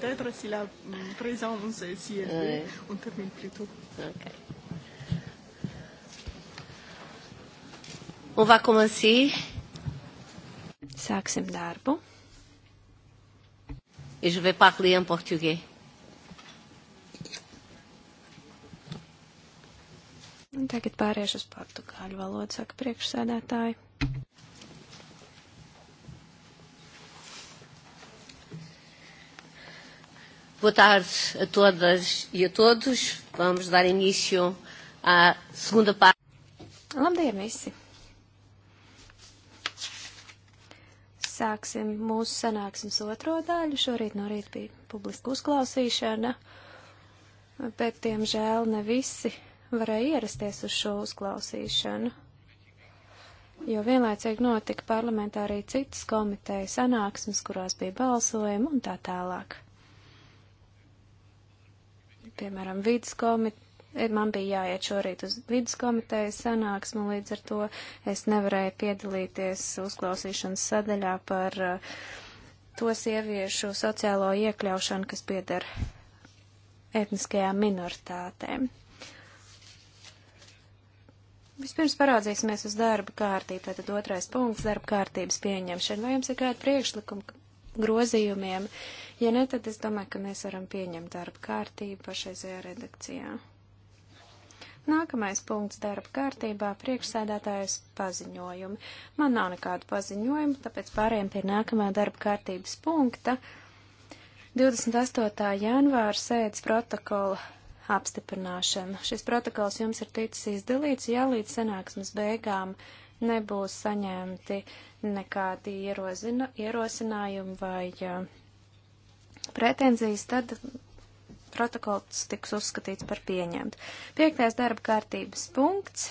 peut-être si la présence mm, est si élevée, eh. ouais. on termine plus tôt. Okay. On va commencer. Sāksim darbu. Et je vais parler en portugais. Tagad pāriešu uz portugāļu valodu, saka priekšsēdētāji. Boa tarde a todas e a todos. Vamos dar início à segunda parte. Labdien visi! Sāksim mūsu sanāksmes otro daļu. Šorīt no rīta bija publiska uzklausīšana, bet, diemžēl, ne visi varēja ierasties uz šo uzklausīšanu, jo vienlaicīgi notika parlamentā arī citas komiteja sanāksmes, kurās bija balsojumi un tā tālāk piemēram, vidas komiteja. Man bija jāiet šorīt uz vidas komitejas sanāksmu, līdz ar to es nevarēju piedalīties uzklausīšanas sadaļā par uh, to sieviešu sociālo iekļaušanu, kas pieder etniskajām minoritātēm. Vispirms parādzīsimies uz darba kārtību, tātad otrais punkts - darba kārtības pieņemšana. Vai jums ir kāda priekšlikuma grozījumiem. Ja ne, tad es domāju, ka mēs varam pieņemt darba kārtību pašreizajā redakcijā. Nākamais punkts darba kārtībā - priekšsēdētājas paziņojumi. Man nav nekādu paziņojumu, tāpēc pārējiem pie nākamā darba kārtības punkta. 28. janvāra sēdes protokola apstiprināšana. Šis protokols jums ir ticis izdalīts, ja līdz sanāksmes beigām nebūs saņemti nekādi ierozina, ierosinājumi vai pretenzijas, tad protokols tiks uzskatīts par pieņemt. Piektais darba kārtības punkts.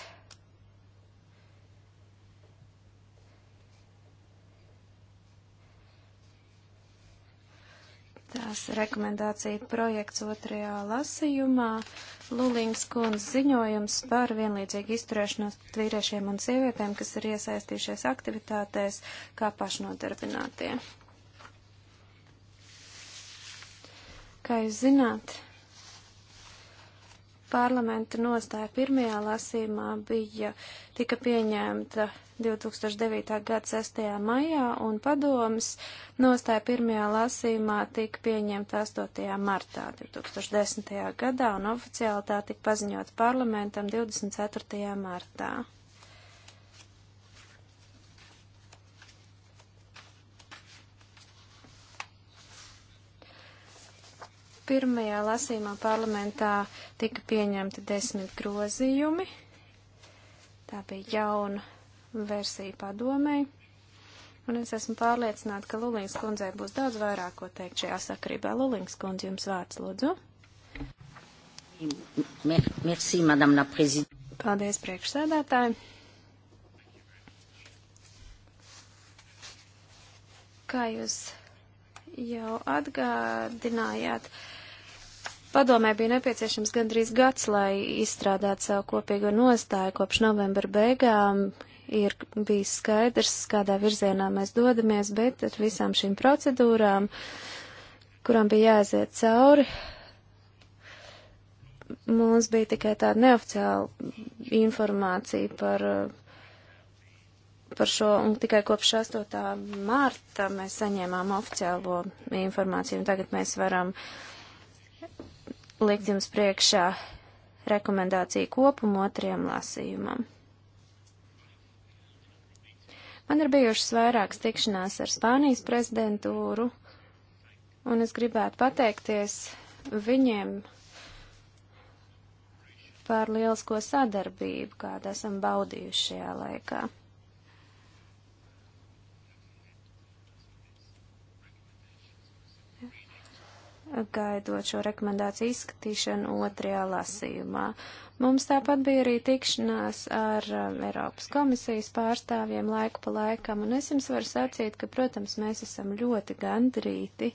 Tās rekomendācija projekts otrajā lasījumā. Uh, Lulīngas kundzes ziņojums par vienlīdzīgu izturēšanos pret vīriešiem un sievietēm, kas ir iesaistījušies aktivitātēs kā pašnodarbinātie. Kā jūs zināt, parlamenta nostāja pirmajā lasīmā bija, tika pieņemta 2009. gada 6. maijā, un padomas nostāja pirmajā lasīmā tika pieņemta 8. martā 2010. gadā, un oficiāli tā tika paziņota parlamentam 24. martā. Pirmajā lasīmā parlamentā tika pieņemti desmit grozījumi. Tā bija jauna versija padomēji. Un es esmu pārliecināta, ka Lulīngas kundzei būs daudz vairāk ko teikt šajā sakarībā. Lulīngas kundze, jums vārds, lūdzu. Merci, madame la prezidente. Paldies, priekšsēdētāji. Kā jūs jau atgādinājāt, uh, Padomē bija nepieciešams gandrīz gads, lai izstrādātu savu kopīgo nostāju. Kopš novembra beigām ir bijis skaidrs, kādā virzienā mēs dodamies, bet ar visām šīm procedūrām, kurām bija jāaiziet cauri, mums bija tikai tāda neoficiāla informācija par, par šo, un tikai kopš 8. mārta mēs saņēmām oficiālo informāciju, un tagad mēs varam uh, likt jums priekšā rekomendāciju kopumu otriem lasījumam. Man ir bijušas vairākas tikšanās ar Spānijas prezidentūru, un es gribētu pateikties viņiem par lielisko sadarbību, kādu esam baudījuši šajā laikā. gaidot šo rekomendāciju izskatīšanu otrajā lasījumā. Mums tāpat bija arī tikšanās ar um, Eiropas komisijas pārstāvjiem laiku pa laikam, un es jums varu sacīt, ka, protams, mēs esam ļoti gandrīti.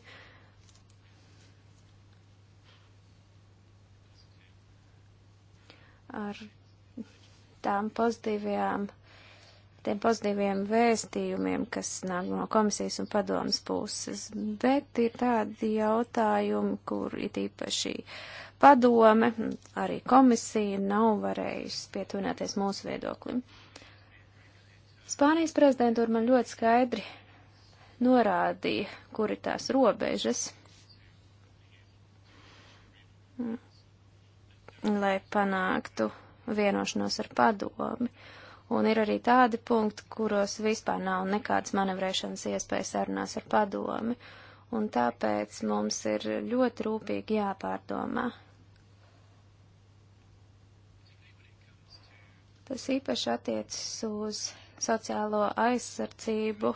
ar tām pozitīvajām tiem pozitīviem vēstījumiem, kas nāk no komisijas un padomas puses, bet ir tādi jautājumi, kur it īpaši padome, arī komisija nav varējusi pietuvināties mūsu viedoklim. Spānijas prezidentūra man ļoti skaidri norādīja, kur ir tās robežas, lai panāktu vienošanos ar padomi. Uh, Un ir arī tādi punkti, kuros vispār nav nekādas manevrēšanas iespējas sarunās ar padomi. Un tāpēc mums ir ļoti rūpīgi jāpārdomā. Tas īpaši attiecas uz sociālo aizsardzību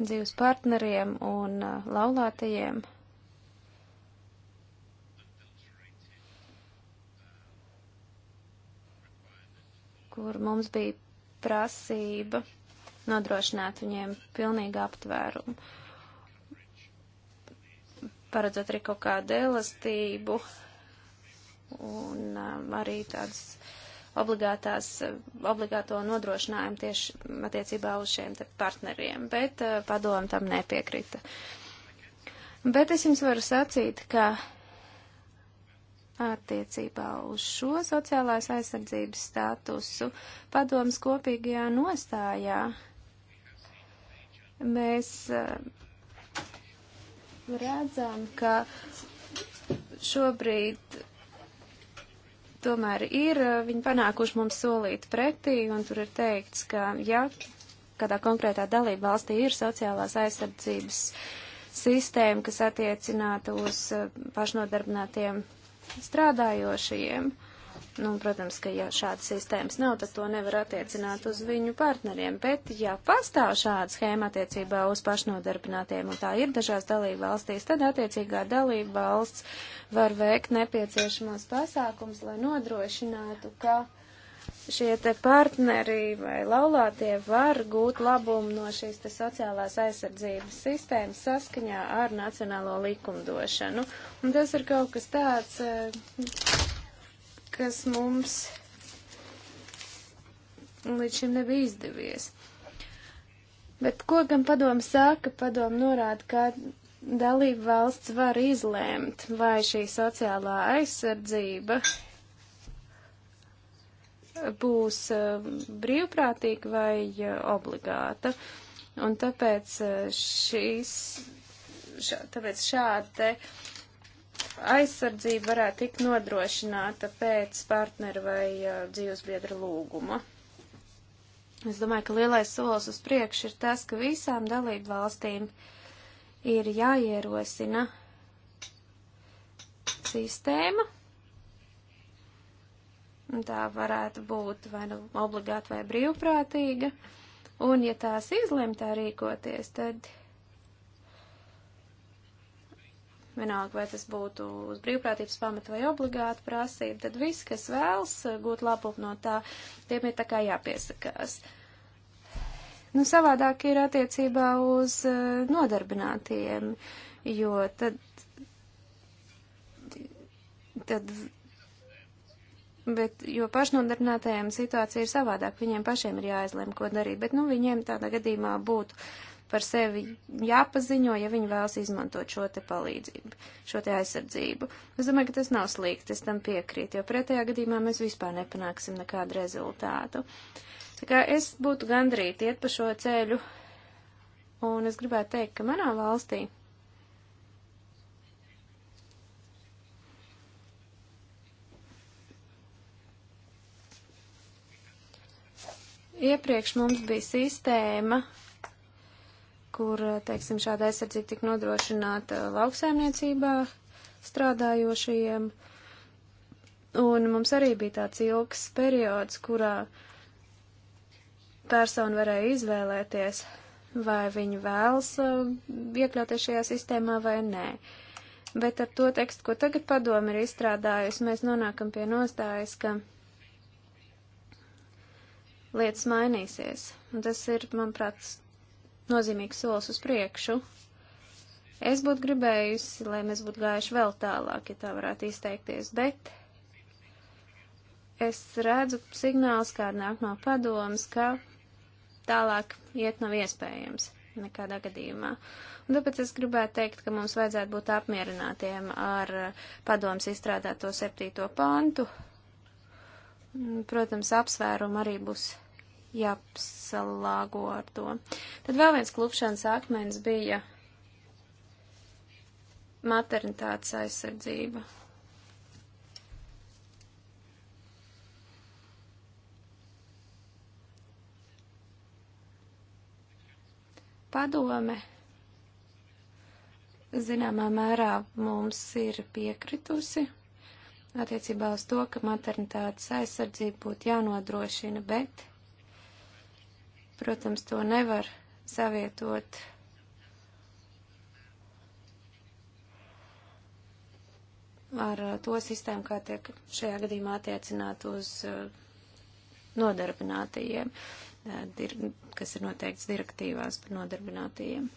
dzīves partneriem un uh, laulātajiem. Uh, kur mums bija prasība nodrošināt viņiem pilnīgu aptvērumu, paredzot arī kaut kādu elastību un um, arī tādas obligātās, obligāto nodrošinājumu tieši attiecībā uz šiem partneriem, bet uh, padomu tam nepiekrita. Bet es jums varu sacīt, ka attiecībā uz šo sociālās aizsardzības statusu padomas kopīgajā nostājā. Mēs eh, redzam, ka šobrīd tomēr ir, eh, viņi panākuši mums solīt pretī, un tur ir teikts, ka ja kādā konkrētā dalība valstī ir sociālās aizsardzības sistēma, kas attiecināta uz eh, pašnodarbinātiem strādājošajiem. Nu, protams, ka ja šādas sistēmas nav, tad to nevar attiecināt uz viņu partneriem, bet ja pastāv šāda schēma attiecībā uz pašnodarbinātiem, un tā ir dažās dalība valstīs, tad attiecīgā dalība valsts var veikt nepieciešamos pasākums, lai nodrošinātu, ka šie te partneri vai laulātie var gūt labumu no šīs te sociālās aizsardzības sistēmas saskaņā ar nacionālo likumdošanu. Un tas ir kaut kas tāds, eh, kas mums līdz šim nebija izdevies. Bet ko gan padomu saka? Padomu norāda, ka dalība valsts var izlēmt, vai šī sociālā aizsardzība būs eh, brīvprātīga vai eh, obligāta. Un tāpēc eh, šīs, šā, tāpēc šāda te aizsardzība varētu tikt nodrošināta pēc partneru vai dzīvesbiedra lūguma. Es domāju, ka lielais solis uz priekšu ir tas, ka visām dalību valstīm ir jāierosina sistēma, Tā varētu būt vai nu obligāti vai brīvprātīga. Un ja tās izlemtā rīkoties, tad vienalga, vai tas būtu uz brīvprātības pamata vai obligāta prasība, tad viss, kas vēlas gūt labumu no tā, tiem ir tā kā jāpiesakās. Nu, savādāk ir attiecībā uz eh, nodarbinātiem, jo tad, tad Bet, jo pašnodarbinātajiem situācija ir savādāk, viņiem pašiem ir jāizlem, ko darīt, bet, nu, viņiem tādā gadījumā būtu par sevi jāpaziņo, ja viņi vēlas izmantot šo te palīdzību, šo te aizsardzību. Es domāju, ka tas nav slikti, es tam piekrītu, jo pretējā gadījumā mēs vispār nepanāksim nekādu rezultātu. Tā kā es būtu gandrīt iet pa šo ceļu, un es gribētu teikt, ka manā valstī Iepriekš mums bija sistēma, kur, teiksim, šāda aizsardzība tika nodrošināta lauksaimniecībā strādājošajiem. Un mums arī bija tāds ilgs periods, kurā persona varēja izvēlēties, vai viņi vēlas eh, iekļauties šajā sistēmā vai nē. Bet ar to tekstu, ko tagad padomi ir izstrādājusi, mēs nonākam pie nostājas, ka lietas mainīsies. Un tas ir, manuprāt, nozīmīgs solis uz priekšu. Es būtu gribējusi, lai mēs būtu gājuši vēl tālāk, ja tā varētu izteikties, bet es redzu signāls, kāda nāk no padomas, ka tālāk iet nav iespējams nekādā gadījumā. Un tāpēc es gribētu teikt, ka mums vajadzētu būt apmierinātiem ar padomas izstrādāto septīto pantu, Protams, apsvērumu arī būs jāpsalāgo ar to. Tad vēl viens klupšanas akmens bija maternitātes aizsardzība. Padome zināmā mērā mums ir piekritusi attiecībā uz to, ka maternitātes aizsardzība būtu jānodrošina, bet, protams, to nevar savietot ar uh, to sistēmu, kā tiek šajā gadījumā attiecināt uz uh, nodarbinātajiem, uh, kas ir noteikts direktīvās par nodarbinātajiem.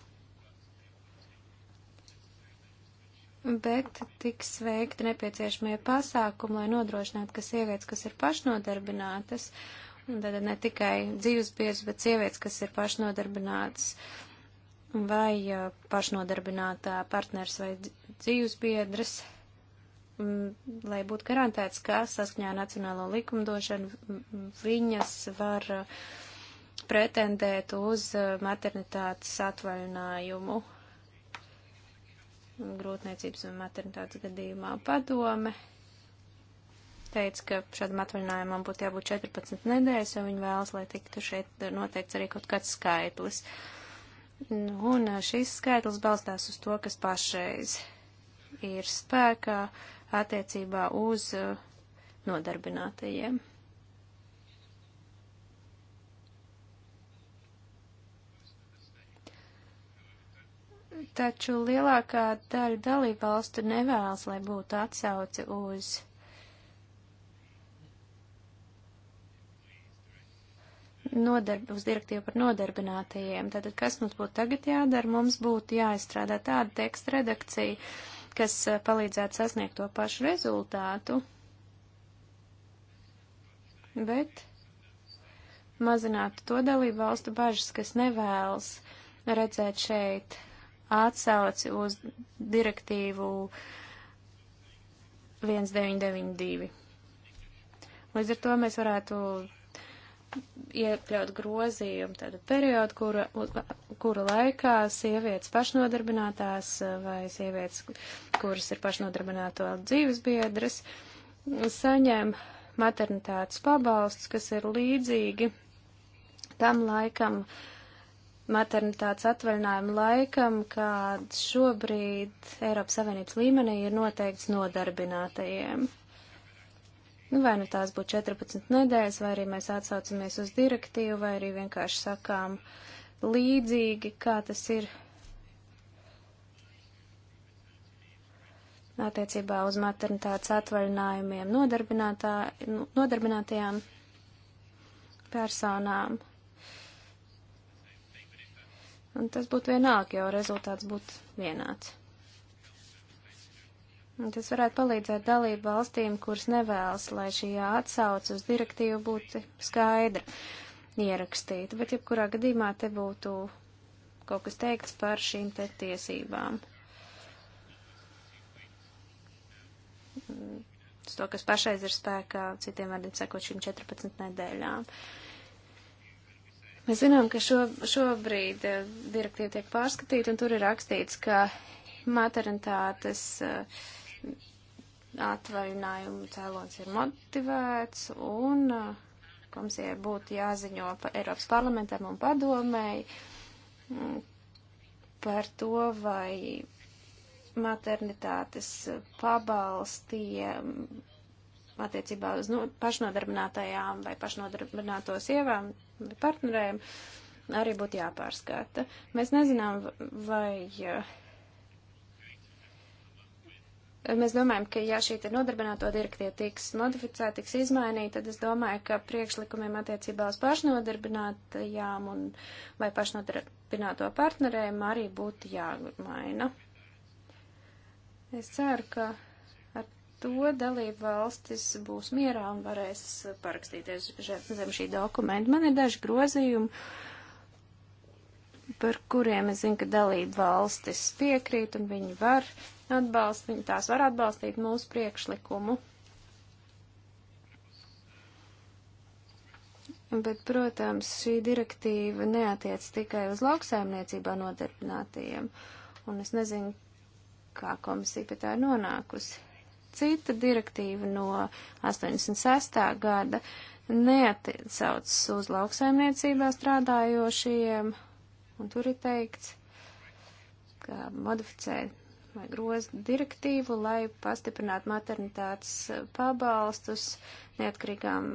bet tiks veikti nepieciešamie pasākumi, lai nodrošinātu, ka sievietes, kas ir pašnodarbinātas, tad ne tikai dzīvesbiedrs, bet sievietes, kas ir pašnodarbinātas vai pašnodarbinātā partners vai dzīvesbiedrs, mm, lai būtu garantēts, ka saskaņā nacionālo likumdošanu mm, viņas var uh, pretendēt uz uh, maternitātes atvaļinājumu grūtniecības un maternitātes gadījumā padome teica, ka šādam atvaļinājumam būtu jābūt 14 nedēļas, jo viņi vēlas, lai tiktu šeit noteikts arī kaut kāds skaitlis. Un šis skaitlis balstās uz to, kas pašreiz ir spēkā attiecībā uz nodarbinātajiem. taču lielākā daļa dalībvalstu nevēlas, lai būtu atsauce uz nodarb, uz direktīvu par nodarbinātajiem. Tātad, kas mums būtu tagad jādara? Mums būtu jāizstrādā tāda teksta redakcija, kas eh, palīdzētu sasniegt to pašu rezultātu, bet mazinātu to dalību valstu bažas, kas nevēlas redzēt šeit atsauci uz direktīvu 1992. Līdz ar to mēs varētu iekļaut grozījumu tādu periodu, kura, kura laikā sievietes pašnodarbinātās vai sievietes, kuras ir pašnodarbināto dzīves biedras, saņem maternitātes pabalstus, kas ir līdzīgi tam laikam, uh, maternitātes atvaļinājumu laikam, kāds šobrīd Eiropas Savienības līmenī ir noteikts nodarbinātajiem. Nu, vai nu tās būtu 14 nedēļas, vai arī mēs atsaucamies uz direktīvu, vai arī vienkārši sakām līdzīgi, kā tas ir attiecībā uz maternitātes atvaļinājumiem nu, nodarbinātajām personām. Un tas būtu vienāk, jo rezultāts būtu vienāds. Un tas varētu palīdzēt dalību valstīm, kuras nevēlas, lai šī atsauce uz direktīvu būtu skaidra ierakstīta, bet jebkurā gadījumā te būtu kaut kas teikts par šīm te tiesībām. Mm, to, kas pašais ir spēkā, citiem vārdiem sakot, šīm 14 nedēļām. Uh, Mēs zinām, ka šo, šobrīd eh, direktīva tiek pārskatīta, un tur ir rakstīts, ka maternitātes eh, atvaļinājumu cēlons ir motivēts, un eh, komisijai būtu jāziņo pa Eiropas parlamentam un padomēji mm, par to, vai maternitātes pabalstiem attiecībā uz nu, pašnodarbinātajām vai pašnodarbināto sievām partnerēm arī būtu jāpārskata. Mēs nezinām, vai. Eh, mēs domājam, ka ja šī nodarbināto direktīva tiks modificēta, tiks izmainīta, tad es domāju, ka priekšlikumiem attiecībā uz pašnodarbinātajām un vai pašnodarbināto partnerēm arī būtu jāmaina. Es ceru, ka to dalību valstis būs mierā un varēs parakstīties zem šī dokumenta. Man ir daži grozījumi, par kuriem es zinu, ka dalību valstis piekrīt un viņi var atbalst, viņi tās var atbalstīt mūsu priekšlikumu. Bet, protams, šī direktīva neatiec tikai uz lauksaimniecībā nodarbinātajiem, un es nezinu, kā komisija pie tā ir nonākusi cita direktīva no 86. gada neatiecaucas uz lauksaimniecībā strādājošajiem, un tur ir teikts, ka modificē vai groza direktīvu, lai pastiprinātu maternitātes pabalstus neatkarīgām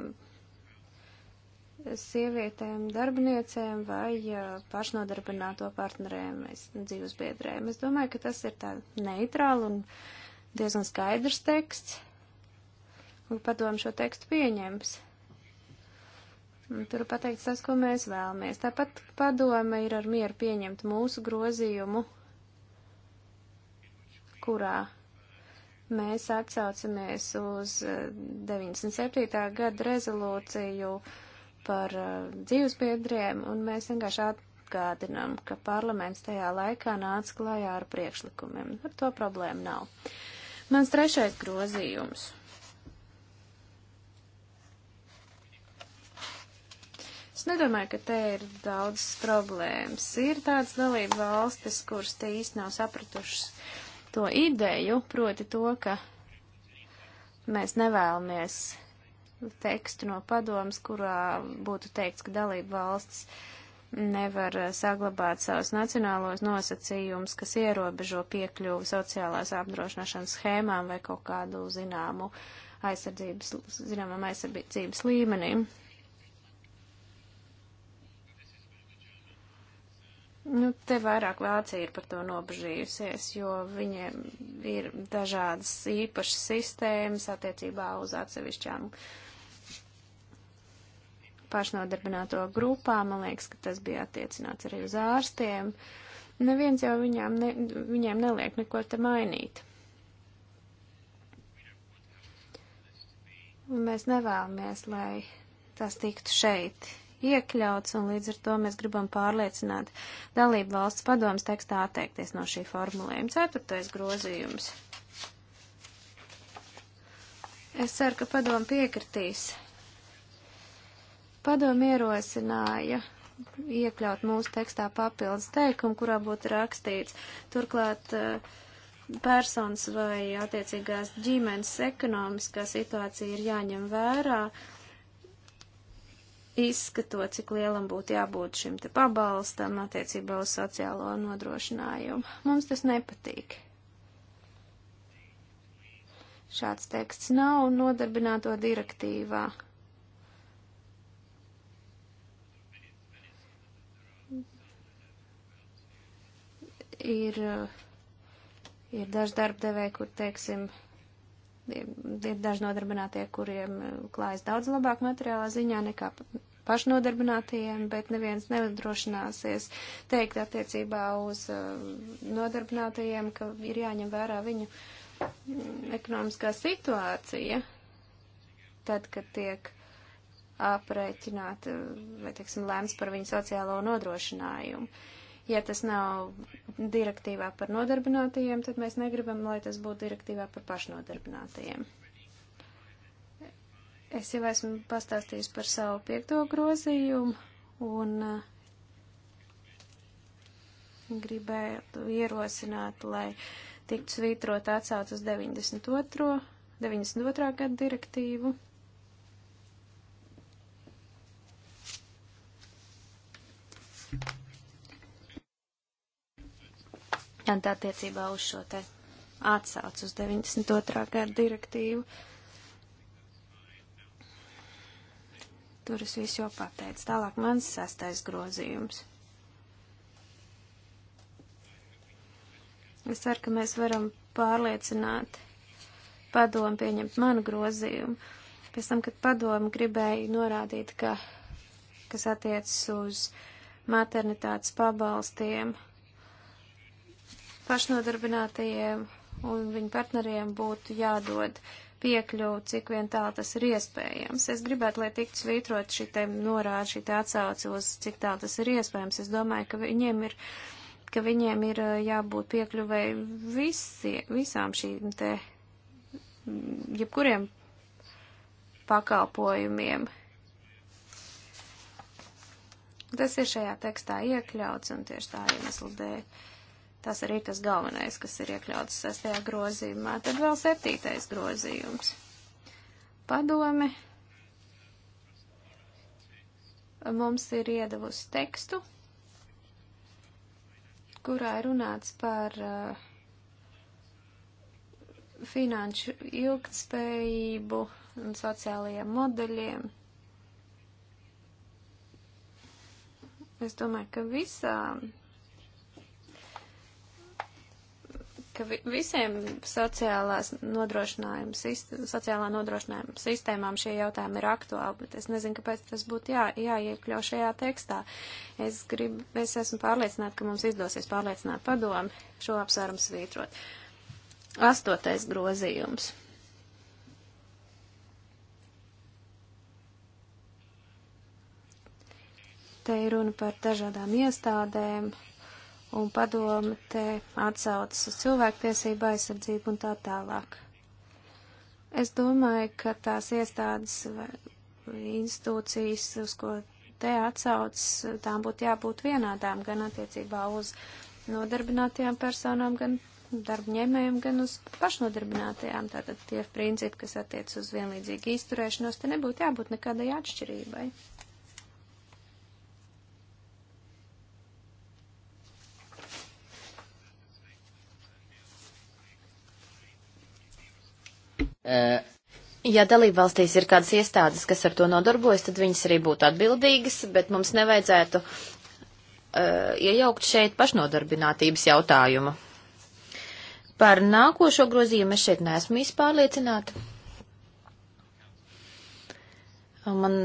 sievietēm, darbiniecēm vai pašnodarbināto partnerēm, dzīvesbiedrēm. Es domāju, ka tas ir tā neitrāli un. Uh, diezgan skaidrs teksts, un padomu šo tekstu pieņems. Un tur pateikts tas, ko mēs vēlamies. Tāpat padome ir ar mieru pieņemt mūsu grozījumu, kurā mēs atsaucamies uz 97. Eh, gada rezolūciju par eh, dzīvespiedriem, un mēs vienkārši atgādinām, ka parlaments tajā laikā nāca klajā ar priekšlikumiem. Ar to problēmu nav. Mans trešais grozījums. Es nedomāju, ka te ir daudz problēmas. Ir tādas dalība valstis, kuras te īsti nav sapratušas to ideju, proti to, ka mēs nevēlamies tekstu no padomas, kurā būtu teikts, ka dalība valstis uh, nevar saglabāt savus nacionālos nosacījumus, kas ierobežo piekļuvu sociālās apdrošināšanas schēmām vai kaut kādu zināmu aizsardzības, zināmam aizsardzības līmenim. Nu, te vairāk Vācija ir par to nobežījusies, jo viņiem ir dažādas īpašas sistēmas attiecībā uz atsevišķām uh, pašnodarbināto grupā. Man liekas, ka tas bija attiecināts arī uz ārstiem. Neviens jau viņām ne, viņiem neliek neko te mainīt. Un mēs nevēlamies, lai tas tiktu šeit iekļauts, un līdz ar to mēs gribam pārliecināt dalību valsts padomas tekstā atteikties no šī formulējuma. Ceturtais grozījums. Es ceru, ka padomu piekritīs Padomi ierosināja iekļaut mūsu tekstā papildus teikumu, kurā būtu rakstīts, turklāt eh, personas vai attiecīgās ģimenes ekonomiskā situācija ir jāņem vērā, izskatot, cik lielam būtu jābūt šim te pabalstam attiecībā uz sociālo nodrošinājumu. Mums tas nepatīk. Šāds teksts nav nodarbināto direktīvā. ir, eh, ir daži darbdevēji, kur, teiksim, ir daži nodarbinātie, kuriem eh, klājas daudz labāk materiālā ziņā nekā pašnodarbinātajiem, bet neviens nedrošināsies teikt attiecībā uz eh, nodarbinātajiem, ka ir jāņem vērā viņu mm, ekonomiskā situācija, tad, kad tiek aprēķināta vai, teiksim, lēms par viņu sociālo nodrošinājumu. Uh, Ja tas nav direktīvā par nodarbinātajiem, tad mēs negribam, lai tas būtu direktīvā par pašnodarbinātajiem. Es jau esmu pastāstījis par savu piekto grozījumu un uh, gribētu ierosināt, lai tiktu svītrot atsauc uz 92. 92. gadu direktīvu. Un tā attiecībā uz šo te atsauc uz 92. gada direktīvu. Tur es visu jau pateicu. Tālāk mans sastais grozījums. Es ceru, ka mēs varam pārliecināt padomu pieņemt manu grozījumu. Pēc tam, kad padomu gribēja norādīt, ka, kas attiecas uz maternitātes pabalstiem pašnodarbinātajiem un viņu partneriem būtu jādod piekļuvu, cik vien tālu tas ir iespējams. Es gribētu, lai tiktu svītrot šī te norāda, šī te atsauce uz cik tālu tas ir iespējams. Es domāju, ka viņiem ir, ka viņiem ir jābūt piekļuvēji visi, visām šīm te, mm, jebkuriem pakalpojumiem. Tas ir šajā tekstā iekļauts un tieši tā iemesla dēļ. Tas arī tas galvenais, kas ir iekļauts sastajā grozījumā. Tad vēl septītais grozījums. Padome mums ir iedavusi tekstu, kurā ir runāts par uh, finanšu ilgtspējību un sociālajiem modeļiem. Es domāju, ka visām ka vi visiem sociālās nodrošinājuma, sociālā nodrošinājuma sistēmām šie jautājumi ir aktuāli, bet es nezinu, kāpēc tas būtu jā, jāiekļau šajā tekstā. Es, grib, es esmu pārliecināta, ka mums izdosies pārliecināt padomu šo apsvērumu svītrot. Astotais grozījums. Te ir runa par dažādām iestādēm, un padome te atsaucas uz cilvēktiesību aizsardzību un tā tālāk. Es domāju, ka tās iestādes vai institūcijas, uz ko te atsaucas, tām būtu jābūt vienādām gan attiecībā uz nodarbinātajām personām, gan darbņēmējiem, gan uz pašnodarbinātajām. Tātad tie principi, kas attiec uz vienlīdzīgu izturēšanos, te nebūtu jābūt nekādai atšķirībai. Ja dalībvalstīs ir kādas iestādes, kas ar to nodarbojas, tad viņas arī būtu atbildīgas, bet mums nevajadzētu uh, iejaukt šeit pašnodarbinātības jautājumu. Par nākošo grozījumu es šeit neesmu izpārliecināta. Man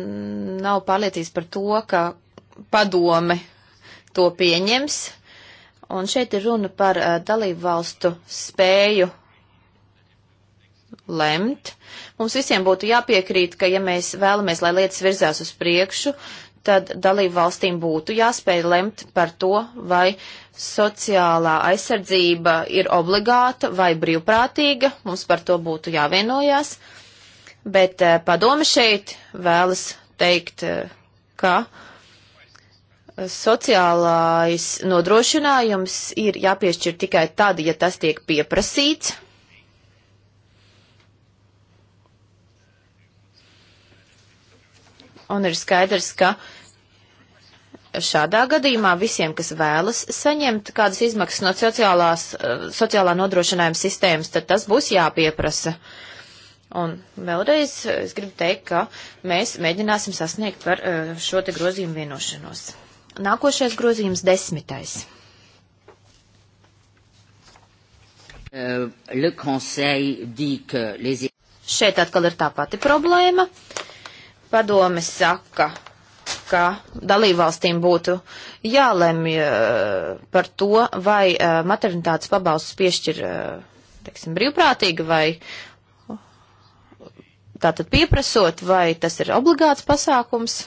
nav pārliecības par to, ka padome to pieņems. Un šeit ir runa par uh, dalībvalstu spēju lemt. Mums visiem būtu jāpiekrīt, ka ja mēs vēlamies, lai lietas virzās uz priekšu, tad dalību valstīm būtu jāspēj lemt par to, vai sociālā aizsardzība ir obligāta vai brīvprātīga. Mums par to būtu jāvienojās. Bet eh, padome šeit vēlas teikt, eh, ka sociālais nodrošinājums ir jāpiešķir tikai tad, ja tas tiek pieprasīts Un ir skaidrs, ka šādā gadījumā visiem, kas vēlas saņemt kādas izmaksas no sociālās, eh, sociālā nodrošinājuma sistēmas, tad tas būs jāpieprasa. Un vēlreiz eh, es gribu teikt, ka mēs mēģināsim sasniegt par eh, šo te grozījumu vienošanos. Nākošais grozījums desmitais. Uh, les... Šeit atkal ir tā pati problēma. Uh, Padome saka, ka dalībvalstīm būtu jālemj eh, par to, vai eh, maternitātes pabalsts piešķir, eh, teiksim, brīvprātīgi vai tātad pieprasot, vai tas ir obligāts pasākums.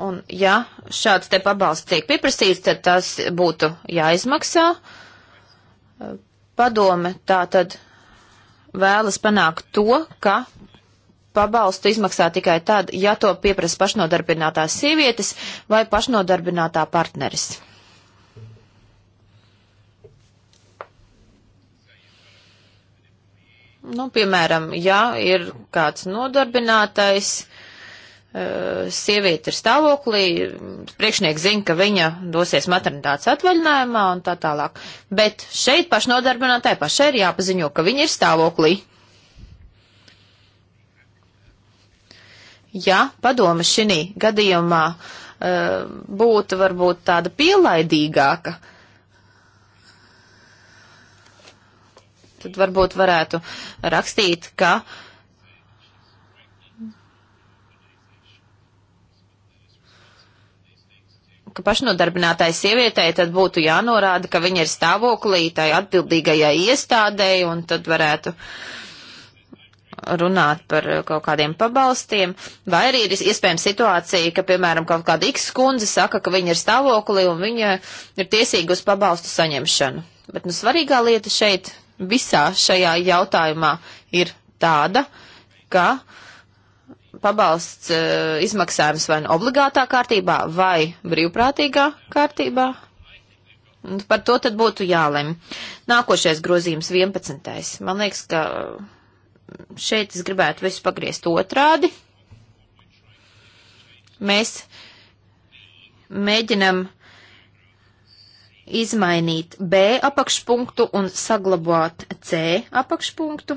Un, ja šāds te pabalsts tiek pieprasīts, tad tas būtu jāizmaksā Padome tā tad vēlas panākt to, ka pabalstu izmaksā tikai tad, ja to pieprasa pašnodarbinātās sievietes vai pašnodarbinātā partneris. Nu, piemēram, ja ir kāds nodarbinātais, Eh, sieviete ir stāvoklī, priekšnieks zina, ka viņa dosies maternitātes atvaļinājumā un tā tālāk. Bet šeit pašnodarbinātāji pašai ir jāpaziņo, ka viņa ir stāvoklī. Ja padoma šī gadījumā eh, būtu varbūt tāda pielaidīgāka, tad varbūt varētu rakstīt, ka uh, ka pašnodarbinātai sievietei tad būtu jānorāda, ka viņa ir stāvoklī tai atbildīgajai iestādēji un tad varētu runāt par kaut kādiem pabalstiem. Vai arī ir iespējams situācija, ka, piemēram, kaut kāda X kundze saka, ka viņa ir stāvoklī un viņa ir tiesīga uz pabalstu saņemšanu. Bet nu, svarīgā lieta šeit visā šajā jautājumā ir tāda, ka uh, pabalsts e, izmaksājums vai nu obligātā kārtībā vai brīvprātīgā kārtībā. Par to tad būtu jālem. Nākošais grozījums 11. Man liekas, ka šeit es gribētu visu pagriezt otrādi. Mēs mēģinam izmainīt B apakšpunktu un saglabāt C apakšpunktu.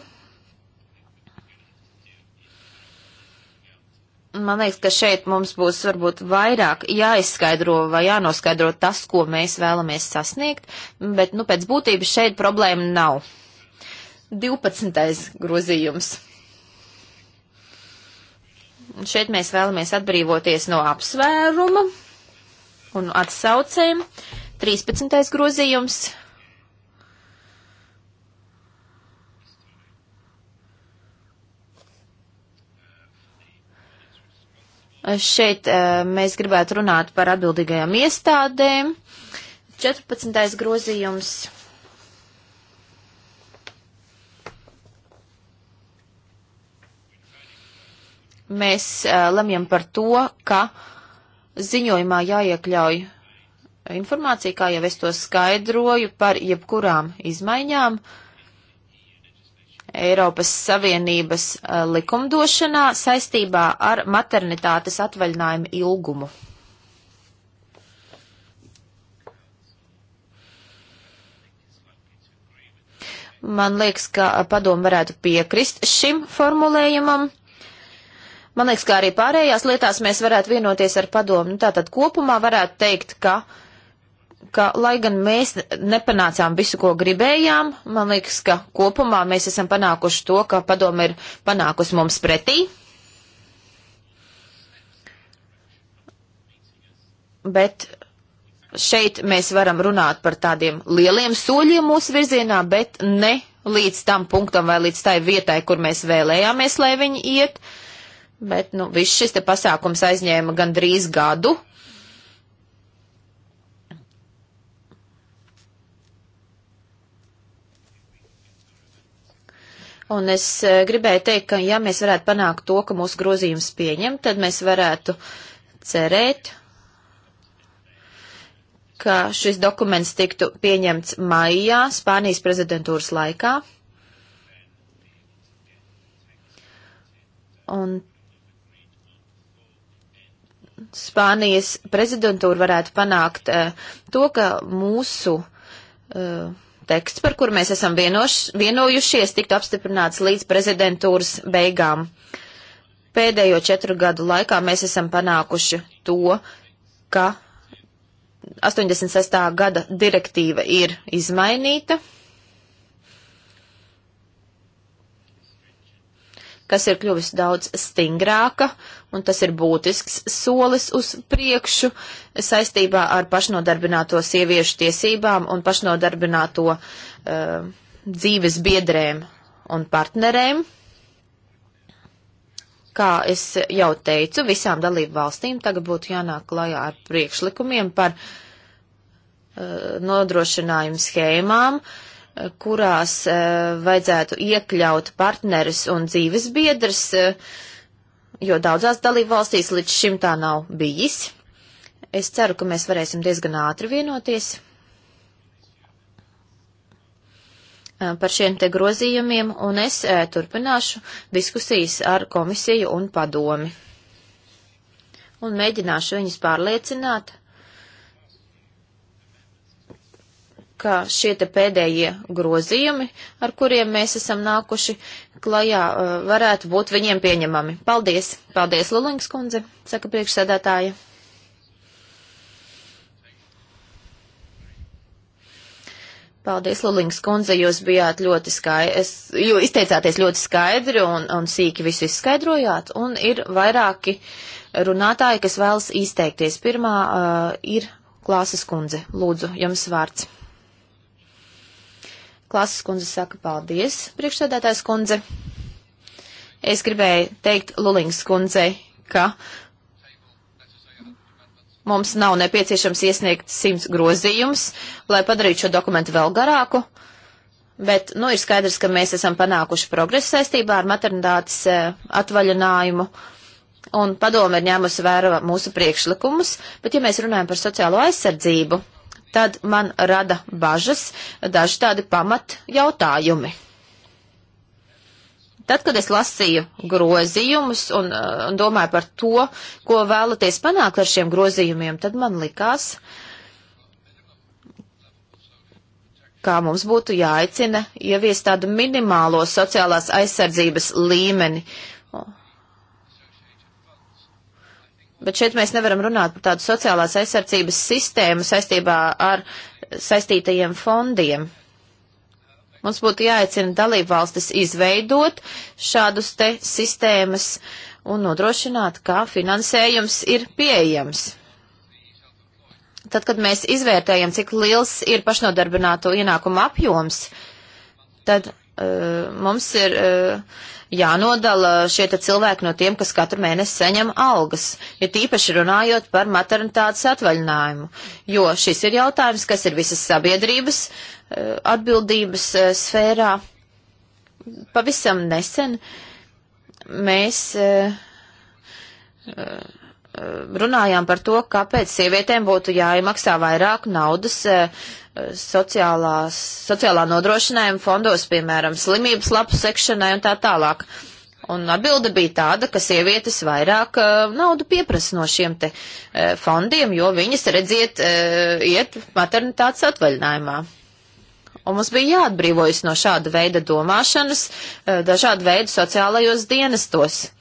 man liekas, ka šeit mums būs varbūt vairāk jāizskaidro vai jānoskaidro tas, ko mēs vēlamies sasniegt, bet, nu, pēc būtības šeit problēma nav. 12. grozījums. Un šeit mēs vēlamies atbrīvoties no apsvēruma un atsaucēm. 13. grozījums Šeit eh, mēs gribētu runāt par atbildīgajām iestādēm. 14. grozījums. Mēs eh, lemjam par to, ka ziņojumā jāiekļauj informācija, kā jau es to skaidroju, par jebkurām izmaiņām uh, Eiropas Savienības eh, likumdošanā saistībā ar maternitātes atvaļinājumu ilgumu. Man liekas, ka padomu varētu piekrist šim formulējumam. Man liekas, ka arī pārējās lietās mēs varētu vienoties ar padomu. Nu, tātad kopumā varētu teikt, ka uh, ka, lai gan mēs nepanācām visu, ko gribējām, man liekas, ka kopumā mēs esam panākuši to, ka padome ir panākusi mums pretī. Bet šeit mēs varam runāt par tādiem lieliem soļiem mūsu virzienā, bet ne līdz tam punktam vai līdz tai vietai, kur mēs vēlējāmies, lai viņi iet. Bet, nu, viss šis te pasākums aizņēma gandrīz gadu, Un es eh, gribēju teikt, ka ja mēs varētu panākt to, ka mūsu grozījums pieņem, tad mēs varētu cerēt, ka šis dokuments tiktu pieņemts maijā Spānijas prezidentūras laikā. Un Spānijas prezidentūra varētu panākt uh, to, ka mūsu uh, teksts, par kuru mēs esam vienoš, vienojušies, tiktu apstiprināts līdz prezidentūras beigām. Pēdējo četru gadu laikā mēs esam panākuši to, ka 86. gada direktīva ir izmainīta, Tas ir kļuvis daudz stingrāka, un tas ir būtisks solis uz priekšu saistībā ar pašnodarbināto sieviešu tiesībām un pašnodarbināto uh, dzīves biedrēm un partnerēm. Kā es jau teicu, visām dalību valstīm tagad būtu jānāk klajā ar priekšlikumiem par uh, nodrošinājumu schēmām, uh, kurās eh, vajadzētu iekļaut partneris un dzīves biedrs, eh, jo daudzās dalībvalstīs līdz šim tā nav bijis. Es ceru, ka mēs varēsim diezgan ātri vienoties eh, par šiem te grozījumiem, un es turpināšu diskusijas ar komisiju un padomi. Un mēģināšu viņus pārliecināt, ka šie te pēdējie grozījumi, ar kuriem mēs esam nākuši klajā, uh, varētu būt viņiem pieņemami. Paldies! Paldies, Lulings kundze, saka priekšsēdētāja. Paldies, Lulings kundze, jūs bijāt ļoti skaidrs, jūs izteicāties ļoti skaidri un, un sīki visu izskaidrojāt, un ir vairāki runātāji, kas vēlas izteikties. Pirmā uh, ir klāsas kundze. Lūdzu, jums vārds. Klāsas kundze saka paldies, priekšsēdētājs kundze. Es gribēju teikt Lulings kundzei, ka mums nav nepieciešams iesniegt simts grozījums, lai padarītu šo dokumentu vēl garāku, bet, nu, ir skaidrs, ka mēs esam panākuši progresu saistībā ar maternitātes eh, atvaļinājumu, un padome ir ņēmusi vērā mūsu priekšlikumus, bet, ja mēs runājam par sociālo aizsardzību, tad man rada bažas daži tādi pamat jautājumi. Tad, kad es lasīju grozījumus un, eh, un domāju par to, ko vēlaties panākt ar šiem grozījumiem, tad man likās, kā mums būtu jāaicina ieviest tādu minimālo sociālās aizsardzības līmeni. Bet šeit mēs nevaram runāt par tādu sociālās aizsardzības sistēmu saistībā ar saistītajiem fondiem. Mums būtu jāaicina dalību valstis izveidot šādus te sistēmas un nodrošināt, kā finansējums ir pieejams. Tad, kad mēs izvērtējam, cik liels ir pašnodarbināto ienākumu apjoms, tad Eh, mums ir eh, jānodala šie cilvēki no tiem, kas katru mēnesi saņem algas, ja tīpaši runājot par maternitātes atvaļinājumu, jo šis ir jautājums, kas ir visas sabiedrības eh, atbildības sfērā. Pavisam nesen mēs Eh, runājām par to, kāpēc sievietēm būtu jāiemaksā vairāk naudas eh, sociālās, sociālā nodrošinājuma fondos, piemēram, slimības lapu sekšanai un tā tālāk. Un atbilde bija tāda, ka sievietes vairāk uh, naudu pieprasa no šiem te uh, fondiem, jo viņas, redziet, uh, iet maternitātes atvaļinājumā. Un mums bija jāatbrīvojas no šāda veida domāšanas uh, dažādu veidu sociālajos dienestos. Uh,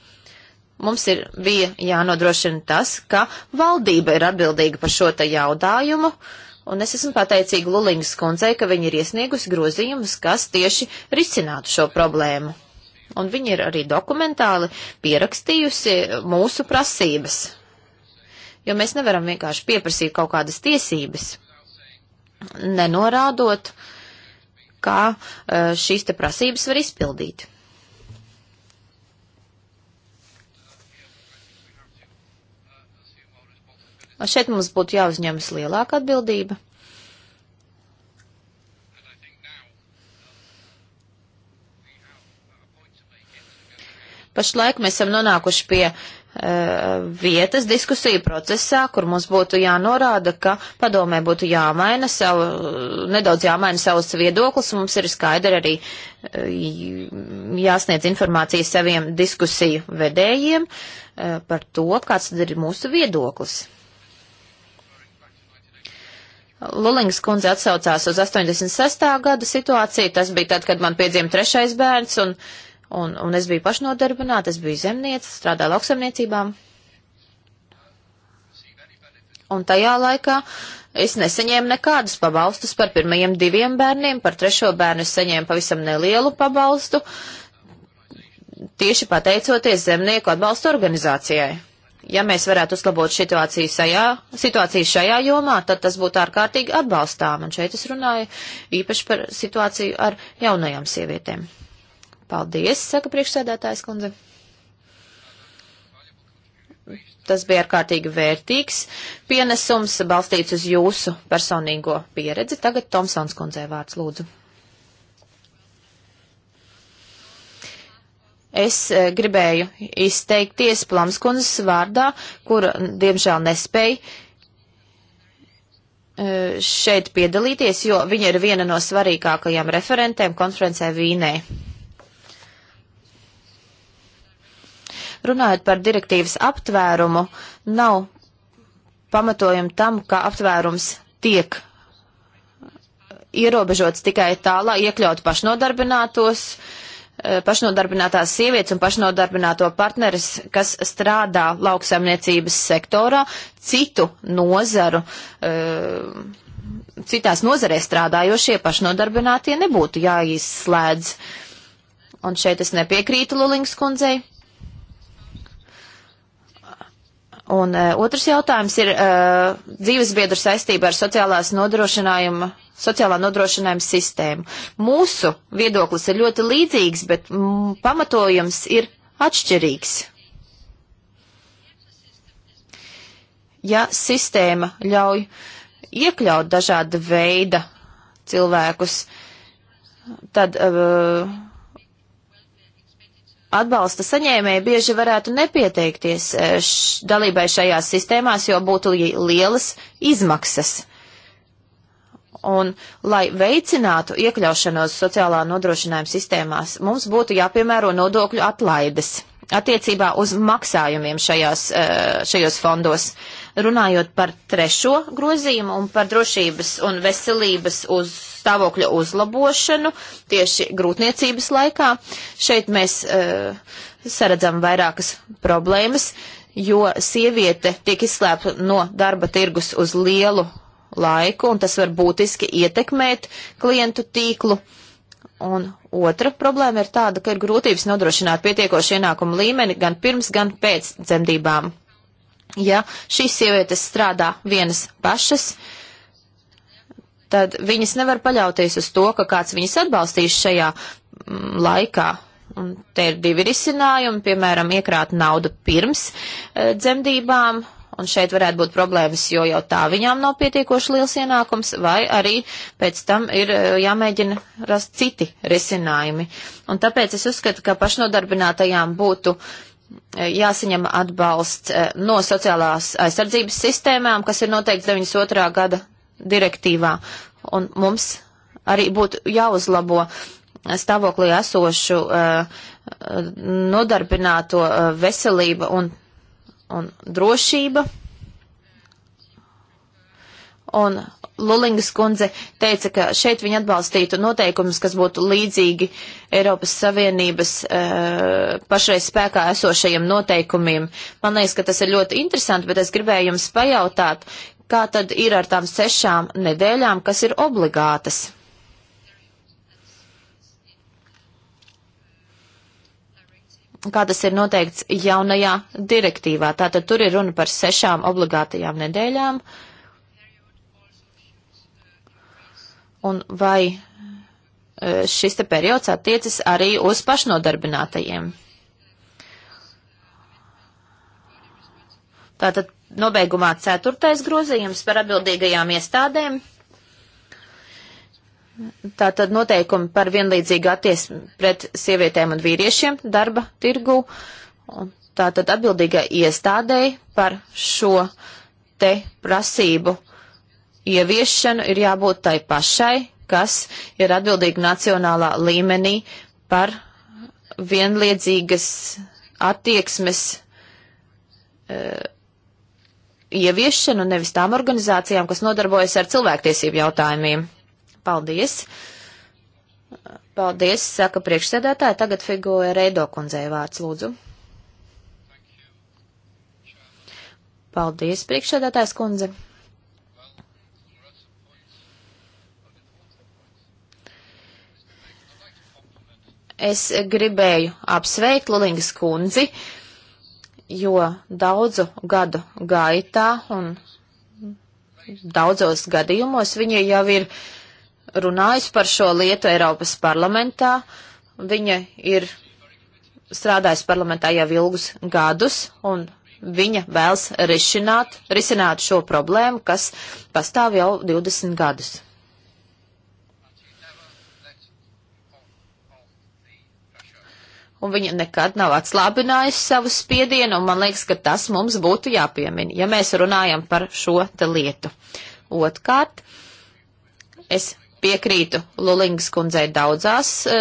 mums ir, bija jānodrošina tas, ka valdība ir atbildīga par šo te jautājumu, un es esmu pateicīga Lulingas kundzei, ka viņa ir iesniegusi grozījumus, kas tieši risinātu šo problēmu. Un viņa ir arī dokumentāli pierakstījusi mūsu prasības, jo mēs nevaram vienkārši pieprasīt kaut kādas tiesības, nenorādot, kā eh, šīs te prasības var izpildīt. Šeit mums būtu jāuzņemas lielāka atbildība. Pašlaik mēs esam nonākuši pie uh, vietas diskusiju procesā, kur mums būtu jānorāda, ka padomē būtu jāmaina savu, nedaudz jāmaina savus viedoklis, un mums ir skaidri arī uh, jāsniedz informācija saviem diskusiju vedējiem uh, par to, kāds tad ir mūsu viedoklis. Lulings kundze atsaucās uz 86. gada situāciju. Tas bija tad, kad man piedzima trešais bērns, un, un, un es biju pašnodarbināta, es biju zemniece, strādāju lauksamniecībām. Un tajā laikā es nesaņēmu nekādus pabalstus par pirmajiem diviem bērniem, par trešo bērnu es saņēmu pavisam nelielu pabalstu, tieši pateicoties zemnieku atbalstu organizācijai ja mēs varētu uzlabot situāciju šajā, situāciju šajā jomā, tad tas būtu ārkārtīgi atbalstām. Un šeit es runāju īpaši par situāciju ar jaunajām sievietēm. Paldies, saka priekšsēdētājs kundze. Tas bija ārkārtīgi vērtīgs pienesums, balstīts uz jūsu personīgo pieredzi. Tagad Tomsons kundzei vārds lūdzu. Es e, gribēju izteikties Plamskundzes vārdā, kur diemžēl nespēja e, šeit piedalīties, jo viņa ir viena no svarīgākajām referentēm konferencē Vīnē. Runājot par direktīvas aptvērumu, nav pamatojumi tam, ka aptvērums tiek e, ierobežots tikai tā, lai iekļautu pašnodarbinātos, uh, Eh, pašnodarbinātās sievietes un pašnodarbināto partneris, kas strādā lauksaimniecības sektorā, citu nozaru, eh, citās nozarē strādājošie pašnodarbinātie nebūtu jāizslēdz. Un šeit es nepiekrītu Lulings kundzei. Un uh, otrs jautājums ir uh, dzīvesbiedru saistība ar sociālās nodrošinājuma, sociālā nodrošinājuma sistēmu. Mūsu viedoklis ir ļoti līdzīgs, bet mm, pamatojums ir atšķirīgs. Ja sistēma ļauj iekļaut dažāda veida cilvēkus, tad. Uh, atbalsta saņēmēji bieži varētu nepieteikties e, š, dalībai šajās sistēmās, jo būtu li lielas izmaksas. Un, lai veicinātu iekļaušanos sociālā nodrošinājuma sistēmās, mums būtu jāpiemēro nodokļu atlaides attiecībā uz maksājumiem šajās, e, šajos fondos. Runājot par trešo grozījumu un par drošības un veselības uz stāvokļa uzlabošanu tieši grūtniecības laikā. Šeit mēs uh, saredzam vairākas problēmas, jo sieviete tiek izslēpta no darba tirgus uz lielu laiku, un tas var būtiski ietekmēt klientu tīklu. Un otra problēma ir tāda, ka ir grūtības nodrošināt pietiekošu ienākumu līmeni gan pirms, gan pēc dzemdībām. Ja šīs sievietes strādā vienas pašas, uh, tad viņas nevar paļauties uz to, ka kāds viņas atbalstīs šajā mm, laikā. Un te ir divi risinājumi, piemēram, iekrāt naudu pirms e, dzemdībām, un šeit varētu būt problēmas, jo jau tā viņām nav pietiekoši liels ienākums, vai arī pēc tam ir e, jāmēģina rast citi risinājumi. Un tāpēc es uzskatu, ka pašnodarbinātajām būtu e, jāsaņem atbalsts e, no sociālās aizsardzības sistēmām, kas ir noteikts 92. gada direktīvā. Un mums arī būtu jāuzlabo stāvoklī esošu uh, nodarbināto uh, eh, veselība un, un drošība. Un Lulingas kundze teica, ka šeit viņa atbalstītu noteikumus, kas būtu līdzīgi Eiropas Savienības uh, pašreiz spēkā esošajiem noteikumiem. Man liekas, ka tas ir ļoti interesanti, bet es gribēju jums pajautāt, Kā tad ir ar tām sešām nedēļām, kas ir obligātas? Kā tas ir noteikts jaunajā direktīvā? Tātad tur ir runa par sešām obligātajām nedēļām. Un vai e, šis te periods attiecas arī uz pašnodarbinātajiem? Tātad nobeigumā ceturtais grozījums par atbildīgajām iestādēm. Tātad noteikumi par vienlīdzīgu attieksmi pret sievietēm un vīriešiem darba tirgu. Tātad atbildīgai iestādēji par šo te prasību ieviešanu ir jābūt tai pašai, kas ir atbildīga nacionālā līmenī par vienlīdzīgas attieksmes e, ieviešanu, nevis tām organizācijām, kas nodarbojas ar cilvēktiesību jautājumiem. Paldies! Paldies, saka priekšsēdētāji. Tagad figūra Reido kundzei vārds, lūdzu. Paldies, priekšsēdētājs kundze. Es gribēju apsveikt Lulingas kundzi. Uh, jo daudzu gadu gaitā un daudzos gadījumos viņa jau ir runājusi par šo lietu Eiropas parlamentā. Viņa ir strādājusi parlamentā jau ilgus gadus, un viņa vēlas risināt, risināt šo problēmu, kas pastāv jau 20 gadus. un viņa nekad nav atslābinājusi savu spiedienu, un man liekas, ka tas mums būtu jāpiemina, ja mēs runājam par šo te lietu. Otkārt, es piekrītu Lulings kundzei daudzās e,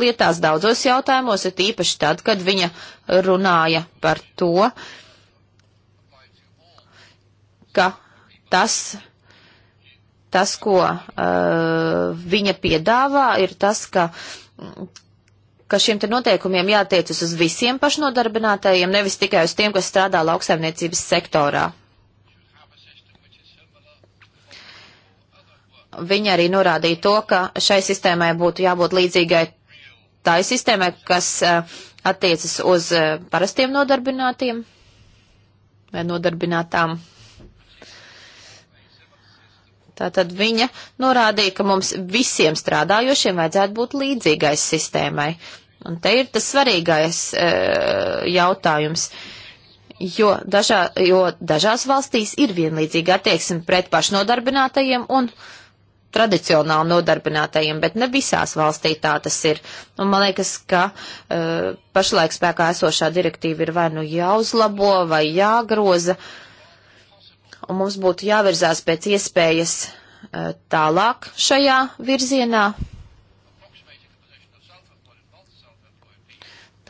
lietās, daudzos jautājumos, ir tīpaši tad, kad viņa runāja par to, ka tas, tas ko e, viņa piedāvā, ir tas, ka ka šiem te noteikumiem jātiecas uz visiem pašnodarbinātajiem, nevis tikai uz tiem, kas strādā lauksaimniecības sektorā. Viņa arī norādīja to, ka šai sistēmai būtu jābūt līdzīgai tai sistēmai, kas eh, attiecas uz eh, parastiem nodarbinātiem vai nodarbinātām. Tātad viņa norādīja, ka mums visiem strādājošiem vajadzētu būt līdzīgai sistēmai. Un te ir tas svarīgais e, jautājums, jo, dažā, jo dažās valstīs ir vienlīdzīga attieksme pret pašnodarbinātajiem un tradicionāli nodarbinātajiem, bet ne visās valstī tā tas ir. Un man liekas, ka e, pašlaik spēkā esošā direktīva ir vai nu jāuzlabo, vai jāgroza, un mums būtu jāvirzās pēc iespējas e, tālāk šajā virzienā,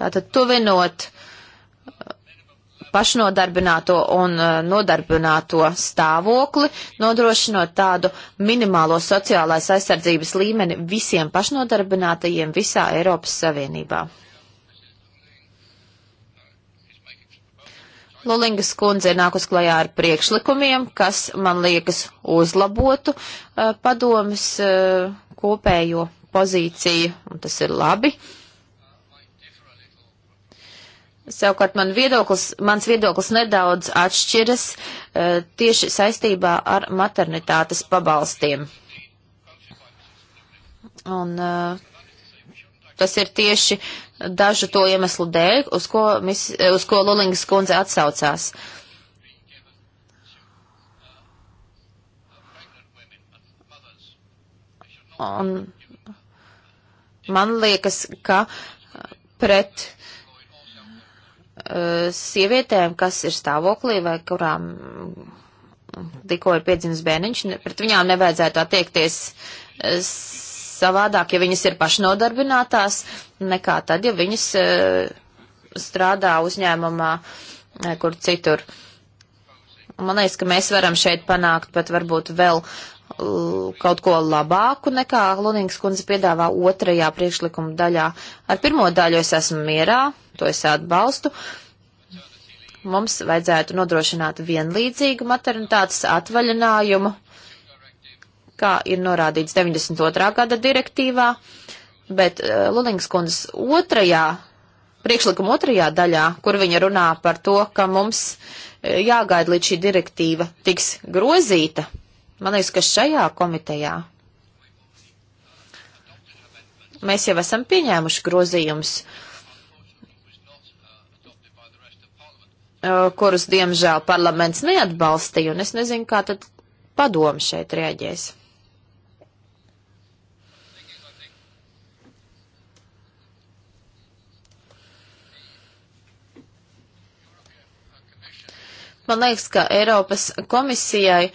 Tātad tuvinot uh, pašnodarbināto un uh, nodarbināto stāvokli, nodrošinot tādu minimālo sociālās aizsardzības līmeni visiem pašnodarbinātajiem visā Eiropas Savienībā. Lulingas kundze ir nākus klajā ar priekšlikumiem, kas, man liekas, uzlabotu uh, padomas kopējo pozīciju, un tas ir labi. Uh, Savukārt man viedoklis, mans viedoklis nedaudz atšķiras uh, tieši saistībā ar maternitātes pabalstiem. Un uh, tas ir tieši dažu to iemeslu dēļ, uz ko, mis, eh, uz ko Lulingas kundze atsaucās. Un man liekas, ka pret Eh, sievietēm, kas ir stāvoklī vai kurām tikko ir piedzimis bērniņš, pret viņām nevajadzētu attiekties eh, savādāk, ja viņas ir pašnodarbinātās, nekā tad, ja viņas eh, strādā uzņēmumā kur citur. Man liekas, ka mēs varam šeit panākt pat varbūt vēl kaut ko labāku nekā Lunīgas kundze piedāvā otrajā priekšlikuma daļā. Ar pirmo daļu es esmu mierā, to es atbalstu. Mums vajadzētu nodrošināt vienlīdzīgu maternitātes atvaļinājumu, kā ir norādīts 92. gada direktīvā, bet eh, Lulings kundas otrajā, priekšlikuma otrajā daļā, kur viņa runā par to, ka mums eh, jāgaida līdz šī direktīva tiks grozīta, man liekas, ka šajā komitejā mēs jau esam pieņēmuši grozījumus Uh, kurus, diemžēl, parlaments neatbalstīja, un es nezinu, kā tad padomu šeit rēģēs. Man liekas, ka Eiropas komisijai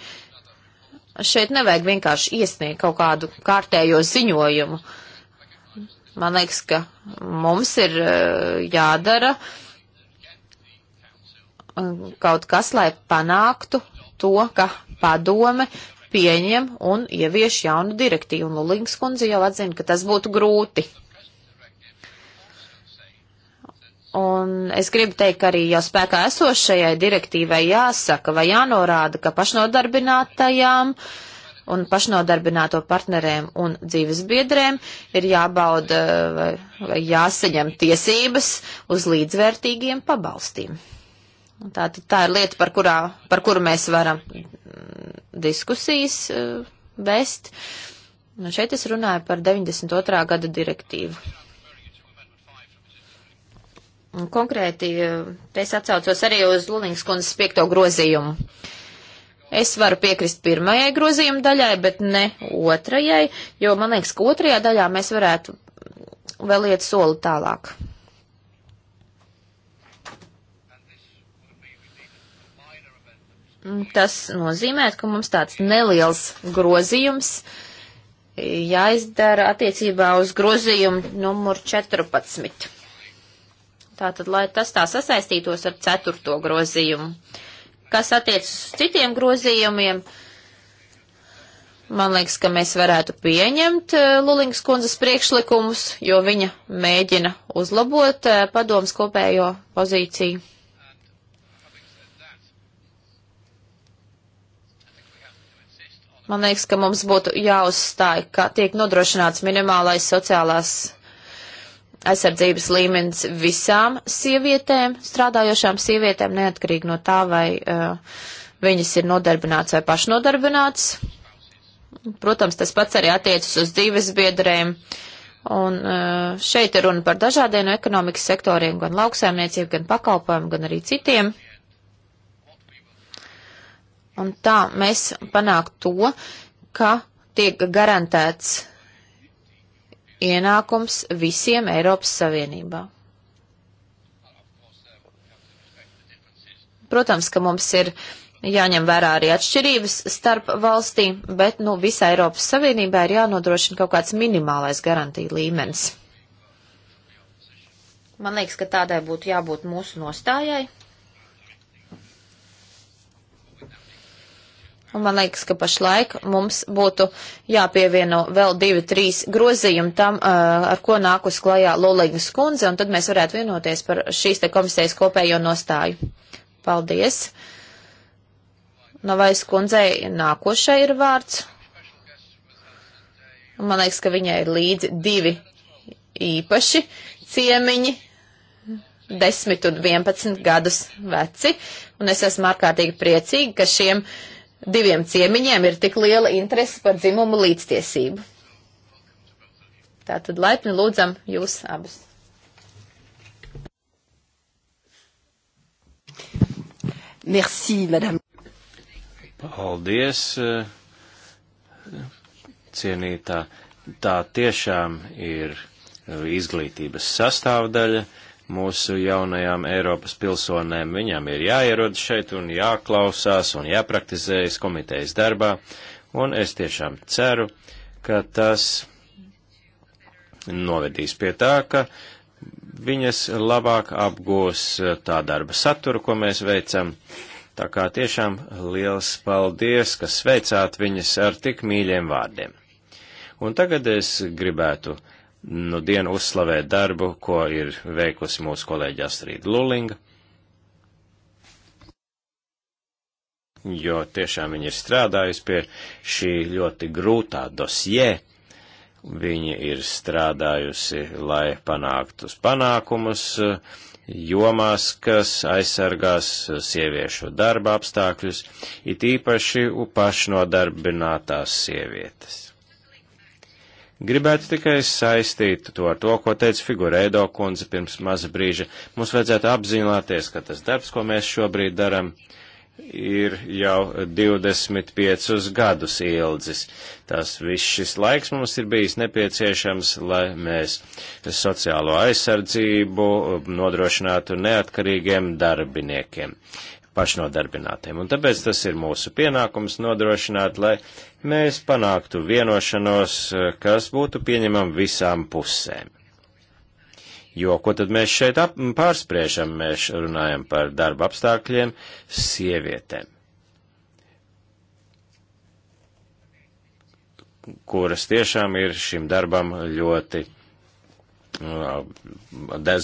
šeit nevajag vienkārši iesniegt kaut kādu kārtējo ziņojumu. Man liekas, ka mums ir uh, jādara uh, kaut kas, lai panāktu to, ka padome pieņem un ievieš jaunu direktīvu. Un Lulings kundze jau atzina, ka tas būtu grūti. Un es gribu teikt, ka arī jau spēkā esošajai direktīvai jāsaka vai jānorāda, ka pašnodarbinātajām un pašnodarbināto partneriem un dzīves biedriem ir jābauda vai, vai jāsaņem tiesības uz līdzvērtīgiem pabalstiem. Nu, tā, tā ir lieta, par, kurā, par kuru mēs varam mm, diskusijas eh, vest. Nu, šeit es runāju par 92. gada direktīvu. Un konkrēti, te eh, es atcaucos arī uz Lulīngas kundzes piekto grozījumu. Es varu piekrist pirmajai grozījuma daļai, bet ne otrajai, jo man liekas, ka otrajā daļā mēs varētu mm, vēl iet soli tālāk. Tas nozīmē, ka mums tāds neliels grozījums jāizdara attiecībā uz grozījumu numur 14. Tātad, lai tas tā sasaistītos ar ceturto grozījumu. Kas attiecas uz citiem grozījumiem, man liekas, ka mēs varētu pieņemt eh, Lulings kundzes priekšlikumus, jo viņa mēģina uzlabot eh, padoms kopējo pozīciju. Man liekas, ka mums būtu jāuzstāj, ka tiek nodrošināts minimālais sociālās aizsardzības līmenis visām sievietēm, strādājošām sievietēm, neatkarīgi no tā, vai uh, viņas ir nodarbināts vai pašnodarbināts. Protams, tas pats arī attiecas uz dzīves biedrēm. Un uh, šeit ir runa par dažādiem ekonomikas sektoriem, gan lauksaimniecību, gan pakalpojumu, gan arī citiem. Un tā mēs panāktu to, ka tiek garantēts ienākums visiem Eiropas Savienībā. Protams, ka mums ir jāņem vērā arī atšķirības starp valstīm, bet nu, visā Eiropas Savienībā ir jānodrošina kaut kāds minimālais garantija līmenis. Man liekas, ka tādai būtu jābūt mūsu nostājai. Un man liekas, ka pašlaik mums būtu jāpievieno vēl divi, trīs grozījumi tam, ar ko nākus klajā Lolīgas kundze, un tad mēs varētu vienoties par šīs te komisijas kopējo nostāju. Paldies! Navais kundzei nākošai ir vārds. Un man liekas, ka viņai ir līdzi divi īpaši ciemiņi, 10 un 11 gadus veci, un es esmu ārkārtīgi priecīga, ka šiem uh, diviem ciemiņiem ir tik liela interese par dzimumu līdztiesību. Tātad laipni lūdzam jūs abus. Merci, madame. Paldies, eh, cienītā. Tā tiešām ir izglītības sastāvdaļa mūsu jaunajām Eiropas pilsonēm. Viņām ir jāierod šeit un jāklausās un jāpraktizējas komitejas darbā, un es tiešām ceru, ka tas novedīs pie tā, ka viņas labāk apgūs eh, tā darba saturu, ko mēs veicam. Tā kā tiešām liels paldies, ka sveicāt viņas ar tik mīļiem vārdiem. Un tagad es gribētu uh, nu dienu uzslavēt darbu, ko ir veikusi mūsu kolēģi Astrid Lulinga. Jo tiešām viņi ir strādājusi pie šī ļoti grūtā dosjē. Viņi ir strādājusi, lai panāktu panākumus eh, jomās, kas aizsargās eh, sieviešu darba apstākļus, it īpaši pašnodarbinātās sievietes. Gribētu tikai saistīt to ar to, ko teica Figurēdo kundze pirms maza brīža. Mums vajadzētu apzināties, ka tas darbs, ko mēs šobrīd daram, ir jau 25 gadus ilgs. Tas viss šis laiks mums ir bijis nepieciešams, lai mēs sociālo aizsardzību nodrošinātu neatkarīgiem darbiniekiem pašnodarbinātiem. Un tāpēc tas ir mūsu pienākums nodrošināt, lai mēs panāktu vienošanos, kas būtu pieņemam visām pusēm. Jo, ko tad mēs šeit ap, pārspriežam? Mēs runājam par darba apstākļiem sievietēm, kuras tiešām ir šim darbam ļoti uh,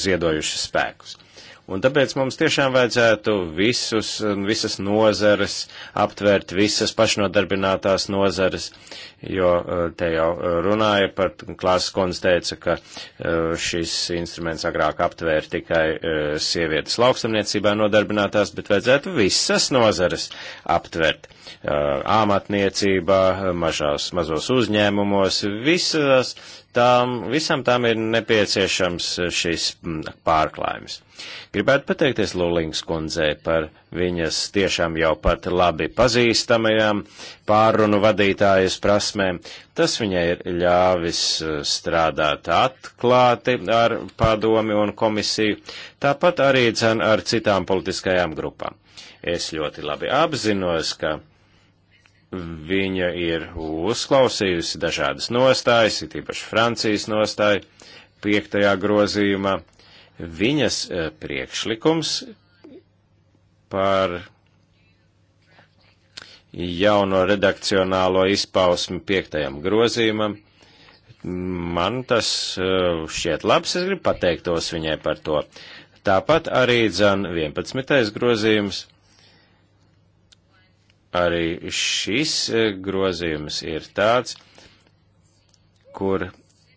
ziedojušas spēkus. Un tāpēc mums tiešām vajadzētu visus, visas nozares aptvērt, visas pašnodarbinātās nozares, jo eh, te jau runāja par, klāsas kundze teica, ka eh, šis instruments agrāk aptvēra tikai eh, sievietes lauksamniecībā nodarbinātās, bet vajadzētu visas nozares aptvērt. Āmatniecībā, mažās, mazos uzņēmumos, visas tām, visam tām ir nepieciešams šis mm, pārklājums. Gribētu pateikties Lulings kundzei par viņas tiešām jau pat labi pazīstamajām pārunu vadītājas prasmēm. Tas viņai ir ļāvis eh, strādāt atklāti ar padomi un komisiju, tāpat arī dzen ar citām politiskajām grupām. Es ļoti labi apzinos, ka Viņa ir uzklausījusi dažādas nostājas, it īpaši Francijas nostāja, piektajā grozījumā. Viņas e, priekšlikums par jauno redakcionālo izpausmi piektajam grozījumam. Man tas e, šķiet labs, es gribu pateiktos viņai par to. Tāpat arī dzan 11. grozījums Arī šis e, grozījums ir tāds, kur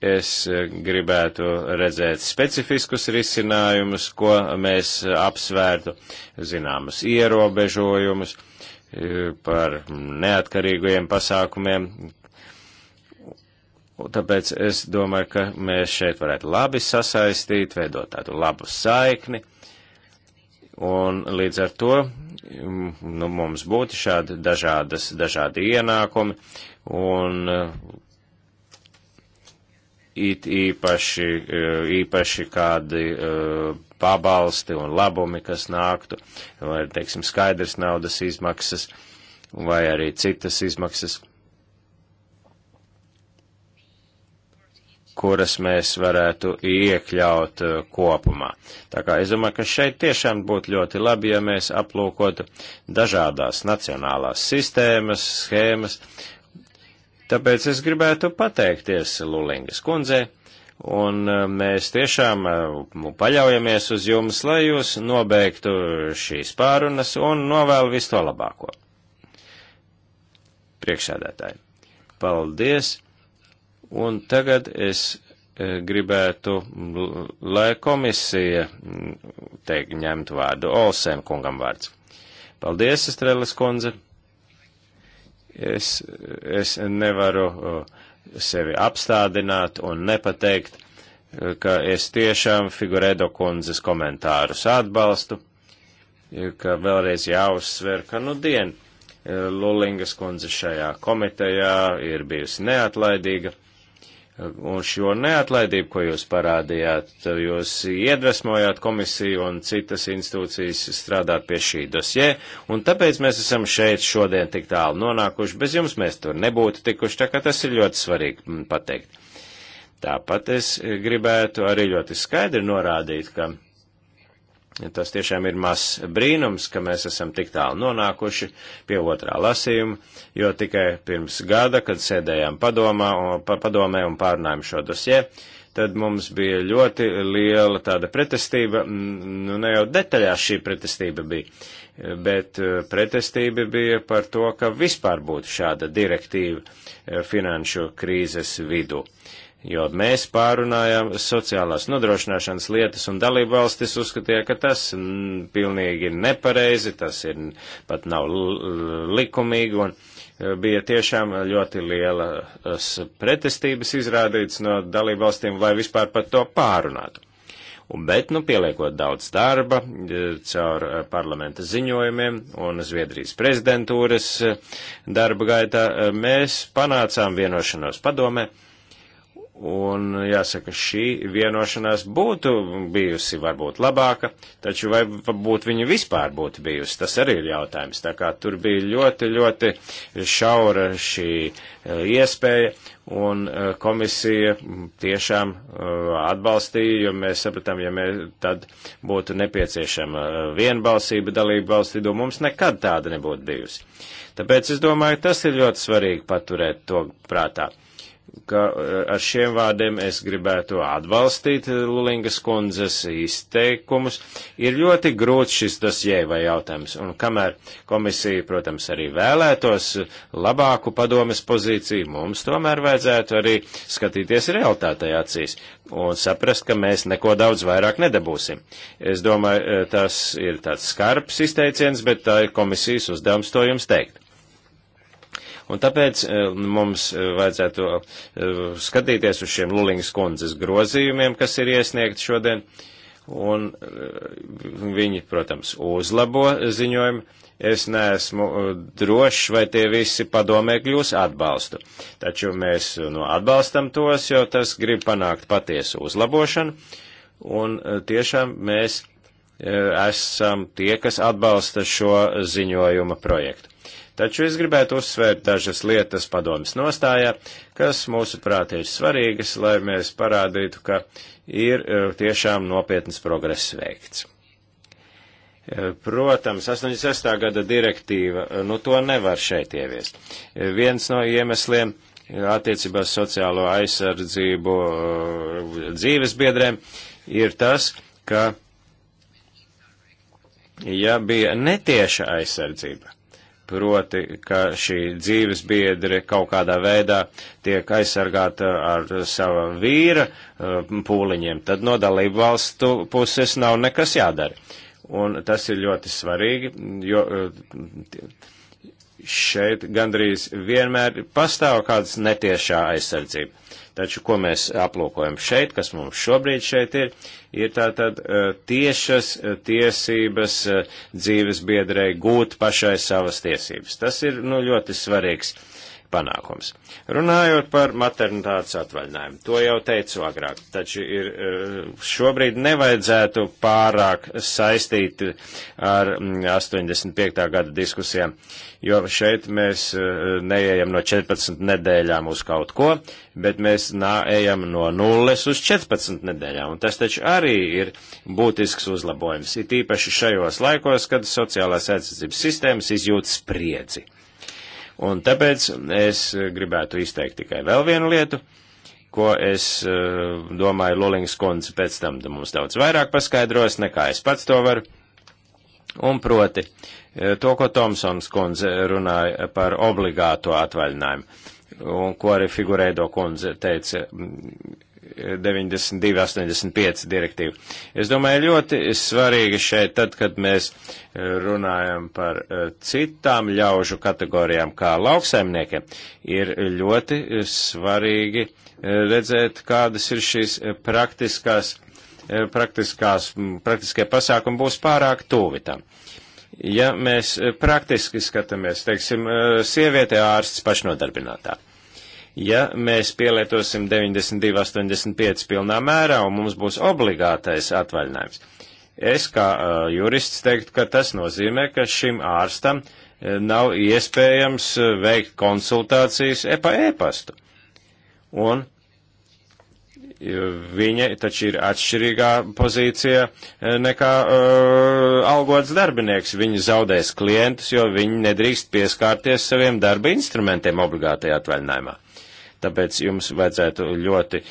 es e, gribētu redzēt specifiskus risinājumus, ko mēs apsvērtu, zināmas ierobežojumus e, par neatkarīgajiem pasākumiem. Tāpēc es domāju, ka mēs šeit varētu labi sasaistīt, veidot tādu labu saikni, uh, Un līdz ar to mm, nu, mums būtu šādi dažādas, dažādi ienākumi, un eh, it īpaši, eh, īpaši kādi eh, pabalsti un labumi, kas nāktu, vai, teiksim, skaidrs naudas izmaksas, vai arī citas izmaksas kuras mēs varētu iekļaut eh, kopumā. Tā kā es domāju, ka šeit tiešām būtu ļoti labi, ja mēs aplūkotu dažādās nacionālās sistēmas, schēmas. Tāpēc es gribētu pateikties Lulingas kundzei, un eh, mēs tiešām eh, paļaujamies uz jums, lai jūs nobeigtu šīs pārunas un novēlu visu to labāko. Priekšsēdētāji, paldies! Un tagad es e, gribētu, lai komisija teik, ņemtu vārdu. Olsēm kungam vārds. Paldies, Estrelas kundze. Es, es nevaru sevi apstādināt un nepateikt, e, ka es tiešām Figuredo kundzes komentārus atbalstu, e, ka vēlreiz jāuzsver, ka nu dien Lulingas kundze šajā komitejā ir bijusi neatlaidīga Un šo neatlaidību, ko jūs parādījāt, jūs iedvesmojāt komisiju un citas institūcijas strādāt pie šī dosie, un tāpēc mēs esam šeit šodien tik tālu nonākuši, bez jums mēs tur nebūtu tikuši, tā kā tas ir ļoti svarīgi mm, pateikt. Tāpat es gribētu arī ļoti skaidri norādīt, ka Tas tiešām ir mazs brīnums, ka mēs esam tik tālu nonākuši pie otrā lasījuma, jo tikai pirms gada, kad sēdējām padomā, un, pa, padomē un pārnājām šo dosie, tad mums bija ļoti liela tāda pretestība, nu ne jau detaļās šī pretestība bija, bet e, pretestība bija par to, ka vispār būtu šāda direktīva e, finanšu krīzes vidu. Uh, jo mēs pārunājām sociālās nodrošināšanas lietas un dalību valstis uzskatīja, ka tas pilnīgi ir nepareizi, tas ir pat nav likumīgi un e, bija tiešām ļoti lielas pretestības izrādīts no dalību valstīm, lai vispār par to pārunātu. Un, bet, nu, pieliekot daudz darba e, caur e, parlamenta ziņojumiem un Zviedrijas prezidentūras darba gaitā, mēs panācām vienošanos padomē, Un jāsaka, šī vienošanās būtu bijusi varbūt labāka, taču vai būtu viņa vispār būtu bijusi, tas arī ir jautājums. Tā kā tur bija ļoti, ļoti šaura šī eh, iespēja, un eh, komisija tiešām eh, atbalstīja, jo mēs sapratām, ja mēs tad būtu nepieciešama vienbalsība dalību valstī, do mums nekad tāda nebūtu bijusi. Tāpēc es domāju, tas ir ļoti svarīgi paturēt to prātā ka eh, ar šiem vārdiem es gribētu atbalstīt eh, Lulingas kundzes izteikumus. Ir ļoti grūts šis tas jēva jautājums, un kamēr komisija, protams, arī vēlētos labāku padomes pozīciju, mums tomēr vajadzētu arī skatīties realitātei acīs un saprast, ka mēs neko daudz vairāk nedabūsim. Es domāju, eh, tas ir tāds skarbs izteiciens, bet tā ir komisijas uzdevums to jums teikt. Un tāpēc eh, mums eh, vajadzētu eh, skatīties uz šiem Lulingas kundzes grozījumiem, kas ir iesniegti šodien. Un viņi, protams, uzlabo ziņojumu. Es neesmu drošs, vai tie visi padomē kļūs atbalstu. Taču mēs no nu, atbalstam tos, jo tas grib panākt patiesu uzlabošanu. Un tiešām mēs esam tie, kas atbalsta šo ziņojuma projektu. Taču es gribētu uzsvērt dažas lietas padomas nostājā, kas mūsuprāt ir svarīgas, lai mēs parādītu, ka ir e, tiešām nopietnas progress veikts. E, protams, 86. gada direktīva, e, nu to nevar šeit ieviest. Viens no iemesliem attiecībā uz sociālo aizsardzību dzīves biedrēm ir tas, ka ja bija netieša aizsardzība, proti, ka šī dzīves biedre kaut kādā veidā tiek aizsargāta ar sava vīra uh, pūliņiem, tad no dalību valstu puses nav nekas jādara. Un tas ir ļoti svarīgi, jo uh, šeit gandrīz vienmēr pastāv kādas netiešā aizsardzība. Taču, ko mēs aplūkojam šeit, kas mums šobrīd šeit ir, ir tātad eh, tiešas eh, tiesības eh, dzīves biedrei gūt pašai savas tiesības. Tas ir, nu, ļoti svarīgs panākums. Runājot par maternitātes atvaļinājumu, to jau teicu agrāk, taču ir, eh, šobrīd nevajadzētu pārāk saistīt ar 85. Mm, gada diskusijām, jo šeit mēs eh, neejam no 14 nedēļām uz kaut ko, bet mēs ejam no nulles uz 14 nedēļām, un tas taču arī ir būtisks uzlabojums, it īpaši šajos laikos, kad sociālās aizsardzības sistēmas izjūt spriedzi. Un tāpēc es gribētu izteikt tikai vēl vienu lietu, ko es eh, domāju Lulings kundze pēc tam da mums daudz vairāk paskaidros, nekā es pats to varu. Un proti, eh, to, ko Tomsons kundze runāja par obligāto atvaļinājumu, un ko arī Figurēdo kundze teica, mm, 92.85 direktīva. Es domāju, ļoti svarīgi šeit, tad, kad mēs eh, runājam par eh, citām ļaužu kategorijām, kā lauksaimniekiem, ir ļoti eh, svarīgi redzēt, kādas ir šīs praktiskās, praktiskās, praktiskie pasākumi būs pārāk tuvi tam. Ja mēs praktiski skatāmies, teiksim, sieviete ārsts pašnodarbinātā ja mēs pielietosim 92,85 pilnā mērā un mums būs obligātais atvaļinājums. Es kā uh, jurists teiktu, ka tas nozīmē, ka šim ārstam uh, nav iespējams uh, veikt konsultācijas e pa ēpastu. Un viņa taču ir atšķirīgā pozīcija nekā uh, algots darbinieks. Viņi zaudēs klientus, jo viņi nedrīkst pieskārties saviem darba instrumentiem obligātajā atvaļinājumā. Tāpēc jums vajadzētu ļoti e,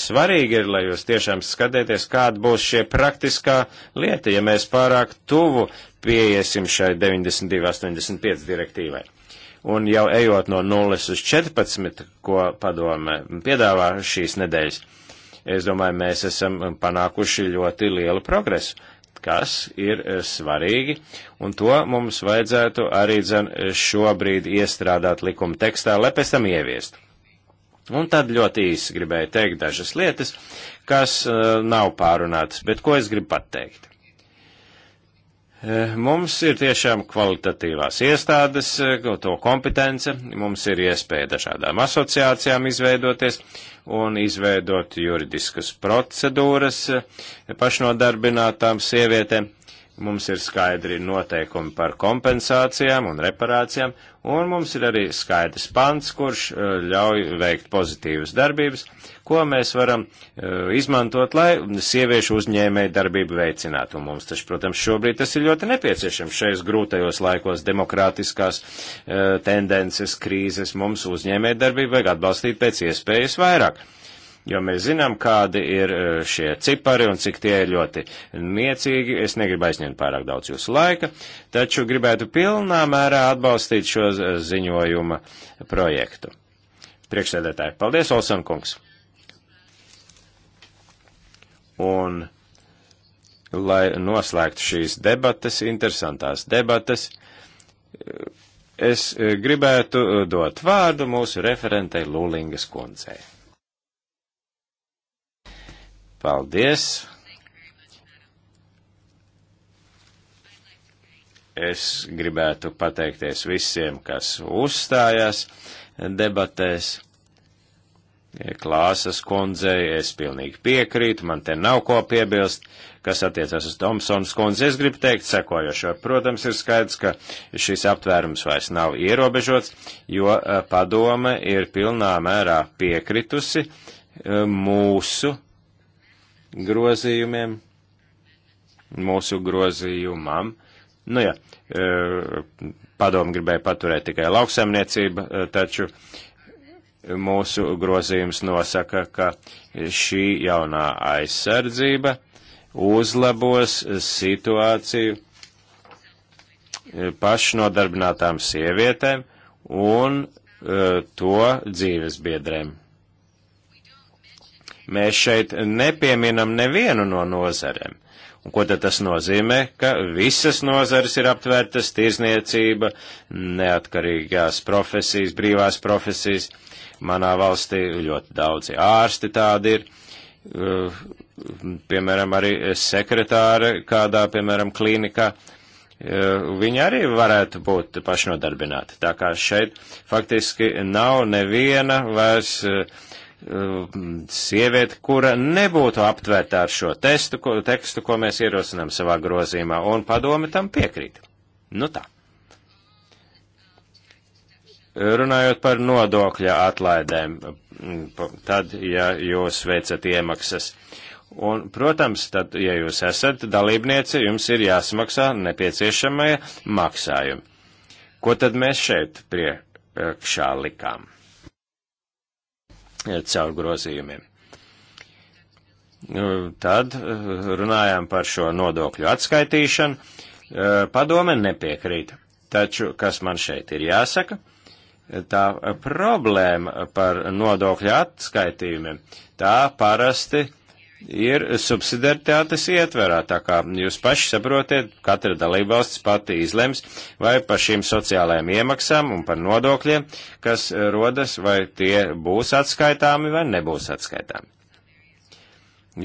svarīgi ir, lai jūs tiešām skatieties, kāda būs šie praktiskā lieta, ja mēs pārāk tuvu pieiesim šai 92.85 direktīvai. Un jau ejot no 0 uz 14, ko padome piedāvā šīs nedēļas, es domāju, mēs esam panākuši ļoti lielu progresu kas ir e, svarīgi, un to mums vajadzētu arī dzen, e, šobrīd iestrādāt likuma tekstā, lai pēc tam ieviestu. Un tad ļoti īsi gribēju teikt dažas lietas, kas eh, nav pārunātas, bet ko es gribu pateikt. Eh, mums ir tiešām kvalitatīvās iestādes, eh, to kompetence, mums ir iespēja dažādām asociācijām izveidoties un izveidot juridiskas procedūras pašnodarbinātām sievietēm. Mums ir skaidri noteikumi par kompensācijām un reparācijām, un mums ir arī skaidrs pants, kurš eh, ļauj veikt pozitīvas darbības, ko mēs varam eh, izmantot, lai sieviešu uzņēmēju darbību veicinātu. Un mums taču, protams, šobrīd tas ir ļoti nepieciešams šajos grūtajos laikos demokrātiskās eh, tendences, krīzes. Mums uzņēmēju darbību vajag atbalstīt pēc iespējas vairāk jo mēs zinām, kādi ir e, šie cipari un cik tie ir ļoti niecīgi. Es negribu aizņemt pārāk daudz jūsu laika, taču gribētu pilnā mērā atbalstīt šo e, ziņojuma projektu. Priekšsēdētāji, paldies, Olsen kungs! Un, lai noslēgtu šīs debates, interesantās debates, e, es gribētu dot vārdu mūsu referentei Lūlingas kundzei. Paldies! Es gribētu pateikties visiem, kas uzstājās debatēs. Klāsas kundzei es pilnīgi piekrītu, man te nav ko piebilst, kas attiecas uz Tomsons kundzi. Es gribu teikt sekojošo. Protams, ir skaidrs, ka šis aptvērums vairs nav ierobežots, jo eh, padome ir pilnā mērā piekritusi eh, mūsu grozījumiem, mūsu grozījumam. Nu jā, e, padomu gribēja paturēt tikai lauksaimniecība, e, taču mūsu grozījums nosaka, ka šī jaunā aizsardzība uzlabos situāciju e, pašnodarbinātām sievietēm un to dzīves biedrēm. Mēs šeit nepieminam nevienu no nozarēm. Un ko tad tas nozīmē? Ka visas nozares ir aptvērtas - tirzniecība, neatkarīgās profesijas, brīvās profesijas. Manā valstī ļoti daudzi ārsti tādi ir. Uh, piemēram, arī sekretāri kādā, piemēram, klīnikā. Uh, viņi arī varētu būt pašnodarbināti. Tā kā šeit faktiski nav neviena vairs uh, sievieti, kura nebūtu aptvērta ar šo testu, ko, tekstu, ko mēs ierosinām savā grozīmā, un padomi tam piekrīt. Nu tā. Runājot par nodokļa atlaidēm, tad, ja jūs veicat iemaksas. Un, protams, tad, ja jūs esat dalībniece, jums ir jāsmaksā nepieciešamie maksājumi. Ko tad mēs šeit priekšā likām? caur grozījumiem. Nu, tad eh, runājām par šo nodokļu atskaitīšanu. Eh, padome nepiekrīt. Taču, kas man šeit ir jāsaka, tā problēma par nodokļu atskaitījumiem, tā parasti ir subsidiaritātes ietverā, tā kā jūs paši saprotiet, katra dalībvalsts pati izlems vai par šīm sociālajām iemaksām un par nodokļiem, kas rodas, vai tie būs atskaitāmi vai nebūs atskaitāmi.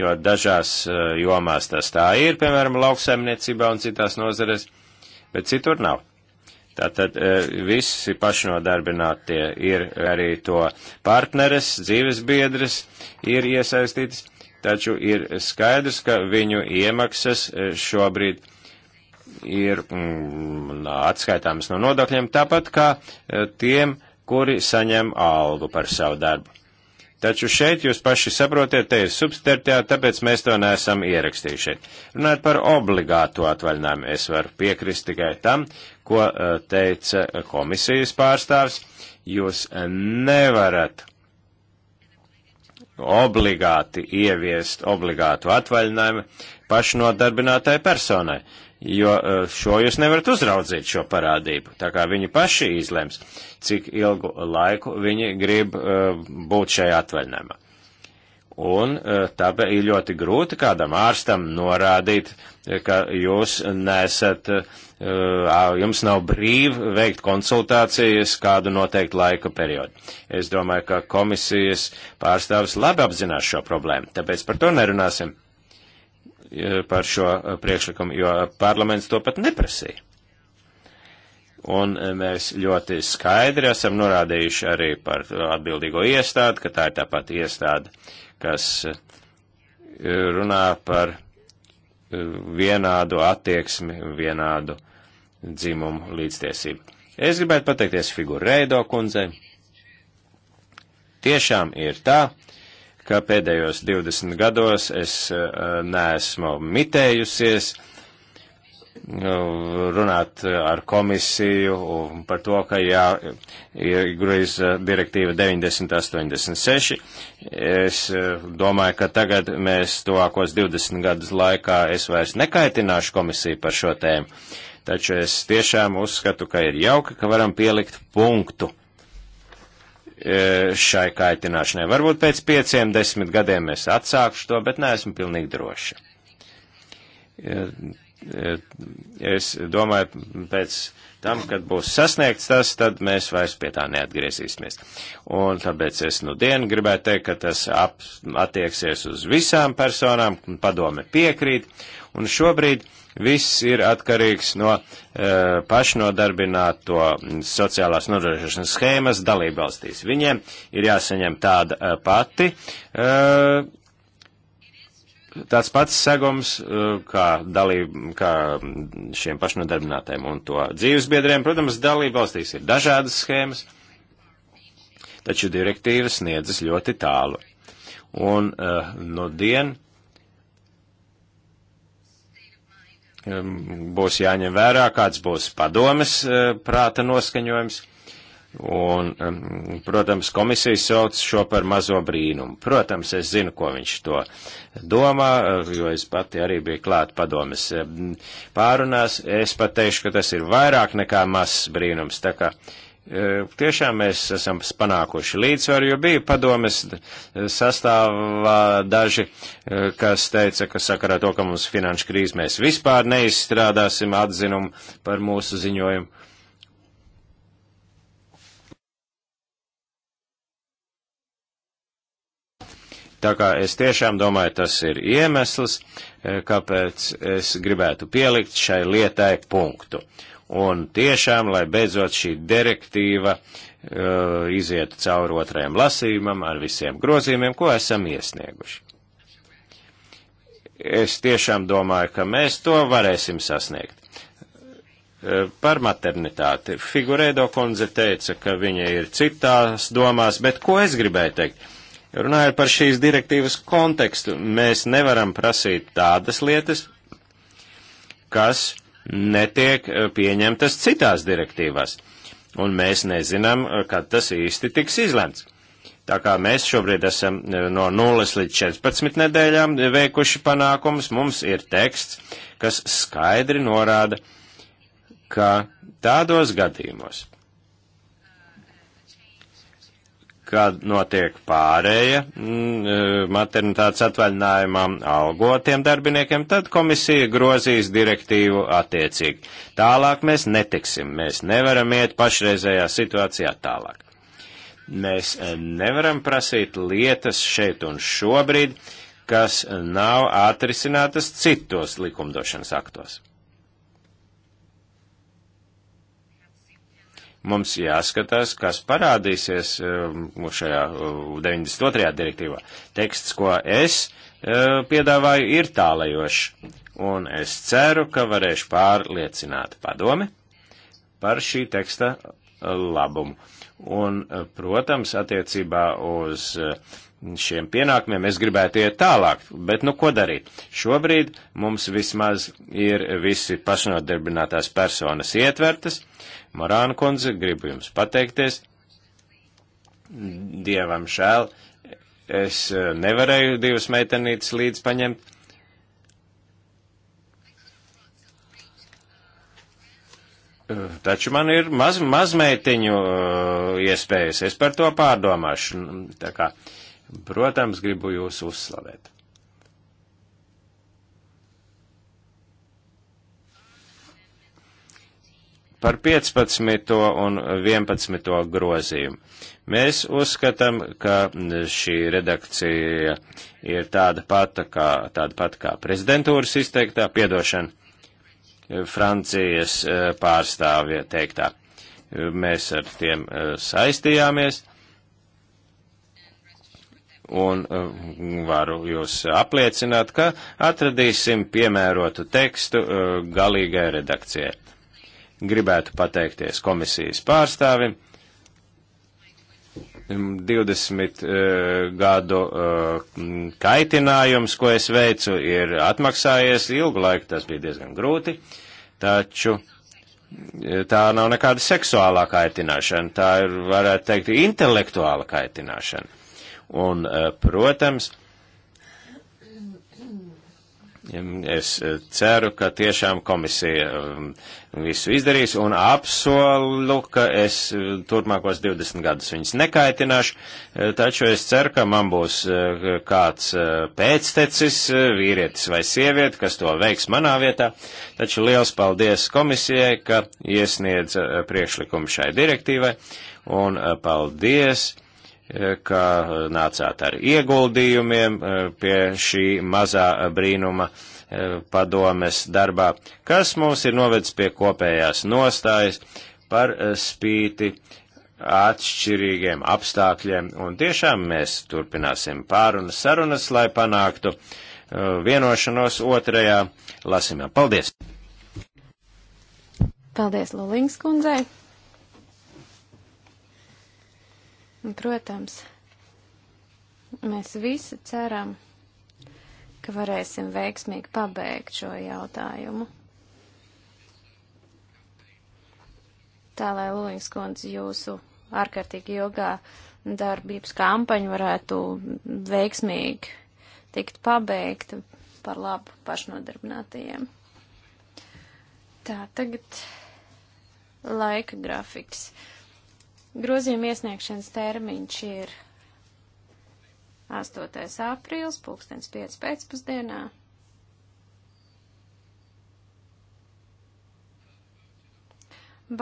Jo dažās eh, jomās tas tā ir, piemēram, lauksaimniecībā un citās nozares, bet citur nav. Tātad eh, visi pašnodarbinātie ir arī to partneres, dzīves biedres ir iesaistītas taču ir skaidrs, ka viņu iemaksas e, šobrīd ir mm, atskaitāmas no nodokļiem, tāpat kā e, tiem, kuri saņem algu par savu darbu. Taču šeit jūs paši saprotiet, te ir substertijā, tāpēc mēs to neesam ierakstījuši. Runājot par obligātu atvaļinājumu, es varu piekrist tikai tam, ko e, teica komisijas pārstāvs. Jūs nevarat obligāti ieviest obligātu atvaļinājumu pašnodarbinātai personai, jo e, šo jūs nevarat uzraudzīt šo parādību, tā kā viņi paši izlems, cik ilgu laiku viņi grib e, būt šajā atvaļinājumā. Un eh, tāpēc ir ļoti grūti kādam ārstam norādīt, eh, ka jūs nesat, eh, jums nav brīvi veikt konsultācijas kādu noteiktu laika periodu. Es domāju, ka komisijas pārstāvis labi apzinās šo problēmu, tāpēc par to nerunāsim par šo priekšlikumu, jo parlaments to pat neprasīja. Un mēs ļoti skaidri esam norādījuši arī par atbildīgo iestādi, ka tā ir tāpat iestāde, uh, kas eh, runā par eh, vienādu attieksmi, vienādu dzimumu līdztiesību. Es gribētu pateikties figurēdo kundzei. Tiešām ir tā, ka pēdējos 20 gados es eh, neesmu mitējusies, uh, runāt ar komisiju par to, ka jā, ir Grujas eh, direktīva 9086. Es eh, domāju, ka tagad mēs tuvākos 20 gadus laikā es vairs nekaitināšu komisiju par šo tēmu, taču es tiešām uzskatu, ka ir jauki, ka varam pielikt punktu eh, šai kaitināšanai. Varbūt pēc pieciem, desmit gadiem es atsākšu to, bet neesmu pilnīgi droši Eh, es domāju, pēc tam, kad būs sasniegts tas, tad mēs vairs pie tā neatgriezīsimies. Un tāpēc es nu dienu gribētu teikt, ka tas ap, attieksies uz visām personām, padome piekrīt, un šobrīd viss ir atkarīgs no e, pašnodarbināto sociālās nodrošināšanas schēmas dalībvalstīs. Viņiem ir jāsaņem tāda e, pati e, tāds pats segums e, kā, dalība, kā šiem pašnodarbinātēm un to dzīvesbiedriem. Protams, dalība valstīs ir dažādas schēmas, taču direktīvas sniedzas ļoti tālu. Un uh, no dien um, būs jāņem vērā, kāds būs padomes uh, prāta noskaņojums Un, um, protams, komisija sauc šo par mazo brīnumu. Protams, es zinu, ko viņš to domā, uh, jo es pati arī biju klāt padomis um, pārunās. Es pat teikšu, ka tas ir vairāk nekā mazs brīnums. Tā kā uh, tiešām mēs esam panākuši līdzsvaru, jo bija padomes uh, sastāvā daži, kas teica, ka sakarā to, ka mums finanšu krīze mēs vispār neizstrādāsim atzinumu par mūsu ziņojumu. Tā kā es tiešām domāju, tas ir iemesls, e, kāpēc es gribētu pielikt šai lietai punktu. Un tiešām, lai beidzot šī direktīva uh, e, izietu cauri otrajam lasījumam ar visiem grozījumiem, ko esam iesnieguši. Es tiešām domāju, ka mēs to varēsim sasniegt e, par maternitāti. Figurēdo kundze teica, ka viņa ir citās domās, bet ko es gribēju teikt? Runājot par šīs direktīvas kontekstu, mēs nevaram prasīt tādas lietas, kas netiek eh, pieņemtas citās direktīvās, un mēs nezinām, eh, kad tas īsti tiks izlemts. Tā kā mēs šobrīd esam eh, no 0 līdz 14 nedēļām veikuši panākumus, mums ir teksts, kas skaidri norāda, ka tādos gadījumos, kad notiek pārēja mm, e, maternitātes atvaļinājumam algotiem darbiniekiem, tad komisija grozīs direktīvu attiecīgi. Tālāk mēs netiksim, mēs nevaram iet pašreizējā situācijā tālāk. Mēs e, nevaram prasīt lietas šeit un šobrīd, kas nav atrisinātas citos likumdošanas aktos. Mums jāskatās, kas parādīsies eh, šajā 92. Eh, direktīvā. Teksts, ko es eh, piedāvāju, ir tālajošs, un es ceru, ka varēšu pārliecināt padomi par šī teksta labumu. Un, protams, attiecībā uz šiem pienākumiem es gribētu iet tālāk, bet nu ko darīt? Šobrīd mums vismaz ir visi pašnodarbinātās personas ietvertas, Morāna kundze, gribu jums pateikties. Dievam šēl, es e, nevarēju divas meitenītes līdz paņemt. E, taču man ir maz, mazmeitiņu e, iespējas, es par to pārdomāšu. Tā kā, protams, gribu jūs uzslavēt. Par 15. un 11. grozījumu. Mēs uzskatām, ka šī redakcija ir tāda pata kā, tāda pata kā prezidentūras izteiktā, piedošana, Francijas eh, pārstāvja teiktā. Mēs ar tiem eh, saistījāmies un eh, varu jūs apliecināt, ka atradīsim piemērotu tekstu galīgai redakcijai gribētu pateikties komisijas pārstāvim. 20 uh, e, gadu uh, kaitinājums, ko es veicu, ir atmaksājies ilgu laiku, tas bija diezgan grūti, taču e, tā nav nekāda seksuālā kaitināšana, tā ir, varētu teikt, intelektuāla kaitināšana. Un, uh, protams, uh, Es eh, ceru, ka tiešām komisija um, visu izdarīs un apsolu, ka es eh, turpmākos 20 gadus viņus nekaitināšu, eh, taču es ceru, ka man būs kāds pēctecis, vīrietis vai sieviete, kas to veiks manā vietā. Taču liels paldies komisijai, ka iesniedz priekšlikumu šai direktīvai un paldies ka nācāt ar ieguldījumiem e, pie šī mazā brīnuma e, padomes darbā, kas mums ir novedis pie kopējās nostājas par e, spīti atšķirīgiem apstākļiem, un tiešām mēs turpināsim pārunas sarunas, lai panāktu vienošanos otrajā lasimā. Paldies! Paldies, Lulīngas kundzei! Un, protams, mēs visi ceram, ka varēsim veiksmīgi pabeigt šo jautājumu. Tā lai Lūņas kundze jūsu ārkārtīgi ilgā darbības kampaņa varētu veiksmīgi tikt pabeigta par labu pašnodarbinātajiem. Tā, tagad laika grafiks. Uh, Grozījuma iesniegšanas termiņš ir 8. aprīls, pulkstens 5 pēcpusdienā.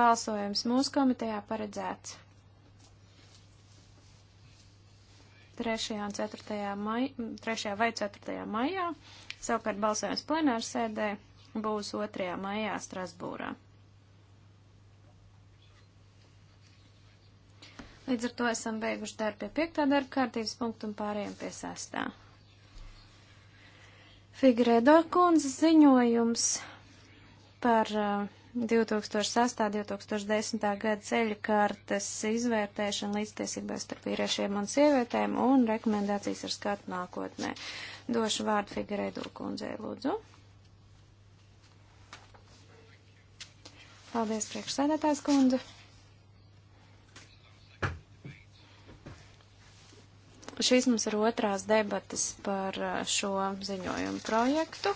Balsojums mūsu komitejā paredzēts 3. un 4. Mai, 3. vai 4. maijā, savukārt balsojums plenārsēdē būs 2. maijā Strasbūrā. Līdz ar to esam beiguši darbu pie piektā darba kārtības punkta un pārējiem pie sestā. Figredo kundze ziņojums par uh, 2008.-2010. gada ceļa kartes izvērtēšana līdztiesībā starp vīriešiem un sievietēm un rekomendācijas ar skatu nākotnē. Došu vārdu Figureidu kundzei, lūdzu. Paldies, priekšsēdētājs kundze. šīs mums ir otrās debatas par uh, šo ziņojumu projektu,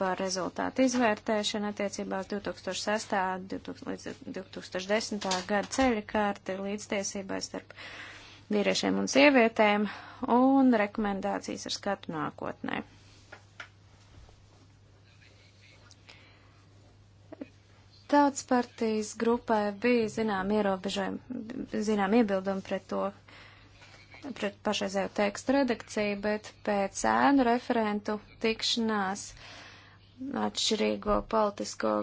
par rezultātu izvērtēšanu attiecībā uz 2006. 2000, līdz 2010. gada ceļa kārti līdztiesībai starp vīriešiem un sievietēm un rekomendācijas ar skatu nākotnē. Tautas partijas grupai bija zinām ierobežojumi, zinām iebildumi pret to pret pašreizējo tekstu redakciju, bet pēc ēnu referentu tikšanās atšķirīgo politisko,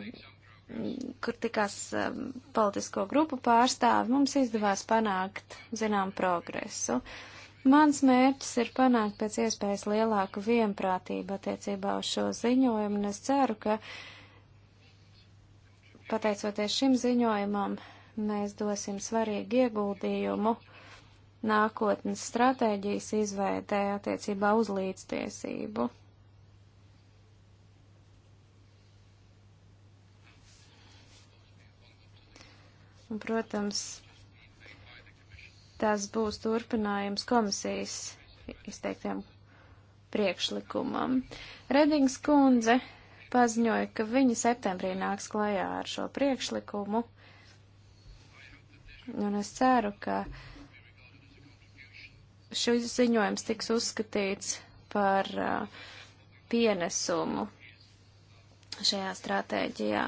kur tikās um, politisko grupu pārstāvi, mums izdevās panākt zinām progresu. Mans mērķis ir panākt pēc iespējas lielāku vienprātību attiecībā uz šo ziņojumu, un es ceru, ka pateicoties šim ziņojumam, mēs dosim svarīgu ieguldījumu nākotnes stratēģijas izveidē attiecībā uz līdztiesību. Un, protams, tas būs turpinājums komisijas izteiktiem priekšlikumam. Redings kundze paziņoja, ka viņa septembrī nāks klajā ar šo priekšlikumu. Un es ceru, ka uh, šis ziņojums tiks uzskatīts par uh, pienesumu šajā stratēģijā.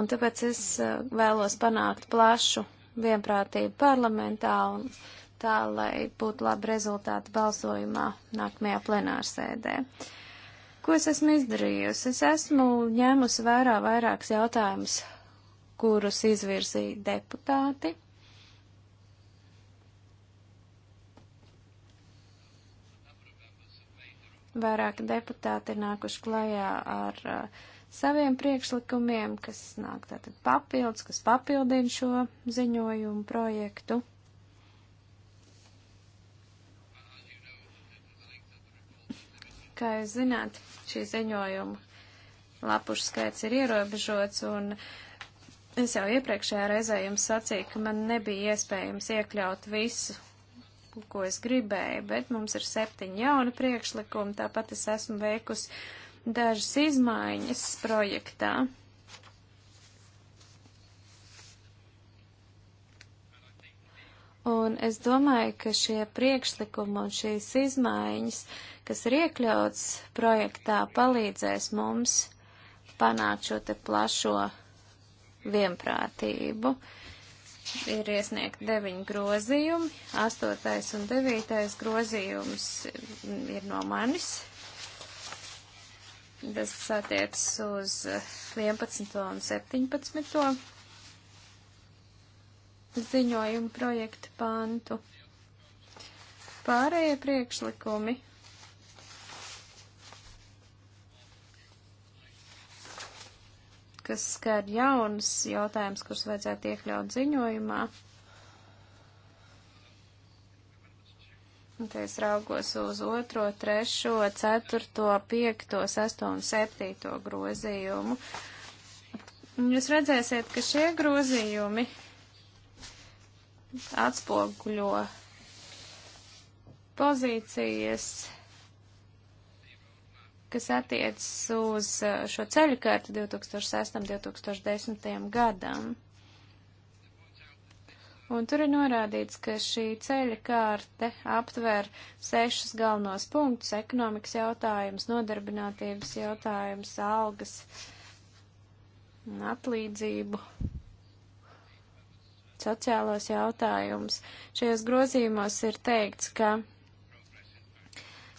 Un tāpēc es uh, vēlos panākt plašu vienprātību parlamentā un tā, lai būtu labi rezultāti balsojumā nākamajā plenārsēdē. Ko es esmu izdarījusi? Es esmu ņēmusi vērā vairākus jautājumus, kurus izvirzīja deputāti Vairāki deputāti ir nākuši klajā ar uh, saviem priekšlikumiem, kas nāk tātad papildus, kas papildina šo ziņojumu projektu. Kā jūs zināt, šī ziņojuma lapušu skaits ir ierobežots un uh, Es jau iepriekšējā reizē jums sacīju, ka man nebija iespējams iekļaut visu ko es gribēju, bet mums ir septiņi jauni priekšlikumi, tāpat es esmu veikusi dažas izmaiņas projektā. Un es domāju, ka šie priekšlikumi un šīs izmaiņas, kas ir iekļauts projektā, palīdzēs mums panākt šo te plašo vienprātību. Uh, ir iesniegt deviņi grozījumi, astotais un devītais grozījums ir no manis. Tas attiecas uz 11. un 17. ziņojumu projektu pantu. Pārējie priekšlikumi kas skar jaunas jautājumas, kurus vajadzētu iekļaut ziņojumā. Un te es raugos uz otro, trešo, ceturto, piekto, sesto un septīto grozījumu. Un jūs redzēsiet, ka šie grozījumi atspoguļo pozīcijas kas attiecas uz uh, šo ceļu kartu 2006-2010 gadam. Un tur ir norādīts, ka šī ceļa kārte aptver sešus galvenos punktus - ekonomikas jautājums, nodarbinātības jautājums, algas un atlīdzību, sociālos jautājumus. Šajos grozījumos ir teikts, ka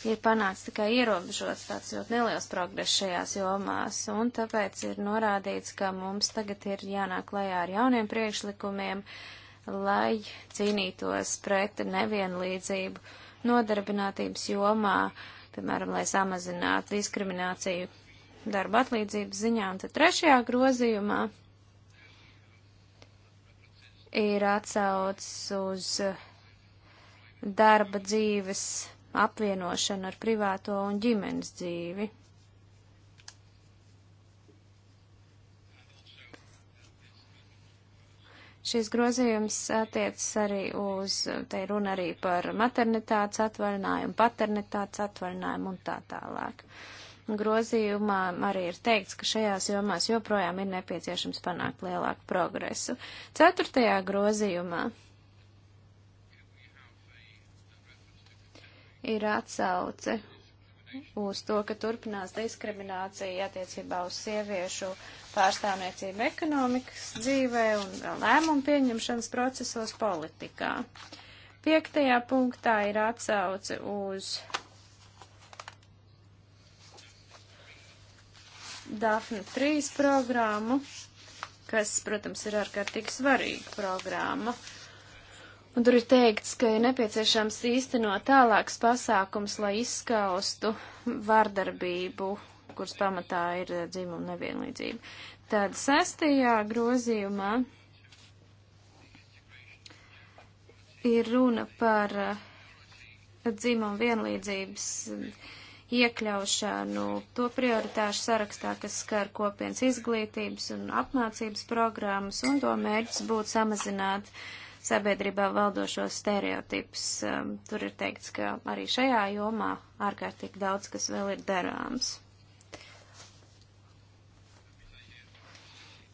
ir panāks tikai ierobežots tāds ļoti neliels progress šajās jomās, un tāpēc ir norādīts, ka mums tagad ir jānāk lajā ar jauniem priekšlikumiem, lai cīnītos pret nevienlīdzību nodarbinātības jomā, piemēram, lai samazinātu diskrimināciju darba atlīdzības ziņā, un tad trešajā grozījumā ir atsauc uz darba dzīves apvienošanu ar privāto un ģimenes dzīvi. Šis grozījums attiecas arī uz, te runa arī par maternitātes atvaļinājumu, paternitātes atvaļinājumu un tā tālāk. Grozījumā arī ir teikts, ka šajās jomās joprojām ir nepieciešams panākt lielāku progresu. Ceturtajā grozījumā ir atsauce uz to, ka turpinās diskriminācija attiecībā uz sieviešu pārstāvniecību ekonomikas dzīvē un lēmumu pieņemšanas procesos politikā. Piektajā punktā ir atsauce uz Dafne 3 programmu, kas, protams, ir ārkārtīgi svarīga programma. Uh, Un tur ir teikts, ka ir nepieciešams īstenot tālāks pasākums, lai izskaustu vardarbību, kuras pamatā ir eh, dzimuma nevienlīdzība. Tad sestajā grozījumā ir runa par eh, dzimuma vienlīdzības eh, iekļaušanu to prioritāšu sarakstā, kas skar kopienas izglītības un apmācības programmas, un to mērķis būtu samazināt uh, sabiedrībā valdošos stereotipus. Um, tur ir teikts, ka arī šajā jomā ārkārtīgi daudz, kas vēl ir darāms.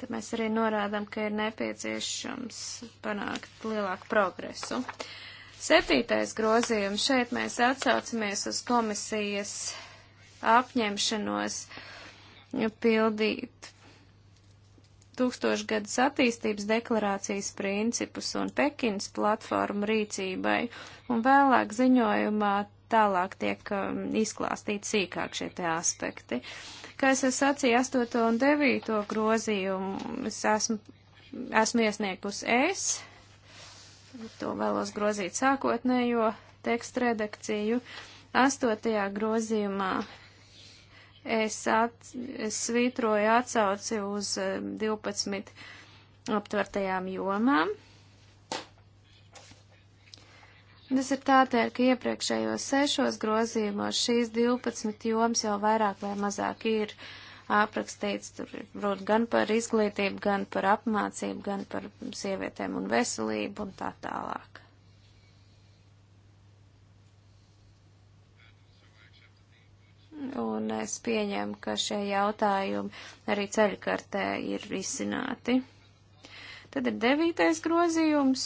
Tad mēs arī norādām, ka ir nepieciešams panākt lielāku progresu. Septītais grozījums. Šeit mēs atsaucamies uz komisijas apņemšanos pildīt tūkstošgadas attīstības deklarācijas principus un Pekinas platformu rīcībai, un vēlāk ziņojumā tālāk tiek um, izklāstīti sīkāk šie te aspekti. Kā es sacīju 8. un 9. grozījumu, es esmu, esmu iesniegus es, to vēlos grozīt sākotnējo tekstu redakciju. 8. grozījumā es, at, es svītroju atsauci uz 12 eh, aptvertajām jomām. Tas ir tādēļ, ka iepriekšējos sešos grozījumos šīs 12 joms jau vairāk vai mazāk ir aprakstīts, tur rūt gan par izglītību, gan par apmācību, gan par sievietēm un veselību un tā tālāk. un es pieņemu, ka šie jautājumi arī ceļkartē ir risināti. Tad ir devītais grozījums.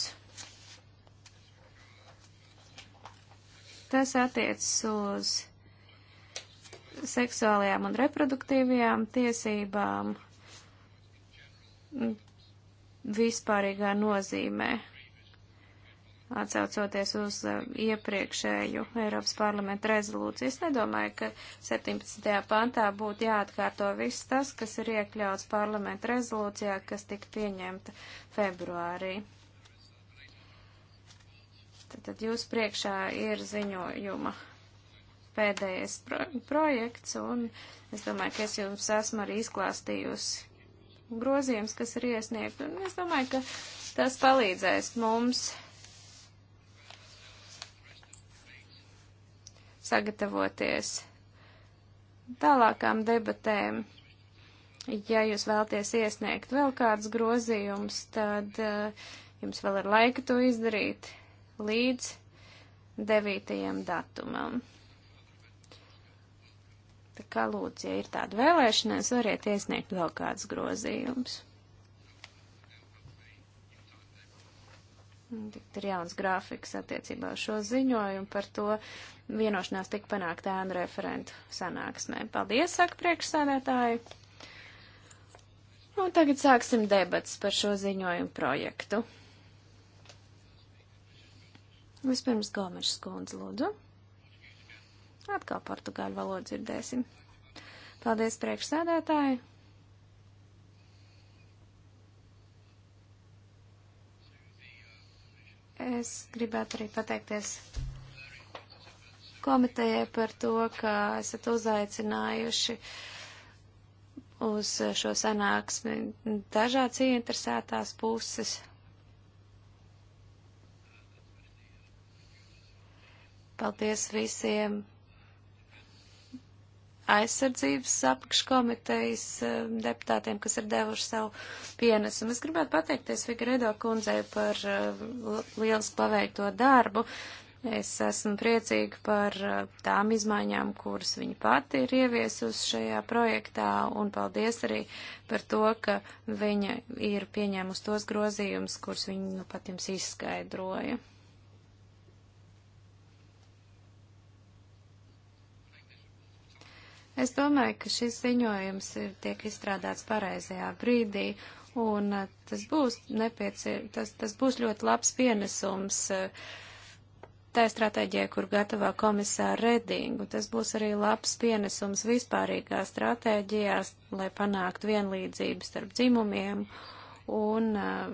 Tas attiecas uz seksuālajām un reproduktīvajām tiesībām vispārīgā nozīmē atsaucoties uz eh, iepriekšēju Eiropas parlamenta rezolūciju. Es nedomāju, ka 17. pantā būtu jāatkārto viss tas, kas ir iekļauts parlamenta rezolūcijā, kas tika pieņemta februārī. Tad jūs priekšā ir ziņojuma pēdējais pro projekts, un es domāju, ka es jums esmu arī izklāstījusi grozījums, kas ir iesniegt, un es domāju, ka tas palīdzēs mums sagatavoties tālākām debatēm. Ja jūs vēlties iesniegt vēl kādus grozījumus, tad uh, jums vēl ir laika to izdarīt līdz 9. datumam. Tā kā lūdzu, ja ir tāda vēlēšanās, variet iesniegt vēl kādus grozījumus. ir jauns grafiks attiecībā uz šo ziņojumu par to vienošanās tik panākt ēnu referentu sanāksmē. Paldies, saka priekšsēdētāji. Un tagad sāksim debats par šo ziņojumu projektu. Vispirms Gomešs kundze lūdzu. Atkal portugāļu valodu dzirdēsim. Paldies priekšsēdētāji. Es gribētu arī pateikties komitejai par to, ka esat uzaicinājuši uz šo sanāksmi dažādas ieinteresētās puses. Paldies visiem aizsardzības apakškomitejas eh, deputātiem, kas ir devuši savu pienesumu. Es gribētu pateikties Figredo kundzei par eh, lieliski paveikto darbu. Es esmu priecīga par eh, tām izmaiņām, kuras viņa pati ir ieviesusi šajā projektā, un paldies arī par to, ka viņa ir pieņēmusi tos grozījumus, kurus viņa nu pat jums izskaidroja. Es domāju, ka šis ziņojums ir tiek izstrādāts pareizajā brīdī, un uh, tas būs, nepiecie, tas, tas būs ļoti labs pienesums uh, tā stratēģija, kur gatavā komisāra Redingu. Tas būs arī labs pienesums vispārīgā stratēģijā, lai panāktu vienlīdzību starp dzimumiem un uh,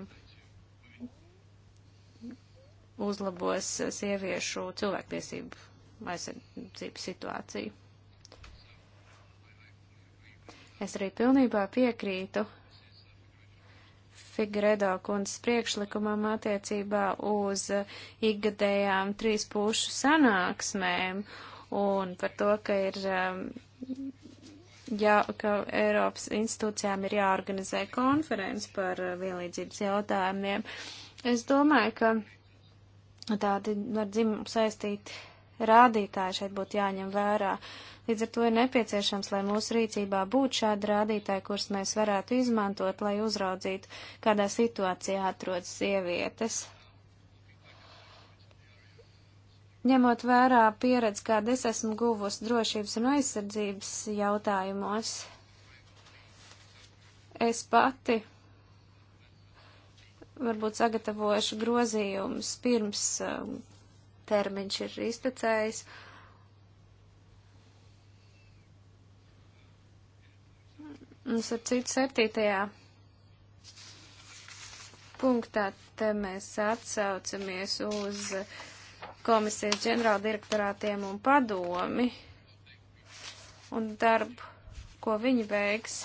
uzlabos sieviešu cilvēktiesību aizsardzības situāciju. Es arī pilnībā piekrītu Figredo kundzes priekšlikumam attiecībā uz ikgadējām trīs pušu sanāksmēm un par to, ka ir. Um, jā, ka Eiropas institūcijām ir jāorganizē konferences par uh, vienlīdzības jautājumiem. Es domāju, ka tādi var dzimumu saistīt rādītāji šeit būtu jāņem vērā. Līdz ar to ir nepieciešams, lai mūsu rīcībā būtu šādi rādītāji, kurus mēs varētu izmantot, lai uzraudzītu, kādā situācijā atrodas sievietes. Ņemot vērā pieredzi, kāda es esmu guvusi drošības un aizsardzības jautājumos, es pati varbūt sagatavošu grozījumus pirms um, termiņš ir iztecējis. Un ar citu septītajā punktā te mēs atsaucamies uz komisijas ģenerāldirektorātiem un padomi un darbu, ko viņi veiks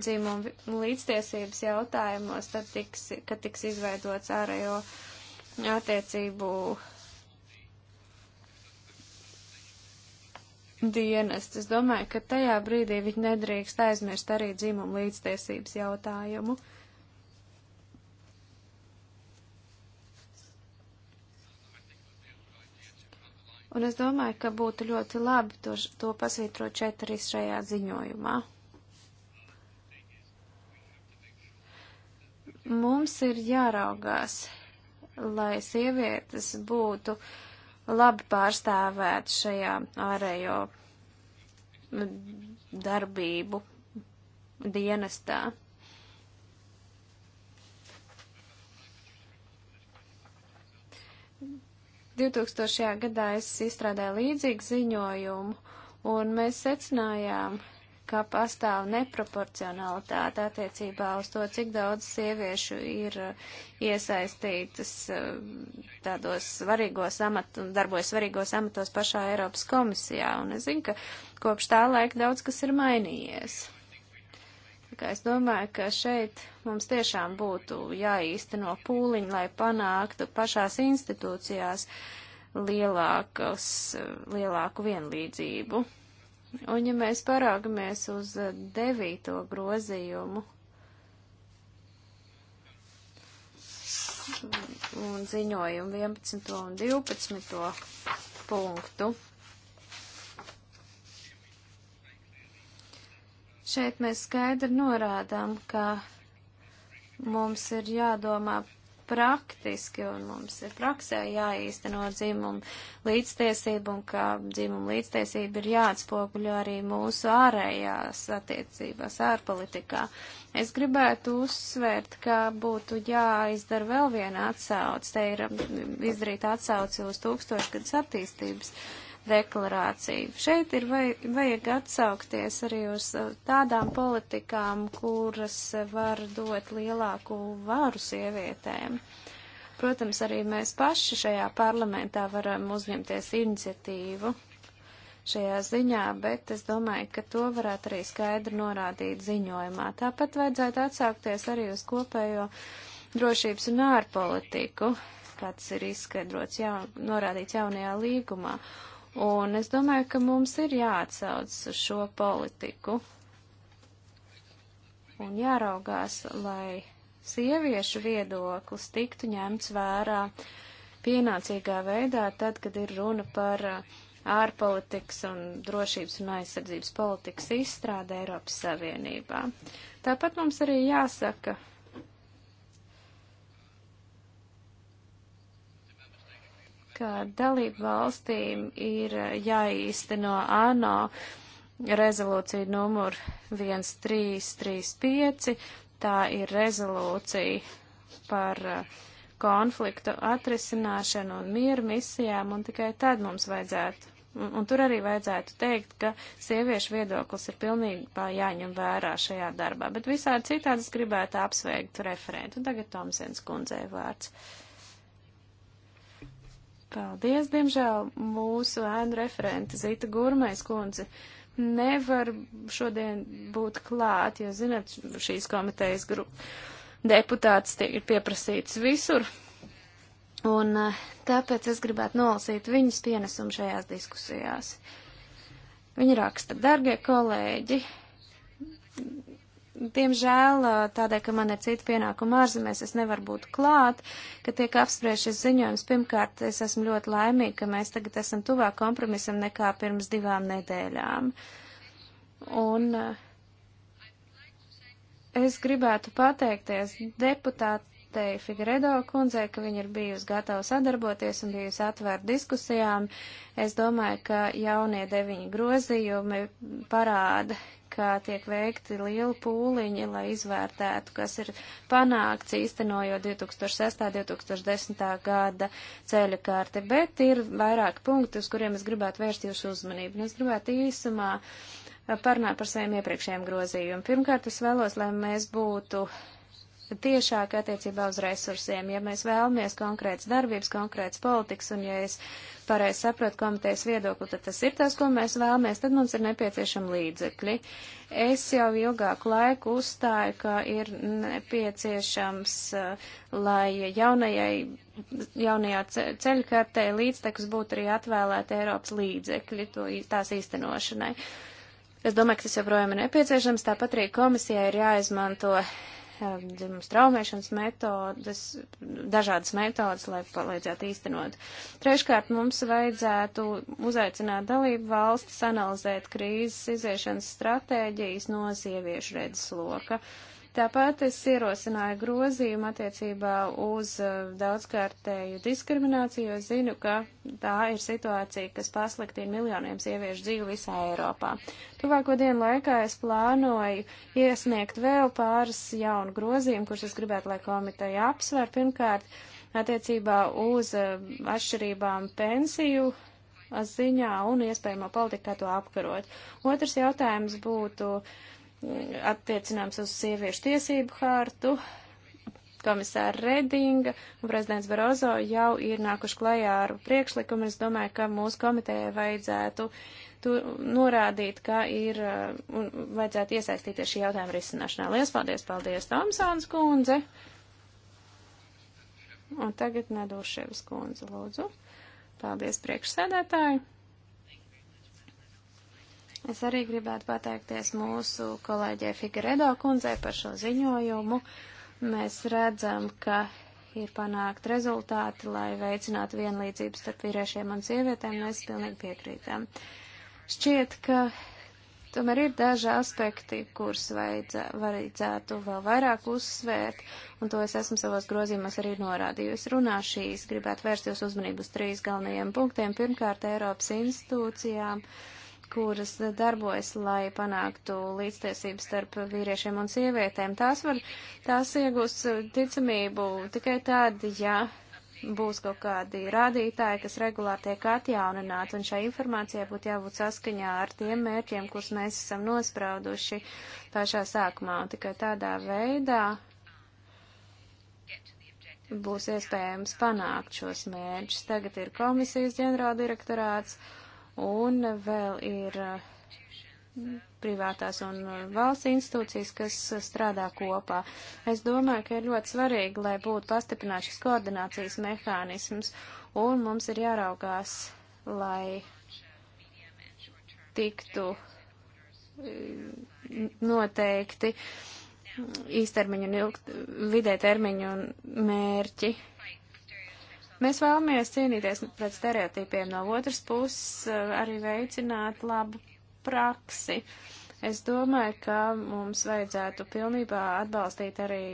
dzimumu līdztiesības jautājumos, tad tiks, kad tiks izveidots ārējo attiecību dienests. Es domāju, ka tajā brīdī viņi nedrīkst aizmirst arī dzimumu līdztiesības jautājumu. Un es domāju, ka būtu ļoti labi to, to pasvītrot šeit arī šajā ziņojumā. Mums ir jāraugās, lai sievietes būtu uh, labi pārstāvēt šajā ārējo darbību dienestā. Divtūkstošajā gadā es izstrādāju līdzīgu ziņojumu, un mēs secinājām, ka pastāv neproporcionalitāte attiecībā uz to, cik daudz sieviešu ir uh, iesaistītas uh, tādos svarīgos amatos, darbojas svarīgos amatos pašā Eiropas komisijā. Un es zinu, ka kopš tā laika daudz kas ir mainījies. Tā kā es domāju, ka šeit mums tiešām būtu jāīsteno pūliņi, lai panāktu pašās institūcijās lielākas, uh, lielāku vienlīdzību. Un ja mēs parāgamies uz eh, devīto grozījumu un ziņojumu 11. un 12. punktu, šeit mēs skaidri norādām, ka mums ir jādomā praktiski un mums ir praksē jāīsteno dzimumu līdztiesību un ka dzimumu līdztiesība ir jāatspoguļo arī mūsu ārējās attiecībās, ārpolitikā. Es gribētu uzsvērt, ka būtu jāizdara vēl viena atsauce. Te ir izdarīta atsauce uz tūkstošgadus attīstības deklarāciju. Šeit ir vai, vajag atsaukties arī uz uh, tādām politikām, kuras var dot lielāku varu sievietēm. Protams, arī mēs paši šajā parlamentā varam uzņemties iniciatīvu šajā ziņā, bet es domāju, ka to varētu arī skaidri norādīt ziņojumā. Tāpat vajadzētu atsaukties arī uz kopējo drošības un ārpolitiku, kāds ir izskaidrots, jaun, norādīts jaunajā līgumā. Un es domāju, ka mums ir jāatsauc uz šo politiku un jāraugās, lai sieviešu viedoklis tiktu ņemts vērā pienācīgā veidā, tad, kad ir runa par uh, ārpolitikas un drošības un aizsardzības politikas izstrāde Eiropas Savienībā. Tāpat mums arī jāsaka, ka dalību valstīm ir jāīsteno ANO rezolūcija numur 1335. Tā ir rezolūcija par uh, konfliktu atrisināšanu un mieru misijām, un tikai tad mums vajadzētu. Un, un tur arī vajadzētu teikt, ka sieviešu viedoklis ir pilnībā jāņem vērā šajā darbā. Bet visādi citādi es gribētu apsveikt referentu. Tagad Tomsens kundzei vārds. Uh, Paldies, diemžēl mūsu ēnu referente Zita Gurmais kundze nevar šodien būt klāt, jo, zināt, šīs komitejas deputāts ir pieprasīts visur. Un eh, tāpēc es gribētu nolasīt viņas pienesumu šajās diskusijās. Viņa raksta, dargie kolēģi, Diemžēl tādēļ, ka man ir cita pienākuma ārzemēs, es nevaru būt klāt, ka tiek apspriež šis ziņojums. Pirmkārt, es esmu ļoti laimīga, ka mēs tagad esam tuvāk kompromisam nekā pirms divām nedēļām. Un es gribētu pateikties deputātei Figredo kundzei, ka viņa ir bijusi gatava sadarboties un bijusi atvērta diskusijām. Es domāju, ka jaunie deviņi grozījumi parāda, ka tiek veikti lieli pūliņi, lai izvērtētu, kas ir panākts īstenojot 2006.-2010. gada ceļa kārti, bet ir vairāki punkti, uz kuriem es gribētu vērst jūsu uzmanību. Un es gribētu īsumā parunāt par saviem iepriekšējiem grozījumiem. Pirmkārt, es vēlos, lai mēs būtu tiešāk attiecībā uz resursiem. Ja mēs vēlamies konkrētas darbības, konkrētas politikas, un ja es pareizi saprotu komitejas viedokli, tad tas ir tas, ko mēs vēlamies, tad mums ir nepieciešami līdzekļi. Es jau ilgāku laiku uzstāju, ka ir nepieciešams, uh, lai jaunajai, jaunajā ceļkartē līdztekus būtu arī atvēlēti Eiropas līdzekļi to, tās īstenošanai. Es domāju, ka tas joprojām ir nepieciešams. Tāpat arī komisijai ir jāizmanto Ehm, dzimums traumēšanas metodas, dažādas metodas, lai palīdzētu īstenot. Treškārt, mums vajadzētu uzaicināt dalību valstis analizēt krīzes iziešanas stratēģijas no sieviešu redzes loka. Uh, Tāpat es ierosināju grozījumu attiecībā uz eh, daudzkārtēju diskrimināciju, jo zinu, ka tā ir situācija, kas pasliktina miljoniem sieviešu dzīvi visā Eiropā. Tuvāko dienu laikā es plānoju iesniegt vēl pāris jaunu grozījumu, kurus es gribētu, lai komiteja apsver. Pirmkārt, attiecībā uz eh, atšķirībām pensiju eh, ziņā un iespējamo politiku, kā to apkarot. Otrs jautājums būtu attiecināms uz sieviešu tiesību hārtu. Komisāra Redinga un prezidents Barozo jau ir nākuši klajā ar priekšlikumu. Es domāju, ka mūsu komitejai vajadzētu norādīt, ka ir uh, un vajadzētu iesaistīties šī jautājuma risināšanā. Lielas paldies, paldies, Tomsāns kundze. Un tagad Nedūševas kundze, lūdzu. Paldies, priekšsēdētāji. Es arī gribētu pateikties mūsu kolēģē Figueredo kundzei par šo ziņojumu. Mēs redzam, ka ir panākt rezultāti, lai veicinātu vienlīdzību starp vīriešiem un sievietēm. Mēs pilnīgi piekrītam. Šķiet, ka Tomēr ir daži aspekti, kurus vajadzētu vēl vairāk uzsvērt, un to es esmu savos grozījumos arī norādījusi. Runāšīs gribētu vērst jūs uzmanību uz trīs galvenajiem punktiem. Pirmkārt, Eiropas institūcijām kuras darbojas, lai panāktu līdztiesības starp vīriešiem un sievietēm. Tās var, tās iegūs ticamību tikai tad, ja būs kaut kādi rādītāji, kas regulāri tiek atjaunināti, un šai informācijai būtu jābūt saskaņā ar tiem mērķiem, kurus mēs esam nosprauduši pašā sākumā, un tikai tādā veidā būs iespējams panākt šos mērķus. Tagad ir komisijas ģenerāldirektorāts. direktorāts Un vēl ir eh, privātās un valsts institūcijas, kas strādā kopā. Es domāju, ka ir ļoti svarīgi, lai būtu pastiprināts šis koordinācijas mehānisms, un mums ir jāraugās, lai tiktu eh, noteikti īstermiņu un ilgt, vidē termiņu un mērķi Mēs vēlamies cīnīties pret stereotipiem no otras puses, eh, arī veicināt labu praksi. Es domāju, ka mums vajadzētu pilnībā atbalstīt arī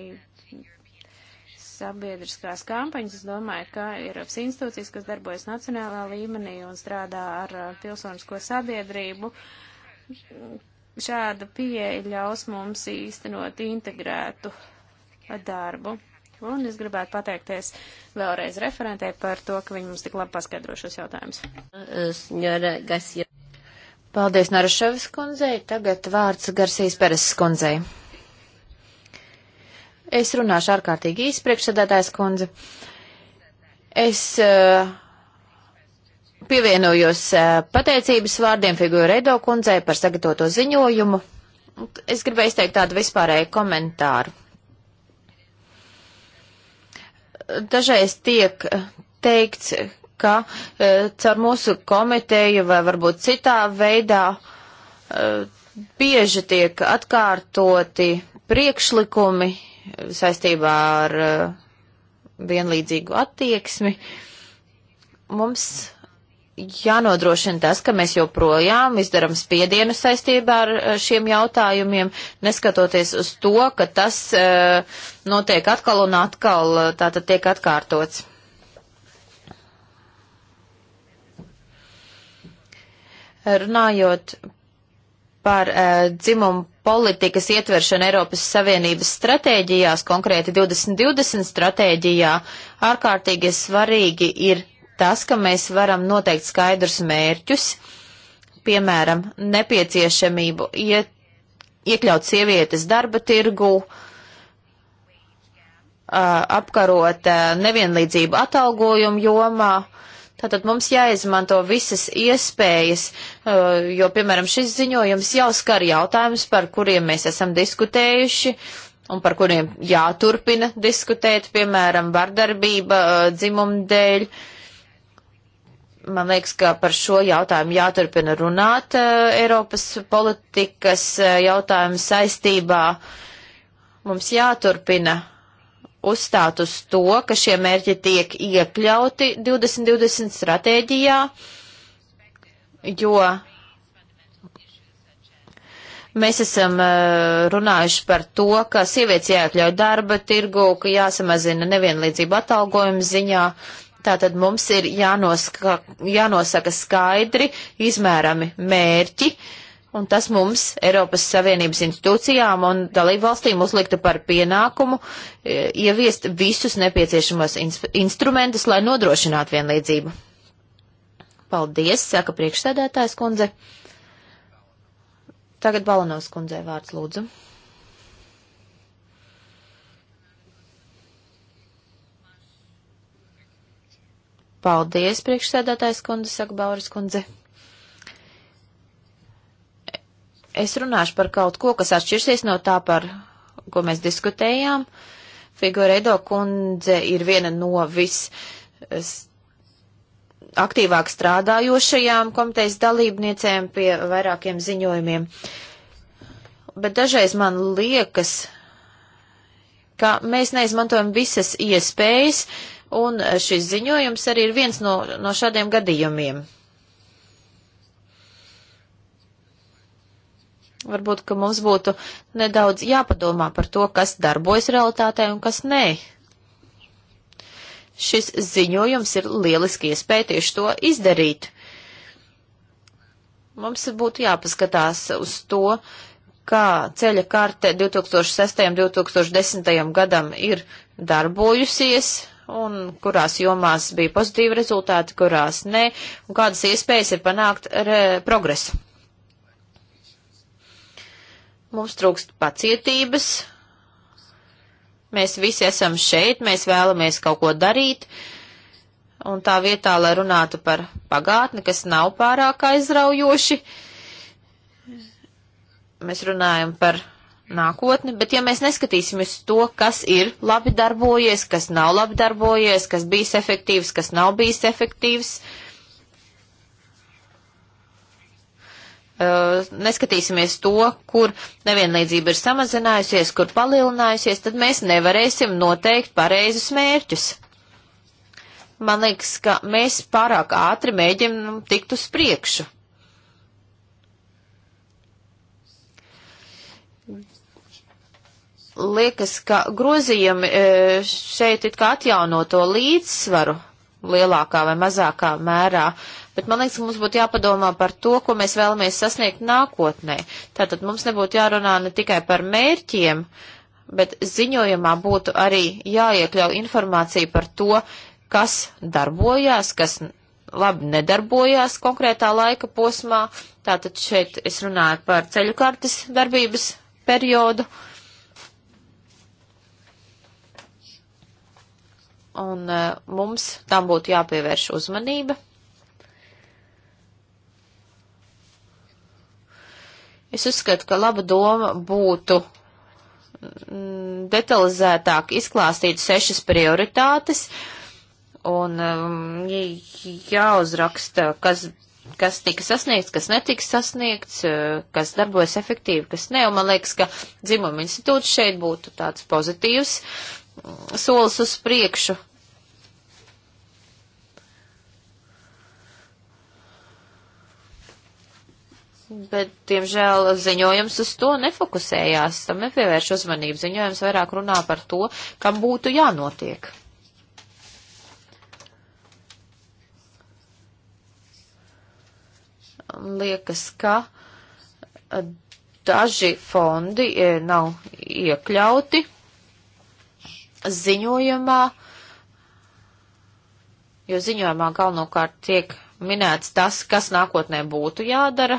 sabiedriskās kampaņas. Es domāju, ka Eiropas institūcijas, kas darbojas nacionālā līmenī un strādā ar eh, pilsonisko sabiedrību, šāda pieeja ļaus mums īstenot integrētu darbu. Un es gribētu pateikties vēlreiz referentē par to, ka viņi mums tik labi paskaidro šos jautājumus. Eh, Paldies Narašavas kundzei. Tagad vārds Garsīs Peres kundzei. Es runāšu ārkārtīgi īsi priekšsēdētājs kundze. Es uh, pievienojos uh, pateicības vārdiem Figūra Edo kundzei par sagatavoto ziņojumu. Es gribēju izteikt tādu vispārēju komentāru dažreiz tiek eh, teikts, ka eh, caur mūsu komiteju vai varbūt citā veidā eh, bieži tiek atkārtoti priekšlikumi saistībā ar vienlīdzīgu attieksmi. Mums jānodrošina tas, ka mēs joprojām izdaram spiedienu saistībā ar šiem jautājumiem, neskatoties uz to, ka tas eh, notiek atkal un atkal, eh, tātad tiek atkārtots. Runājot par eh, dzimumu politikas ietveršanu Eiropas Savienības stratēģijās, konkrēti 2020 stratēģijā, ārkārtīgi svarīgi ir tas, ka mēs varam noteikt skaidrus mērķus, piemēram, nepieciešamību iet, iekļaut sievietes darba tirgu, apkarot nevienlīdzību atalgojumu jomā. Tātad mums jāizmanto visas iespējas, jo, piemēram, šis ziņojums jau skar jautājumus, par kuriem mēs esam diskutējuši un par kuriem jāturpina diskutēt, piemēram, vardarbība dzimumu dēļ. Uh, Man liekas, ka par šo jautājumu jāturpina runāt eh, Eiropas politikas eh, jautājumu saistībā. Mums jāturpina uzstāt uz to, ka šie mērķi tiek iekļauti 2020 stratēģijā, jo mēs esam eh, runājuši par to, ka sievietes jāiekļauj darba tirgu, ka jāsamazina nevienlīdzība atalgojuma ziņā, Tātad mums ir jānoska, jānosaka skaidri, izmērami mērķi, un tas mums Eiropas Savienības institūcijām un dalībvalstīm uzliktu par pienākumu e, ieviest visus nepieciešamos ins instrumentus, lai nodrošinātu vienlīdzību. Paldies, saka priekšsēdētājs kundze. Tagad Balanovs kundzei vārds lūdzu. Paldies, priekšsēdētājs kundze, saka Bauris kundze. Es runāšu par kaut ko, kas atšķirsies no tā, par ko mēs diskutējām. Figuredo kundze ir viena no vis aktīvāk strādājošajām komitejas dalībniecēm pie vairākiem ziņojumiem. Bet dažreiz man liekas, ka mēs neizmantojam visas iespējas, uh, Un šis ziņojums arī ir viens no, no šādiem gadījumiem. Varbūt, ka mums būtu nedaudz jāpadomā par to, kas darbojas realitātē un kas nē. Šis ziņojums ir lieliski iespēja tieši to izdarīt. Mums būtu jāpaskatās uz to, kā ceļa karte 2006. un 2010. gadam ir darbojusies, un kurās jomās bija pozitīvi rezultāti, kurās nē, un kādas iespējas ir panākt progresu. Mums trūkst pacietības. Mēs visi esam šeit, mēs vēlamies kaut ko darīt, un tā vietā, lai runātu par pagātni, kas nav pārāk aizraujoši, mēs runājam par nākotni, bet ja mēs neskatīsimies to, kas ir labi darbojies, kas nav labi darbojies, kas bijis efektīvs, kas nav bijis efektīvs, eh, neskatīsimies to, kur nevienlīdzība ir samazinājusies, kur palielinājusies, tad mēs nevarēsim noteikt pareizus mērķus. Man liekas, ka mēs pārāk ātri mēģinam tikt uz priekšu. liekas, ka grozījumi e, šeit it kā atjauno to līdzsvaru lielākā vai mazākā mērā, bet man liekas, ka mums būtu jāpadomā par to, ko mēs vēlamies sasniegt nākotnē. Tātad mums nebūtu jārunā ne tikai par mērķiem, bet ziņojumā būtu arī jāiekļau informācija par to, kas darbojās, kas labi nedarbojās konkrētā laika posmā. Tātad šeit es runāju par ceļu kartes darbības periodu. Uh, un eh, mums tam būtu jāpievērš uzmanība. Es uzskatu, ka laba doma būtu mm, detalizētāk izklāstīt sešas prioritātes un mm, jāuzraksta, kas, kas tika sasniegts, kas netika sasniegts, eh, kas darbojas efektīvi, kas ne. Un man liekas, ka dzimuma institūts šeit būtu tāds pozitīvs mm, solis uz priekšu. bet, diemžēl, ziņojums uz to nefokusējās, tam nepievērš uzmanību. Ziņojums vairāk runā par to, kam būtu jānotiek. Liekas, ka eh, daži fondi eh, nav iekļauti ziņojumā, jo ziņojumā galvenokārt tiek minēts tas, kas nākotnē būtu jādara,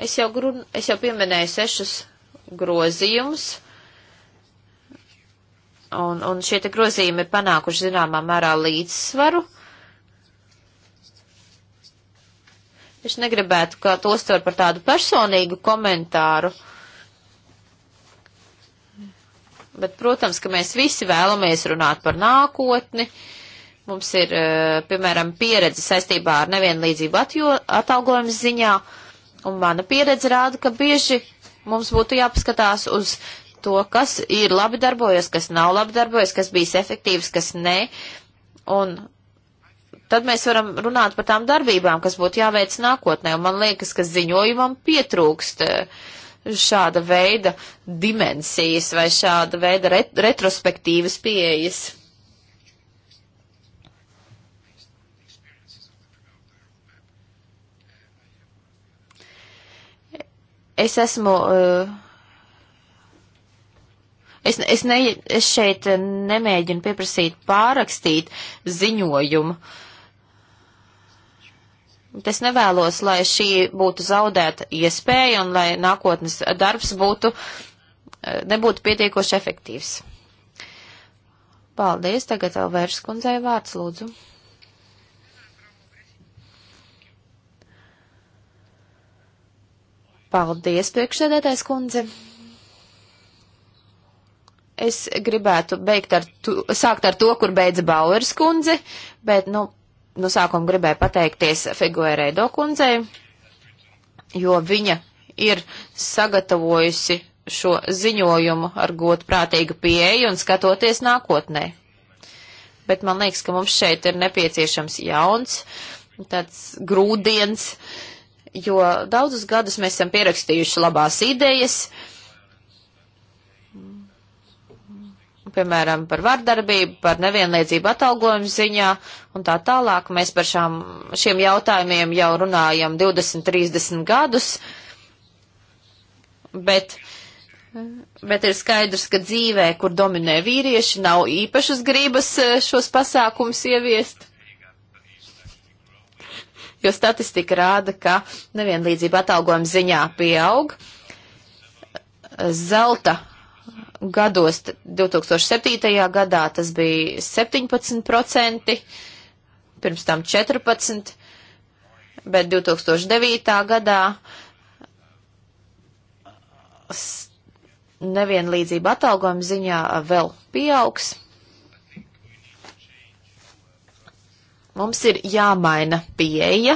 Es jau, grun, es jau pieminēju sešus grozījumus, un, un šie te grozījumi ir panākuši zināmā mērā līdzsvaru. Es negribētu, ka to stver par tādu personīgu komentāru. Bet, protams, ka mēs visi vēlamies runāt par nākotni. Mums ir, eh, piemēram, pieredze saistībā ar nevienlīdzību atjo, atalgojums ziņā. Uh, Un mana pieredze rāda, ka bieži mums būtu jāpaskatās uz to, kas ir labi darbojies, kas nav labi darbojies, kas bijis efektīvs, kas nē. Un tad mēs varam runāt par tām darbībām, kas būtu jāveic nākotnē. Un man liekas, ka ziņojumam pietrūkst eh, šāda veida dimensijas vai šāda veida ret retrospektīvas pieejas. Es esmu. Eh, es, es, ne, es šeit nemēģinu pieprasīt pārakstīt ziņojumu. Es nevēlos, lai šī būtu zaudēta iespēja un lai nākotnes darbs būtu, eh, nebūtu pietiekoši efektīvs. Paldies, tagad vēl vēršas kundzei vārds, lūdzu. Paldies, priekšsēdētājs kundze. Es gribētu beigt ar, tu, sākt ar to, kur beidza Bauers kundze, bet, nu, nu sākumā gribēju pateikties Figuereido kundzei, jo viņa ir sagatavojusi šo ziņojumu ar godprātīgu pieeju un skatoties nākotnē. Bet man liekas, ka mums šeit ir nepieciešams jauns, tāds grūdienis, uh, jo daudzus gadus mēs esam pierakstījuši labās idejas, piemēram, par vardarbību, par nevienlīdzību atalgojumu ziņā un tā tālāk. Mēs par šām, šiem jautājumiem jau runājam 20, 30 gadus, bet, bet ir skaidrs, ka dzīvē, kur dominē vīrieši, nav īpašas gribas eh, šos pasākumus ieviest jo statistika rāda, ka nevienlīdzība atalgojuma ziņā pieaug. Zelta gados 2007. gadā tas bija 17%, pirms tam 14%, bet 2009. gadā nevienlīdzība atalgojuma ziņā vēl pieaugs. Mums ir jāmaina pieeja.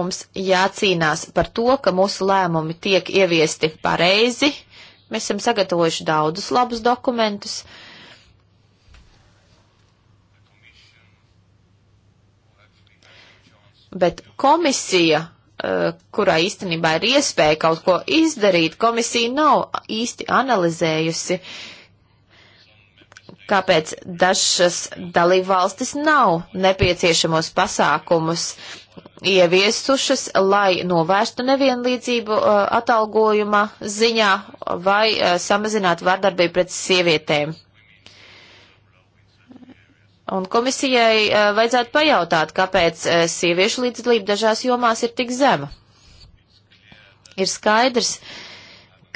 Mums jācīnās par to, ka mūsu lēmumi tiek ieviesti pareizi. Mēs esam sagatavojuši daudzus labus dokumentus. Bet komisija, eh, kurā īstenībā ir iespēja kaut ko izdarīt, komisija nav īsti analizējusi uh, kāpēc dažas dalībvalstis nav nepieciešamos pasākumus ieviesušas, lai novērstu nevienlīdzību uh, atalgojuma ziņā vai uh, samazinātu vārdarbību pret sievietēm. Un komisijai uh, vajadzētu pajautāt, kāpēc uh, sieviešu līdzdalība dažās jomās ir tik zema. Ir skaidrs,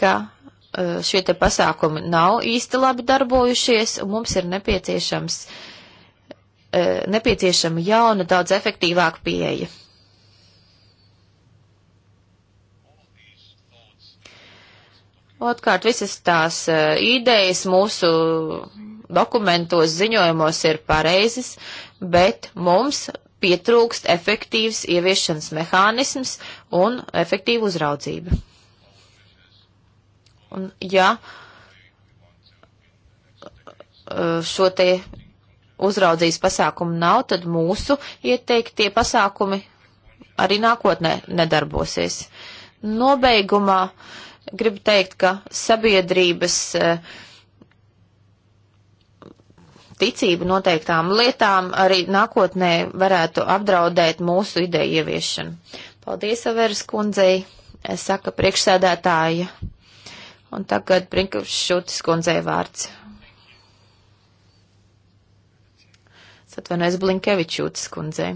ka Eh, šie te pasākumi nav īsti labi darbojušies, un mums ir nepieciešams, eh, nepieciešama jauna, daudz efektīvāka pieeja. Otkārt, visas tās eh, idejas mūsu dokumentos, ziņojumos ir pareizes, bet mums pietrūkst efektīvs ieviešanas mehānisms un efektīva uzraudzība. Un ja eh, šo te uzraudzīs pasākumu nav, tad mūsu ieteiktie pasākumi arī nākotnē nedarbosies. Nobeigumā gribu teikt, ka sabiedrības eh, ticība noteiktām lietām arī nākotnē varētu apdraudēt mūsu ideju ieviešanu. Paldies, Averas kundzei, saka priekšsēdētāja. Un tagad Brinkšūtas kundzei vārds. Satvainojas Blinkevičūtas kundzei.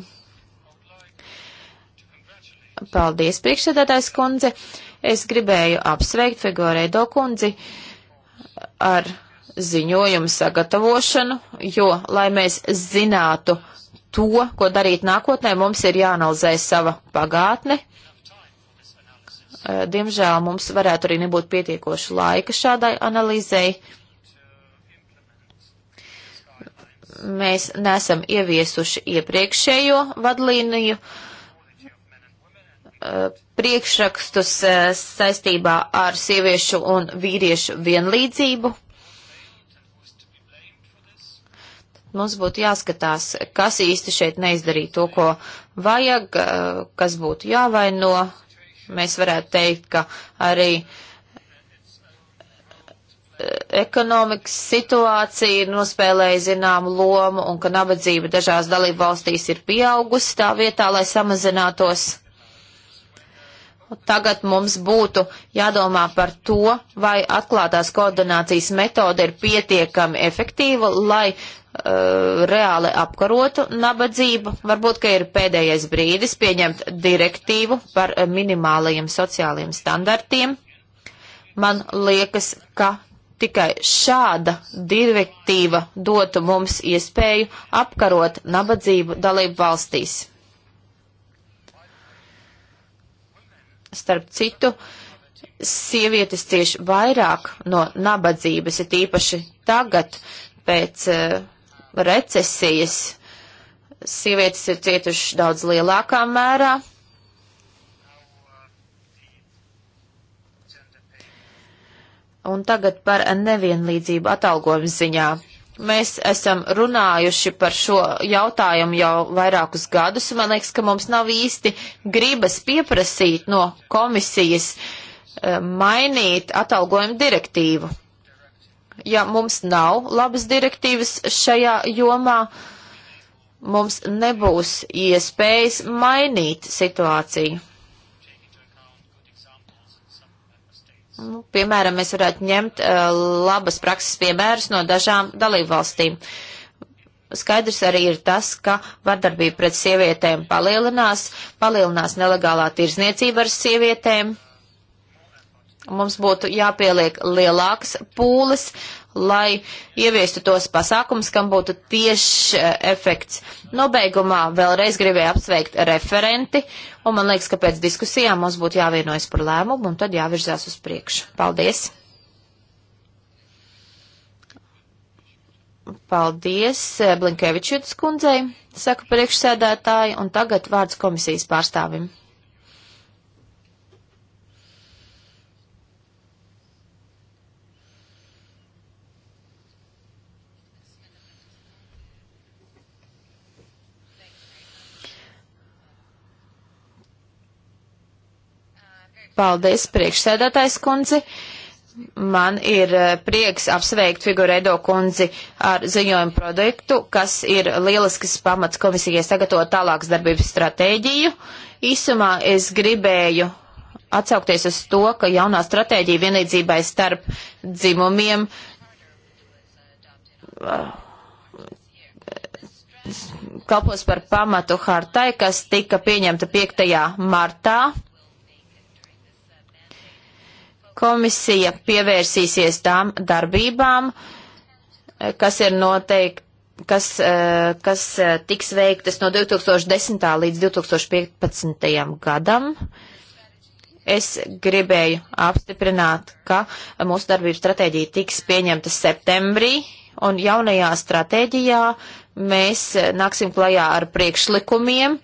Paldies, priekšsēdētājs kundze. Es gribēju apsveikt Figorēdo kundzi ar ziņojumu sagatavošanu, jo, lai mēs zinātu to, ko darīt nākotnē, mums ir jāanalizē sava pagātne, Eh, diemžēl mums varētu arī nebūt pietiekoši laika šādai analīzei. Mēs nesam ieviesuši iepriekšējo vadlīniju eh, priekšrakstus eh, saistībā ar sieviešu un vīriešu vienlīdzību. Mums būtu jāskatās, kas īsti šeit neizdarīja to, ko vajag, kas būtu jāvaino, mēs varētu teikt, ka arī e, ekonomikas situācija ir nospēlēja zināmu lomu un ka nabadzība dažās dalību valstīs ir pieaugusi tā vietā, lai samazinātos. Tagad mums būtu jādomā par to, vai atklātās koordinācijas metode ir pietiekami efektīva, lai Eh, reāli apkarotu nabadzību. Varbūt, ka ir pēdējais brīdis pieņemt direktīvu par eh, minimālajiem sociālajiem standartiem. Man liekas, ka tikai šāda direktīva dotu mums iespēju apkarot nabadzību dalību valstīs. Starp citu, sievietes cieši vairāk no nabadzības, ir tīpaši tagad pēc uh, recesijas. Sievietes ir cietušas daudz lielākā mērā. Un tagad par nevienlīdzību atalgojuma ziņā. Mēs esam runājuši par šo jautājumu jau vairākus gadus, un man liekas, ka mums nav īsti gribas pieprasīt no komisijas eh, mainīt atalgojumu direktīvu ja mums nav labas direktīvas šajā jomā, mums nebūs iespējas mainīt situāciju. Nu, piemēram, mēs varētu ņemt uh, labas prakses piemērus no dažām dalībvalstīm. Skaidrs arī ir tas, ka vardarbība pret sievietēm palielinās, palielinās nelegālā tirzniecība ar sievietēm. Mums būtu jāpieliek lielāks pūles, lai ieviestu tos pasākums, kam būtu tieši eh, efekts. Nobeigumā vēlreiz gribēju apsveikt referenti, un man liekas, ka pēc diskusijām mums būtu jāvienojas par lēmumu, un tad jāvirzās uz priekšu. Paldies! Paldies Blinkevičūtas kundzei, saka priekšsēdētāji, un tagad vārds komisijas pārstāvim. Paldies, priekšsēdētājs kundzi. Man ir eh, prieks apsveikt Figuredo kundzi ar ziņojumu projektu, kas ir lielisks pamats komisijai sagatavot tālākas darbības stratēģiju. Īsumā es gribēju atsaukties uz to, ka jaunā stratēģija vienlīdzībai starp dzimumiem eh, kalpos par pamatu hartai, kas tika pieņemta 5. martā Komisija pievērsīsies tām darbībām, eh, kas ir noteikti kas, eh, kas eh, tiks veiktas no 2010. līdz 2015. gadam. Es gribēju apstiprināt, ka mūsu darbības stratēģija tiks pieņemta septembrī, un jaunajā stratēģijā mēs nāksim klajā ar priekšlikumiem,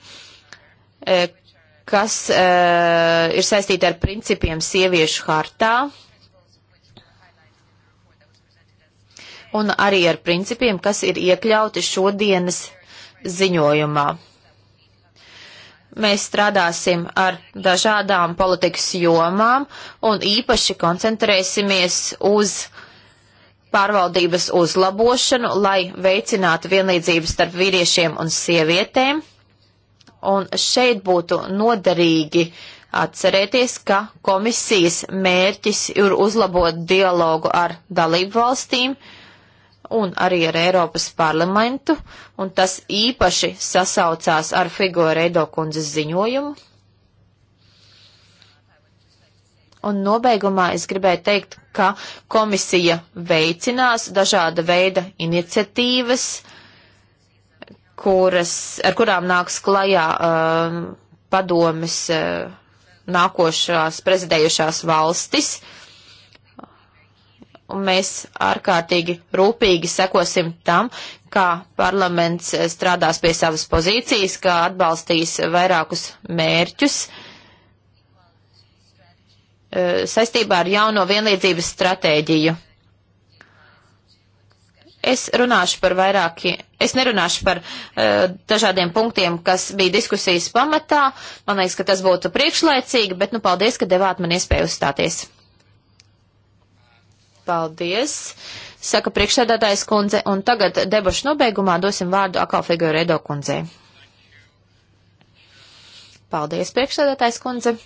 kas uh, ir saistīti ar principiem sieviešu hartā un arī ar principiem, kas ir iekļauti šodienas ziņojumā. Mēs strādāsim ar dažādām politikas jomām un īpaši koncentrēsimies uz pārvaldības uzlabošanu, lai veicinātu vienlīdzību starp vīriešiem un sievietēm Un šeit būtu noderīgi atcerēties, ka komisijas mērķis ir uzlabot dialogu ar dalību valstīm un arī ar Eiropas parlamentu, un tas īpaši sasaucās ar Figueiredo kundzes ziņojumu. Un nobeigumā es gribēju teikt, ka komisija veicinās dažāda veida iniciatīvas, kuras, ar kurām nāks klajā uh, um, padomis uh, nākošās prezidējušās valstis. Un mēs ārkārtīgi rūpīgi sekosim tam, kā parlaments uh, strādās pie savas pozīcijas, kā atbalstīs vairākus mērķus uh, saistībā ar jauno vienlīdzības stratēģiju. Es runāšu par vairāki, es nerunāšu par uh, dažādiem punktiem, kas bija diskusijas pamatā. Man liekas, ka tas būtu priekšlaicīgi, bet nu paldies, ka devāt man iespēju uzstāties. Paldies, saka priekšsēdētājs kundze, un tagad debašu nobeigumā dosim vārdu atkal figūru Edo kundzei. Paldies, priekšsēdētājs kundze.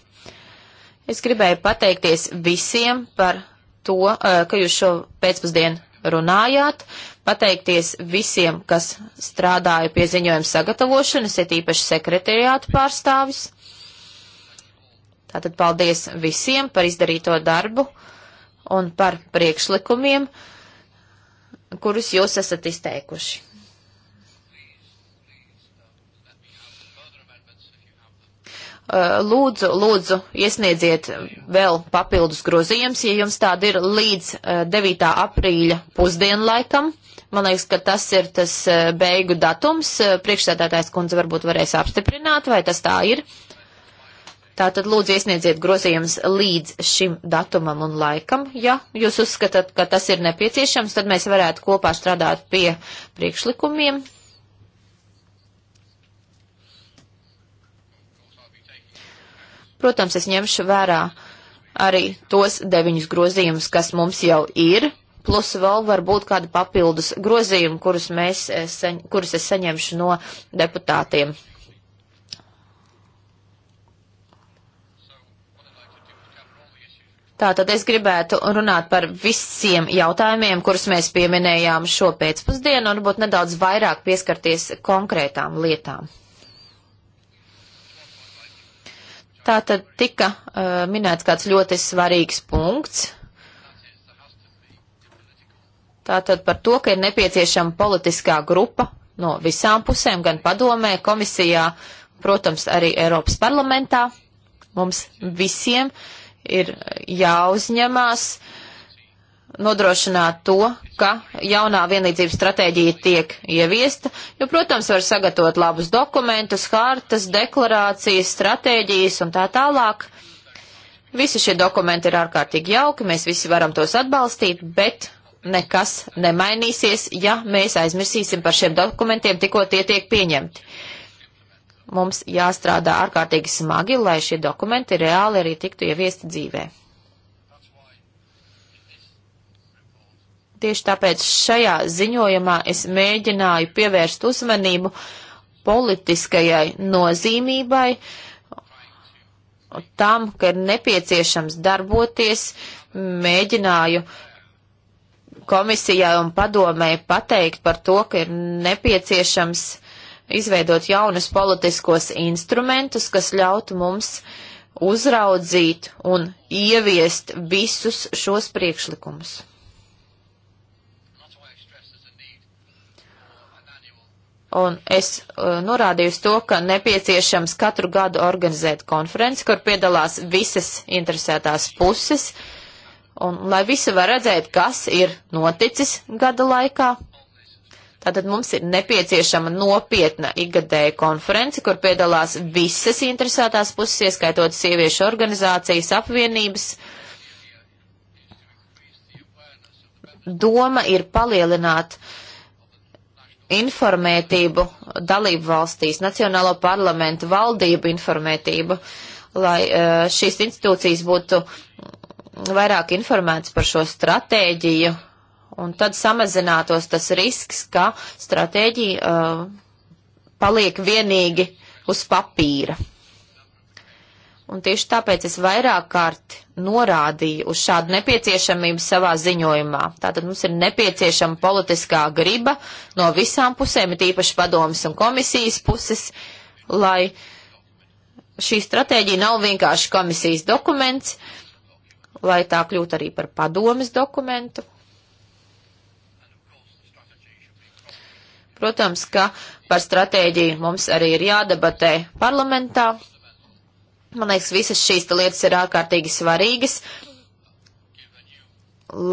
Es gribēju pateikties visiem par to, uh, ka jūs šo pēcpusdienu runājāt, pateikties visiem, kas strādāja pie ziņojuma sagatavošanas, ir īpaši sekretariātu pārstāvis. Tātad paldies visiem par izdarīto darbu un par priekšlikumiem, kurus jūs esat izteikuši. Eh, lūdzu, lūdzu, iesniedziet vēl papildus grozījums, ja jums tāda ir līdz 9. Eh, aprīļa pusdienlaikam. Man liekas, ka tas ir tas eh, beigu datums. Priekšsēdētājs kundze varbūt varēs apstiprināt, vai tas tā ir. Tātad lūdzu iesniedziet grozījums līdz šim datumam un laikam. Ja jūs uzskatāt, ka tas ir nepieciešams, tad mēs varētu kopā strādāt pie priekšlikumiem, Protams, es ņemšu vērā arī tos deviņus grozījumus, kas mums jau ir, plus vēl varbūt kādu papildus grozījumu, kurus, mēs, eh, saņ, kurus es saņemšu no deputātiem. Tātad es gribētu runāt par visiem jautājumiem, kurus mēs pieminējām šo pēcpusdienu, un varbūt nedaudz vairāk pieskarties konkrētām lietām. Tā tad tika uh, minēts kāds ļoti svarīgs punkts. Tātad par to, ka ir nepieciešama politiskā grupa no visām pusēm, gan padomē, komisijā, protams, arī Eiropas parlamentā. Mums visiem ir jāuzņemās uh, nodrošināt to, ka jaunā vienlīdzības stratēģija tiek ieviesta, jo, protams, var sagatavot labus dokumentus, hartas, deklarācijas, stratēģijas un tā tālāk. Visi šie dokumenti ir ārkārtīgi jauki, mēs visi varam tos atbalstīt, bet nekas nemainīsies, ja mēs aizmirsīsim par šiem dokumentiem, tikko tie tiek pieņemti. Mums jāstrādā ārkārtīgi smagi, lai šie dokumenti reāli arī tiktu ieviesti dzīvē. Tieši tāpēc šajā ziņojumā es mēģināju pievērst uzmanību politiskajai nozīmībai, tam, ka ir nepieciešams darboties, mēģināju komisijai un padomēji pateikt par to, ka ir nepieciešams izveidot jaunus politiskos instrumentus, kas ļautu mums uzraudzīt un ieviest visus šos priekšlikumus. Un es uh, norādīju uz to, ka nepieciešams katru gadu organizēt konferenci, kur piedalās visas interesētās puses, un lai visi var redzēt, kas ir noticis gada laikā. Tātad mums ir nepieciešama nopietna ikgadēja konference, kur piedalās visas interesētās puses, ieskaitot sieviešu organizācijas apvienības. Doma ir palielināt uh, informētību dalību valstīs, Nacionālo parlamentu valdību informētību, lai e, šīs institūcijas būtu vairāk informētas par šo stratēģiju, un tad samazinātos tas risks, ka stratēģija e, paliek vienīgi uz papīra. Un tieši tāpēc es vairāk kārt norādīju uz šādu nepieciešamību savā ziņojumā. Tātad mums ir nepieciešama politiskā griba no visām pusēm, it īpaši padomas un komisijas puses, lai šī stratēģija nav vienkārši komisijas dokuments, lai tā kļūtu arī par padomas dokumentu. Protams, ka par stratēģiju mums arī ir jādebatē parlamentā Man liekas, visas šīs lietas ir ārkārtīgi svarīgas,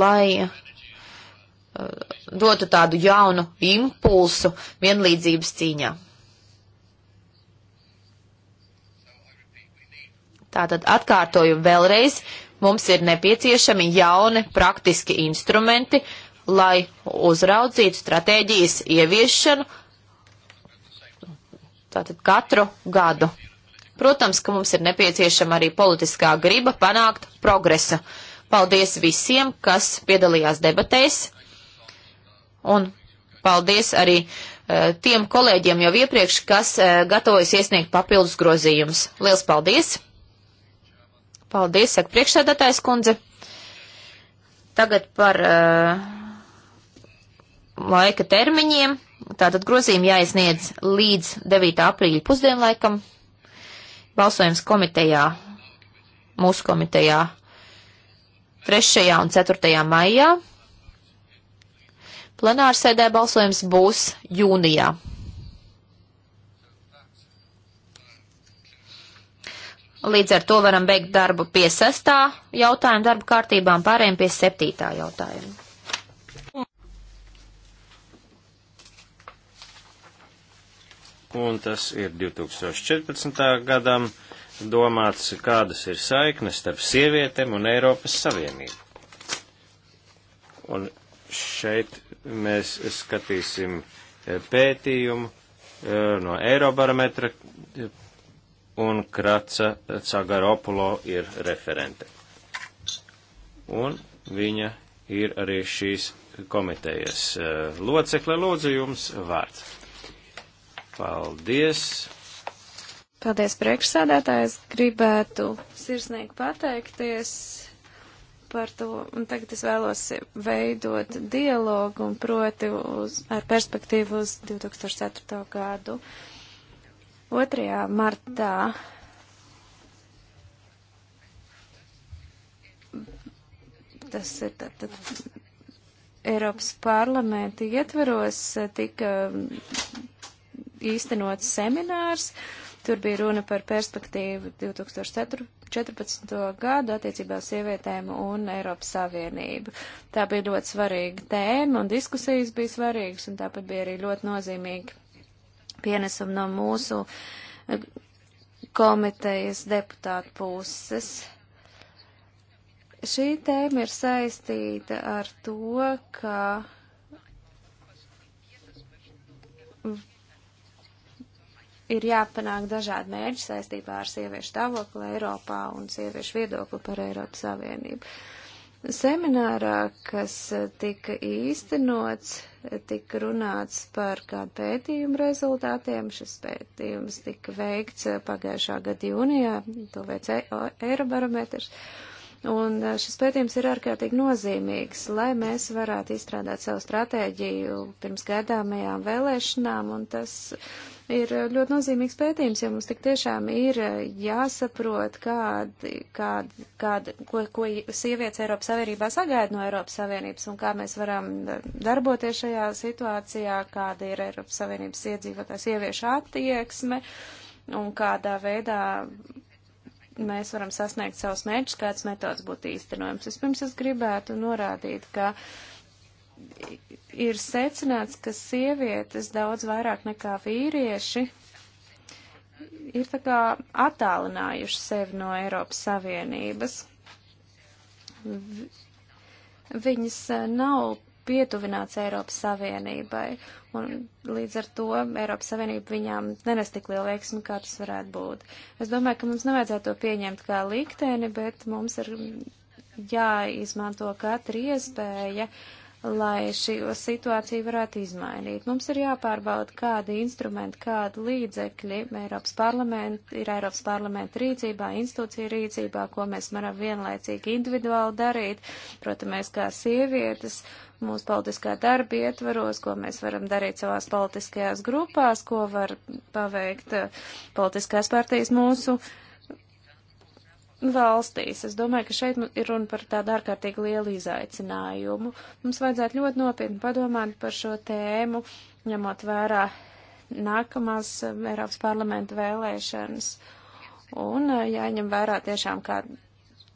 lai uh, dotu tādu jaunu impulsu vienlīdzības cīņā. Tātad atkārtoju vēlreiz, mums ir nepieciešami jauni praktiski instrumenti, lai uzraudzītu stratēģijas ieviešanu tātad katru gadu. Protams, ka mums ir nepieciešama arī politiskā griba panākt progresa. Paldies visiem, kas piedalījās debatēs, un paldies arī uh, tiem kolēģiem jau iepriekš, kas uh, gatavojas iesniegt papildus grozījumus. Liels paldies! Paldies, saka priekšsēdētājs kundze. Tagad par uh, laika termiņiem. Tātad grozījumi jāiesniedz līdz 9. aprīļa pusdienlaikam balsojums komitejā, mūsu komitejā 3. un 4. maijā. Plenārsēdē balsojums būs jūnijā. Līdz ar to varam beigt darbu pie sestā jautājuma darba kārtībām, pārējiem pie septītā jautājuma. un tas ir 2014. gadam domāts, kādas ir saiknes starp sievietēm un Eiropas Savienību. Un šeit mēs skatīsim e, pētījumu e, no Eirobarometra e, un Kraca Cagaropulo ir referente. Un viņa ir arī šīs komitejas locekle. Lūdzu, jums vārds. Paldies! Paldies, priekšsādātājs! Gribētu sirsnīgi pateikties par to, un tagad es vēlos veidot dialogu, un proti uz, ar perspektīvu uz 2004. gadu. 2. martā tas ir tad, tad Eiropas parlamenta ietveros tika īstenots seminārs. Tur bija runa par perspektīvu 2014. gadu attiecībā uz sievietēm un Eiropas Savienību. Tā bija ļoti svarīga tēma un diskusijas bija svarīgas un tāpat bija arī ļoti nozīmīgi pienesumi no mūsu eh, komitejas deputātu puses. Šī tēma ir saistīta ar to, ka ir jāpanāk dažādi mērķi saistībā ar sieviešu stāvokli Eiropā un sieviešu viedokli par Eiropas Savienību. Seminārā, kas tika īstenots, tika runāts par kādu pētījumu rezultātiem. Šis pētījums tika veikts pagājušā gada jūnijā, to veica e- Eirobarometrs. E Un eh, šis pētījums ir ārkārtīgi nozīmīgs, lai mēs varētu izstrādāt savu stratēģiju pirms gaidāmajām vēlēšanām, un tas ir ļoti nozīmīgs pētījums, jo mums tik tiešām ir eh, jāsaprot, kāda, kāda, kāda, ko, ko sievietes Eiropas Savienībā sagaida no Eiropas Savienības, un kā mēs varam eh, darboties šajā situācijā, kāda ir Eiropas Savienības iedzīvotās sieviešu attieksme, un kādā veidā mēs varam sasniegt savus mērķus, kāds metods būtu īstenojams. Vispirms es gribētu norādīt, ka ir secināts, ka sievietes daudz vairāk nekā vīrieši ir tā kā attālinājuši sevi no Eiropas Savienības. Viņas eh, nav pietuvināts Eiropas Savienībai, un līdz ar to Eiropas Savienība viņām nenes tik lielu veiksmi, kā tas varētu būt. Es domāju, ka mums nevajadzētu to pieņemt kā likteni, bet mums ir jāizmanto katra iespēja, uh, lai šo situāciju varētu izmainīt. Mums ir jāpārbauda, kādi instrumenti, kādi līdzekļi Eiropas parlament, ir Eiropas parlamenta rīcībā, institūcija rīcībā, ko mēs varam vienlaicīgi individuāli darīt. Protams, mēs kā sievietes, mūsu politiskā darba ietvaros, ko mēs varam darīt savās politiskajās grupās, ko var paveikt eh, politiskās partijas mūsu. Uh, valstīs. Es domāju, ka šeit nu, ir runa par tādu ārkārtīgi lielu izaicinājumu. Mums vajadzētu ļoti nopietni padomāt par šo tēmu, ņemot vērā nākamās eh, Eiropas parlamenta vēlēšanas. Un eh, jāņem vērā tiešām, kā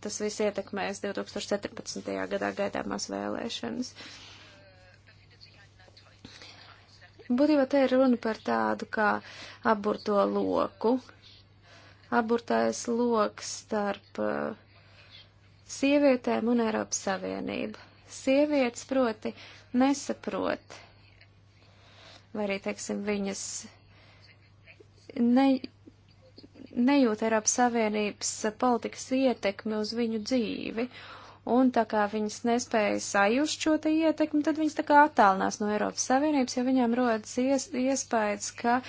tas viss ietekmēs 2017. gadā gaidāmās vēlēšanas. Būtībā te ir runa par tādu kā aburto loku, aburtais loks starp uh, sievietēm un Eiropas Savienību. Sievietes proti nesaprot, vai arī, teiksim, viņas ne, nejūt Eiropas Savienības politikas ietekmi uz viņu dzīvi. Un tā kā viņas nespēja sajust šo te ietekmi, tad viņas tā kā attālinās no Eiropas Savienības, jo viņām rodas ies, iespējas, ka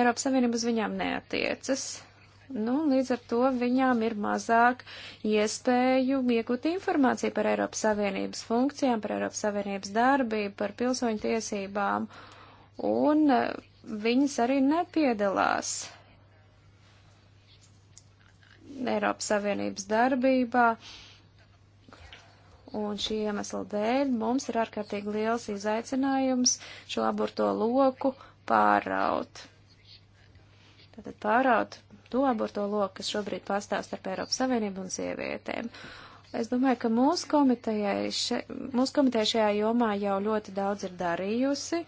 Eiropas Savienība uz viņām neatiecas. Nu, līdz ar to viņām ir mazāk iespēju iegūt informāciju par Eiropas Savienības funkcijām, par Eiropas Savienības darbību, par pilsoņu tiesībām, un eh, viņas arī nepiedalās Eiropas Savienības darbībā. Un šī iemesla dēļ mums ir ārkārtīgi liels izaicinājums šo aburto loku pāraut. Tātad pāraut to aborto loku, kas šobrīd pastāv starp Eiropas Savienību un sievietēm. Es domāju, ka mūsu komiteja, še, mūsu komiteja šajā jomā jau ļoti daudz ir darījusi.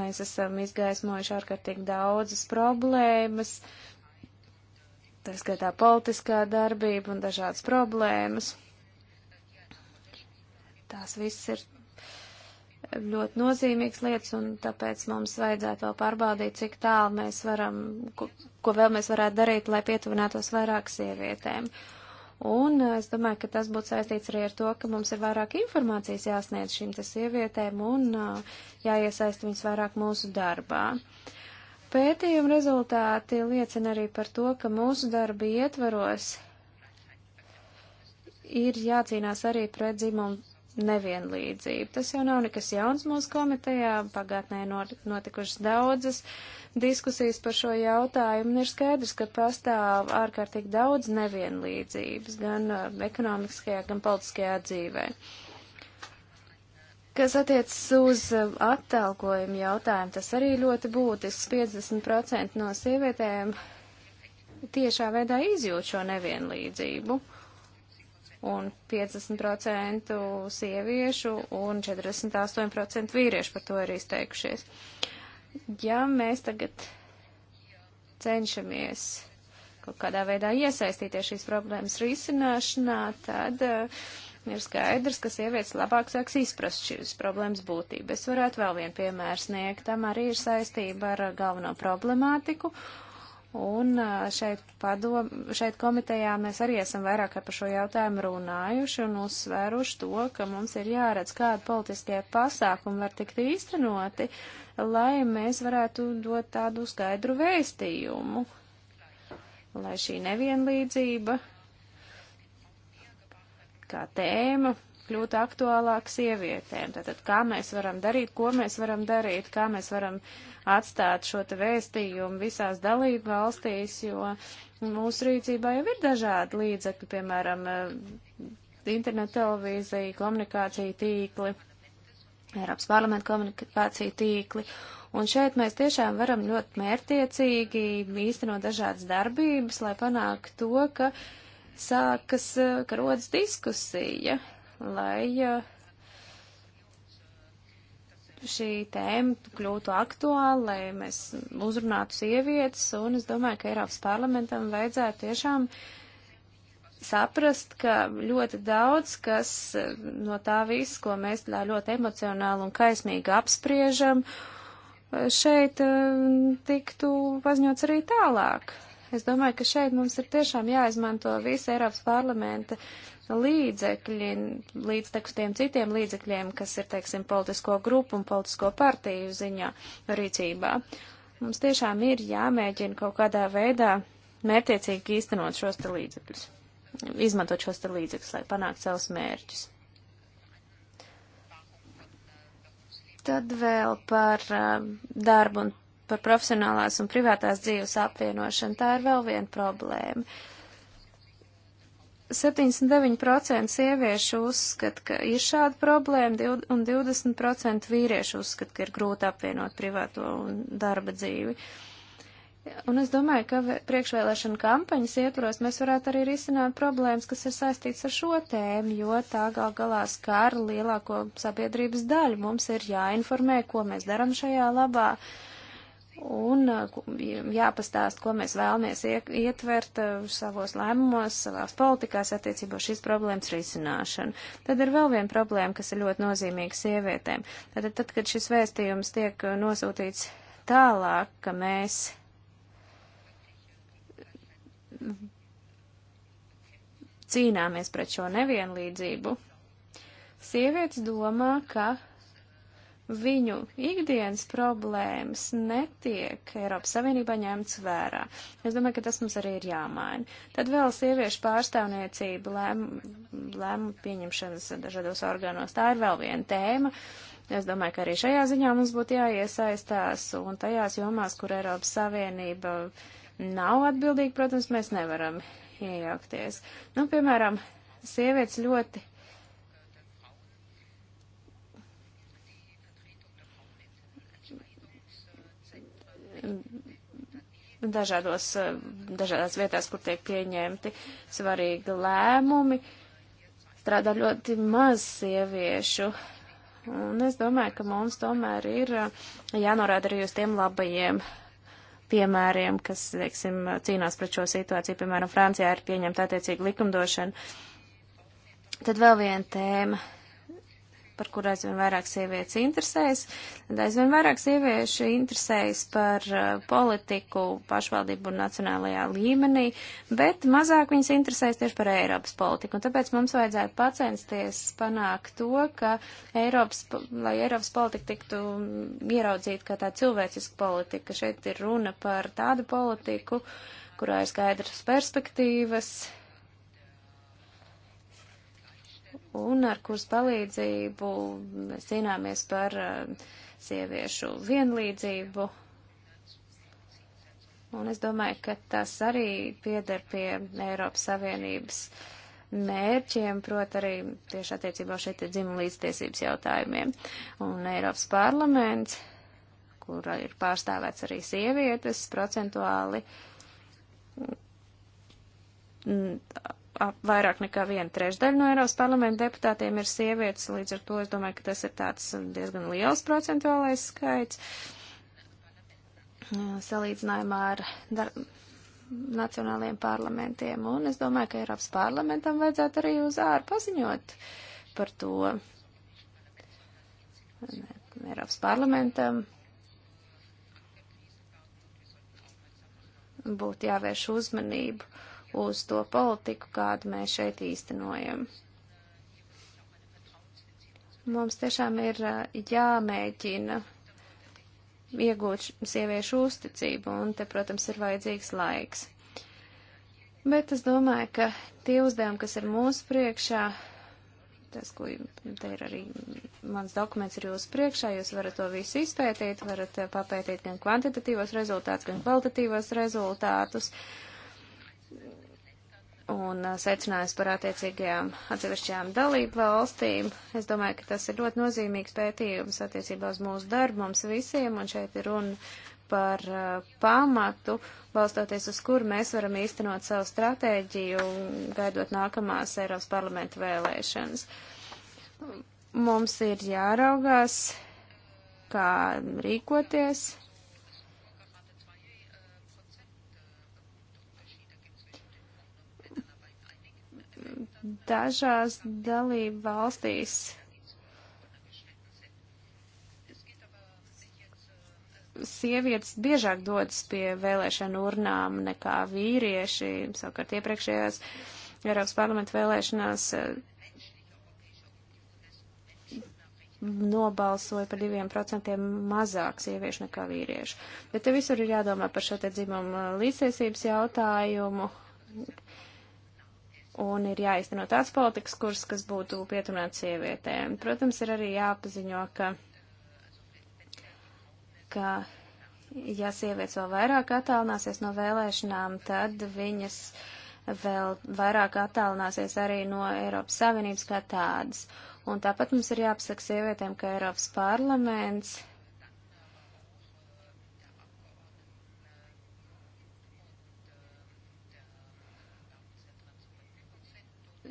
Mēs esam izgaismojuši ārkārtīgi daudzas problēmas, tā skaitā politiskā darbība un dažādas problēmas. Tās viss ir ļoti nozīmīgas lietas, un tāpēc mums vajadzētu vēl pārbaudīt, cik tālu mēs varam, ko, ko vēl mēs varētu darīt, lai pietuvinātos vairāk sievietēm. Un eh, es domāju, ka tas būtu saistīts arī ar to, ka mums ir vairāk informācijas jāsniedz šīm te sievietēm un eh, jāiesaist viņas vairāk mūsu darbā. Pētījuma rezultāti liecina arī par to, ka mūsu darba ietvaros ir jācīnās arī pret dzimumu nevienlīdzību. Tas jau nav nekas jauns mūsu komitejā, pagātnē notikušas daudzas diskusijas par šo jautājumu, un ir skaidrs, ka pastāv ārkārtīgi daudz nevienlīdzības gan uh, ekonomiskajā, gan politiskajā dzīvē. Kas attiecas uz uh, attālkojumu jautājumu, tas arī ļoti būtisks. 50% no sievietēm tiešā veidā izjūt šo nevienlīdzību. Uh, un 50% sieviešu un 48% vīriešu par to ir izteikušies. Ja mēs tagad cenšamies kaut kādā veidā iesaistīties šīs problēmas risināšanā, tad uh, ir skaidrs, ka sievietes labāk sāks izprast šīs problēmas būtību. Es varētu vēl vienu piemēru sniegt, tam arī ir saistība ar galveno problemātiku Un šeit, padom, šeit komitejā mēs arī esam vairāk par šo jautājumu runājuši un uzsvēruši to, ka mums ir jāredz, kādi politiskie pasākumi var tikt īstenoti, lai mēs varētu dot tādu skaidru vēstījumu, lai šī nevienlīdzība kā tēma kļūt aktuālāk sievietēm. Tātad, kā mēs varam darīt, ko mēs varam darīt, kā mēs varam atstāt šo te vēstījumu visās dalību valstīs, jo mūsu rīcībā jau ir dažādi līdzekļi, piemēram, eh, internet televīzija, komunikācija tīkli, Eiropas parlamenta komunikācija tīkli. Un šeit mēs tiešām varam ļoti mērtiecīgi īstenot dažādas darbības, lai panāktu to, ka sākas, eh, ka rodas diskusija, lai uh, šī tēma kļūtu aktuāla, lai mēs uzrunātu sievietes, un es domāju, ka Eiropas parlamentam vajadzētu tiešām saprast, ka ļoti daudz, kas uh, no tā viss, ko mēs tā ļoti emocionāli un kaismīgi apspriežam, uh, šeit tiktu paziņots arī tālāk. Es domāju, ka šeit mums ir tiešām jāizmanto visa Eiropas parlamenta līdzekļi, līdztekus tiem citiem līdzekļiem, kas ir, teiksim, politisko grupu un politisko partiju ziņā rīcībā. Mums tiešām ir jāmēģina kaut kādā veidā mērtiecīgi īstenot šos te līdzekļus, izmantot šos te līdzekļus, lai panāktu savus mērķus. Tad vēl par uh, darbu un par profesionālās un privātās dzīves apvienošanu. Tā ir vēl viena problēma. Uh, 79% sieviešu uzskata, ka ir šāda problēma, un 20% vīriešu uzskata, ka ir grūti apvienot privāto un darba dzīvi. Un es domāju, ka priekšvēlēšana kampaņas ietvaros mēs varētu arī risināt problēmas, kas ir saistīts ar šo tēmu, jo tā gal galā skar lielāko sabiedrības daļu. Mums ir jāinformē, ko mēs daram šajā labā. Uh, un uh, jāpastāst, ko mēs vēlamies ietvert uh, savos lēmumos, savās politikās attiecībā šīs problēmas risināšanu. Tad ir vēl viena problēma, kas ir ļoti nozīmīga sievietēm. Tad, tad kad šis vēstījums tiek uh, nosūtīts tālāk, ka mēs cīnāmies pret šo nevienlīdzību, sievietes domā, ka viņu ikdienas problēmas netiek Eiropas Savienībā ņemts vērā. Es domāju, ka tas mums arī ir jāmaina. Tad vēl sieviešu pārstāvniecība lēmumu lēmu pieņemšanas dažādos organos. Tā ir vēl viena tēma. Es domāju, ka arī šajā ziņā mums būtu jāiesaistās un tajās jomās, kur Eiropas Savienība nav atbildīga, protams, mēs nevaram iejaukties. Nu, piemēram, sievietes ļoti dažādos, eh, dažādās vietās, kur tiek pieņemti svarīgi lēmumi. Strādā ļoti maz sieviešu. Un es domāju, ka mums tomēr ir eh, jānorāda arī uz tiem labajiem piemēriem, kas, teiksim, cīnās pret šo situāciju. Piemēram, Francijā ir pieņemta attiecīga likumdošana. Tad vēl viena tēma par kur aizvien vairāk sievietes interesējas, tad aizvien vairāk sieviešu interesējas par uh, politiku pašvaldību un nacionālajā līmenī, bet mazāk viņas interesējas tieši par Eiropas politiku. Un tāpēc mums vajadzētu pacensties panākt to, ka Eiropas, lai Eiropas politika tiktu mm, ieraudzīta kā tā cilvēciska politika. Šeit ir runa par tādu politiku, kurā ir skaidras perspektīvas, un ar kuras palīdzību mēs cīnāmies par eh, sieviešu vienlīdzību. Un es domāju, ka tas arī pieder pie Eiropas Savienības mērķiem, proti arī tieši attiecībā šeit ir dzimuma līdztiesības jautājumiem. Un Eiropas parlaments, kurā ir pārstāvēts arī sievietes procentuāli, vairāk nekā viena trešdaļa no Eiropas parlamenta deputātiem ir sievietes, līdz ar to es domāju, ka tas ir tāds diezgan liels procentuālais skaits salīdzinājumā ar dar nacionālajiem parlamentiem. Un es domāju, ka Eiropas parlamentam vajadzētu arī uz āru paziņot par to. Eiropas parlamentam būtu jāvērš uzmanību uz to politiku, kādu mēs šeit īstenojam. Mums tiešām ir jāmēģina iegūt sieviešu uzticību, un te, protams, ir vajadzīgs laiks. Bet es domāju, ka tie uzdevumi, kas ir mūsu priekšā, tas, ko te ir arī mans dokuments ir jūsu priekšā, jūs varat to visu izpētīt, varat papētīt gan kvantitatīvos rezultātus, gan kvalitatīvos rezultātus. Uh, un secinājums par attiecīgajām atsevišķajām dalību valstīm. Es domāju, ka tas ir ļoti nozīmīgs pētījums attiecībā uz mūsu darbu mums visiem, un šeit ir runa par uh, pamatu, balstoties uz kur mēs varam īstenot savu stratēģiju, gaidot nākamās Eiropas parlamenta vēlēšanas. Mums ir jāraugās, kā rīkoties, dažās dalību valstīs sievietes biežāk dodas pie vēlēšanu urnām nekā vīrieši. Savukārt iepriekšējās Eiropas parlamenta vēlēšanās eh, nobalsoja par diviem procentiem mazāk sieviešu nekā vīriešu. Bet te visur ir jādomā par šo te dzimumu līdztiesības jautājumu un ir jāizteno tāds politikas kurs, kas būtu pietunāts sievietēm. Protams, ir arī jāpaziņo, ka, ka ja sievietes vēl vairāk attālināsies no vēlēšanām, tad viņas vēl vairāk attālināsies arī no Eiropas Savienības kā tādas. Un tāpat mums ir jāpasaka sievietēm, ka Eiropas parlaments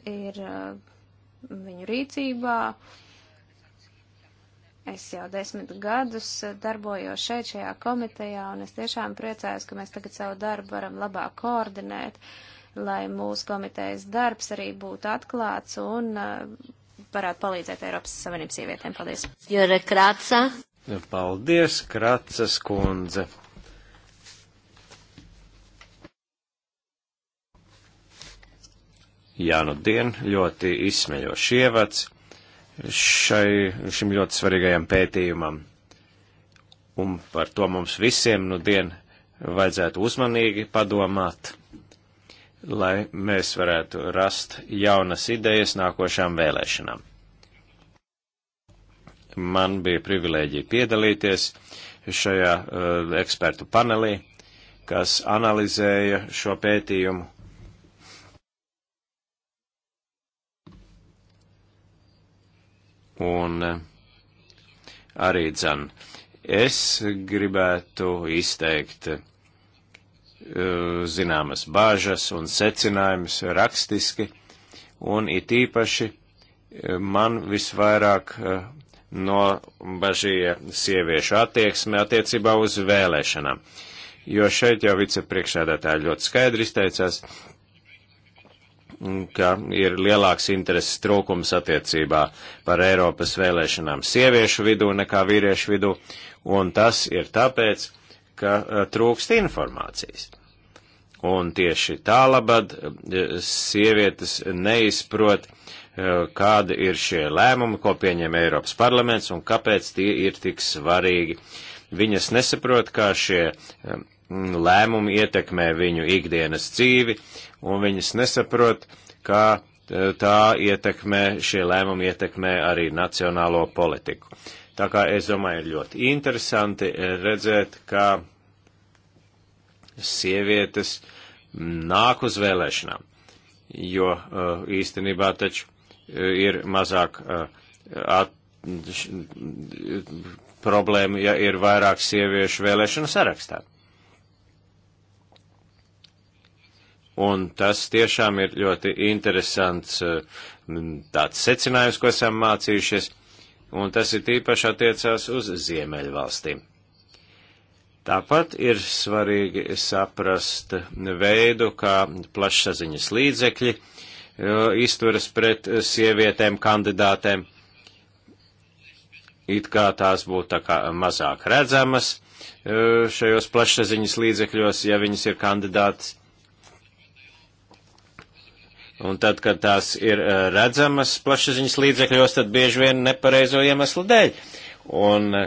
ir uh, viņu rīcībā. Es jau desmit gadus uh, darbojos šeit, šajā komitejā, un es tiešām priecājos, ka mēs tagad savu darbu varam labāk koordinēt, lai mūsu komitejas darbs arī būtu atklāts un uh, varētu palīdzēt Eiropas Savienības sievietēm. Paldies! Jure Krāca! Paldies, Krācas kundze! Jā, nu dien, ļoti izsmeļošs ievads šai, šim ļoti svarīgajam pētījumam. Un par to mums visiem nu dien vajadzētu uzmanīgi padomāt, lai mēs varētu rast jaunas idejas nākošām vēlēšanām. Man bija privilēģija piedalīties šajā uh, ekspertu panelī, kas analizēja šo pētījumu Un eh, arī dzan, es gribētu izteikt eh, zināmas bāžas un secinājumus rakstiski, un it īpaši eh, man visvairāk no bažīja sieviešu attieksme attiecībā uz vēlēšanām. Jo šeit jau vicepriekšādātāji ļoti skaidri izteicās, ka ir lielāks intereses trūkums attiecībā par Eiropas vēlēšanām sieviešu vidū nekā vīriešu vidū, un tas ir tāpēc, ka eh, trūkst informācijas. Un tieši tā labad eh, sievietes neizprot, eh, kāda ir šie lēmumi, ko pieņem Eiropas parlaments un kāpēc tie ir tik svarīgi. Viņas nesaprot, kā šie lēmumi ietekmē viņu ikdienas dzīvi, un viņas nesaprot, kā e, tā ietekmē, šie lēmumi ietekmē arī nacionālo politiku. Tā kā es domāju, ir ļoti interesanti redzēt, kā sievietes nāk uz vēlēšanām, jo e, īstenībā taču e, ir mazāk at, problēma, ja ir vairāk sieviešu vēlēšanu sarakstā. Un tas tiešām ir ļoti interesants eh, tāds secinājums, ko esam mācījušies, un tas ir tīpaši attiecās uz Ziemeļvalstīm. Tāpat ir svarīgi saprast veidu, kā plašsaziņas līdzekļi eh, izturas pret sievietēm, kandidātēm, it kā tās būtu tā kā mazāk redzamas eh, šajos plašsaziņas līdzekļos, ja viņas ir kandidātas. Un tad, kad tās ir eh, redzamas plašsaziņas līdzekļos, tad bieži vien nepareizo iemeslu dēļ. Un eh,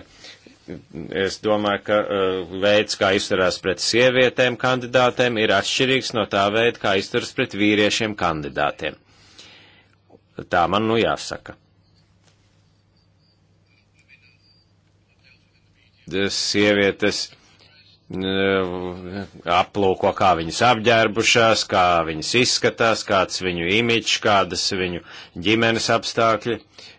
es domāju, ka eh, veids, kā izturās pret sievietēm kandidātēm, ir atšķirīgs no tā veida, kā izturas pret vīriešiem kandidātiem. Tā man nu jāsaka. Sievietes Eh, aplūko, kā viņas apģērbušās, kā viņas izskatās, kāds viņu imičs, kādas viņu ģimenes apstākļi,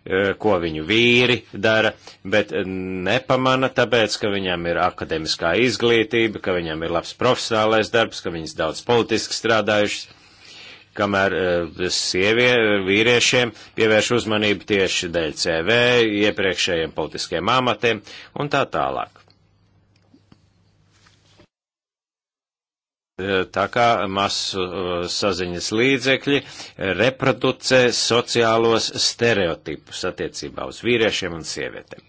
eh, ko viņu vīri dara, bet nepamana tāpēc, ka viņam ir akademiskā izglītība, ka viņam ir labs profesionālais darbs, ka viņas daudz politiski strādājušas, kamēr eh, sievie, vīriešiem pievērš uzmanību tieši dēļ CV, iepriekšējiem politiskiem amatiem un tā tālāk. Eh, tā kā masu eh, saziņas līdzekļi eh, reproducē sociālos stereotipus attiecībā uz vīriešiem un sievietēm.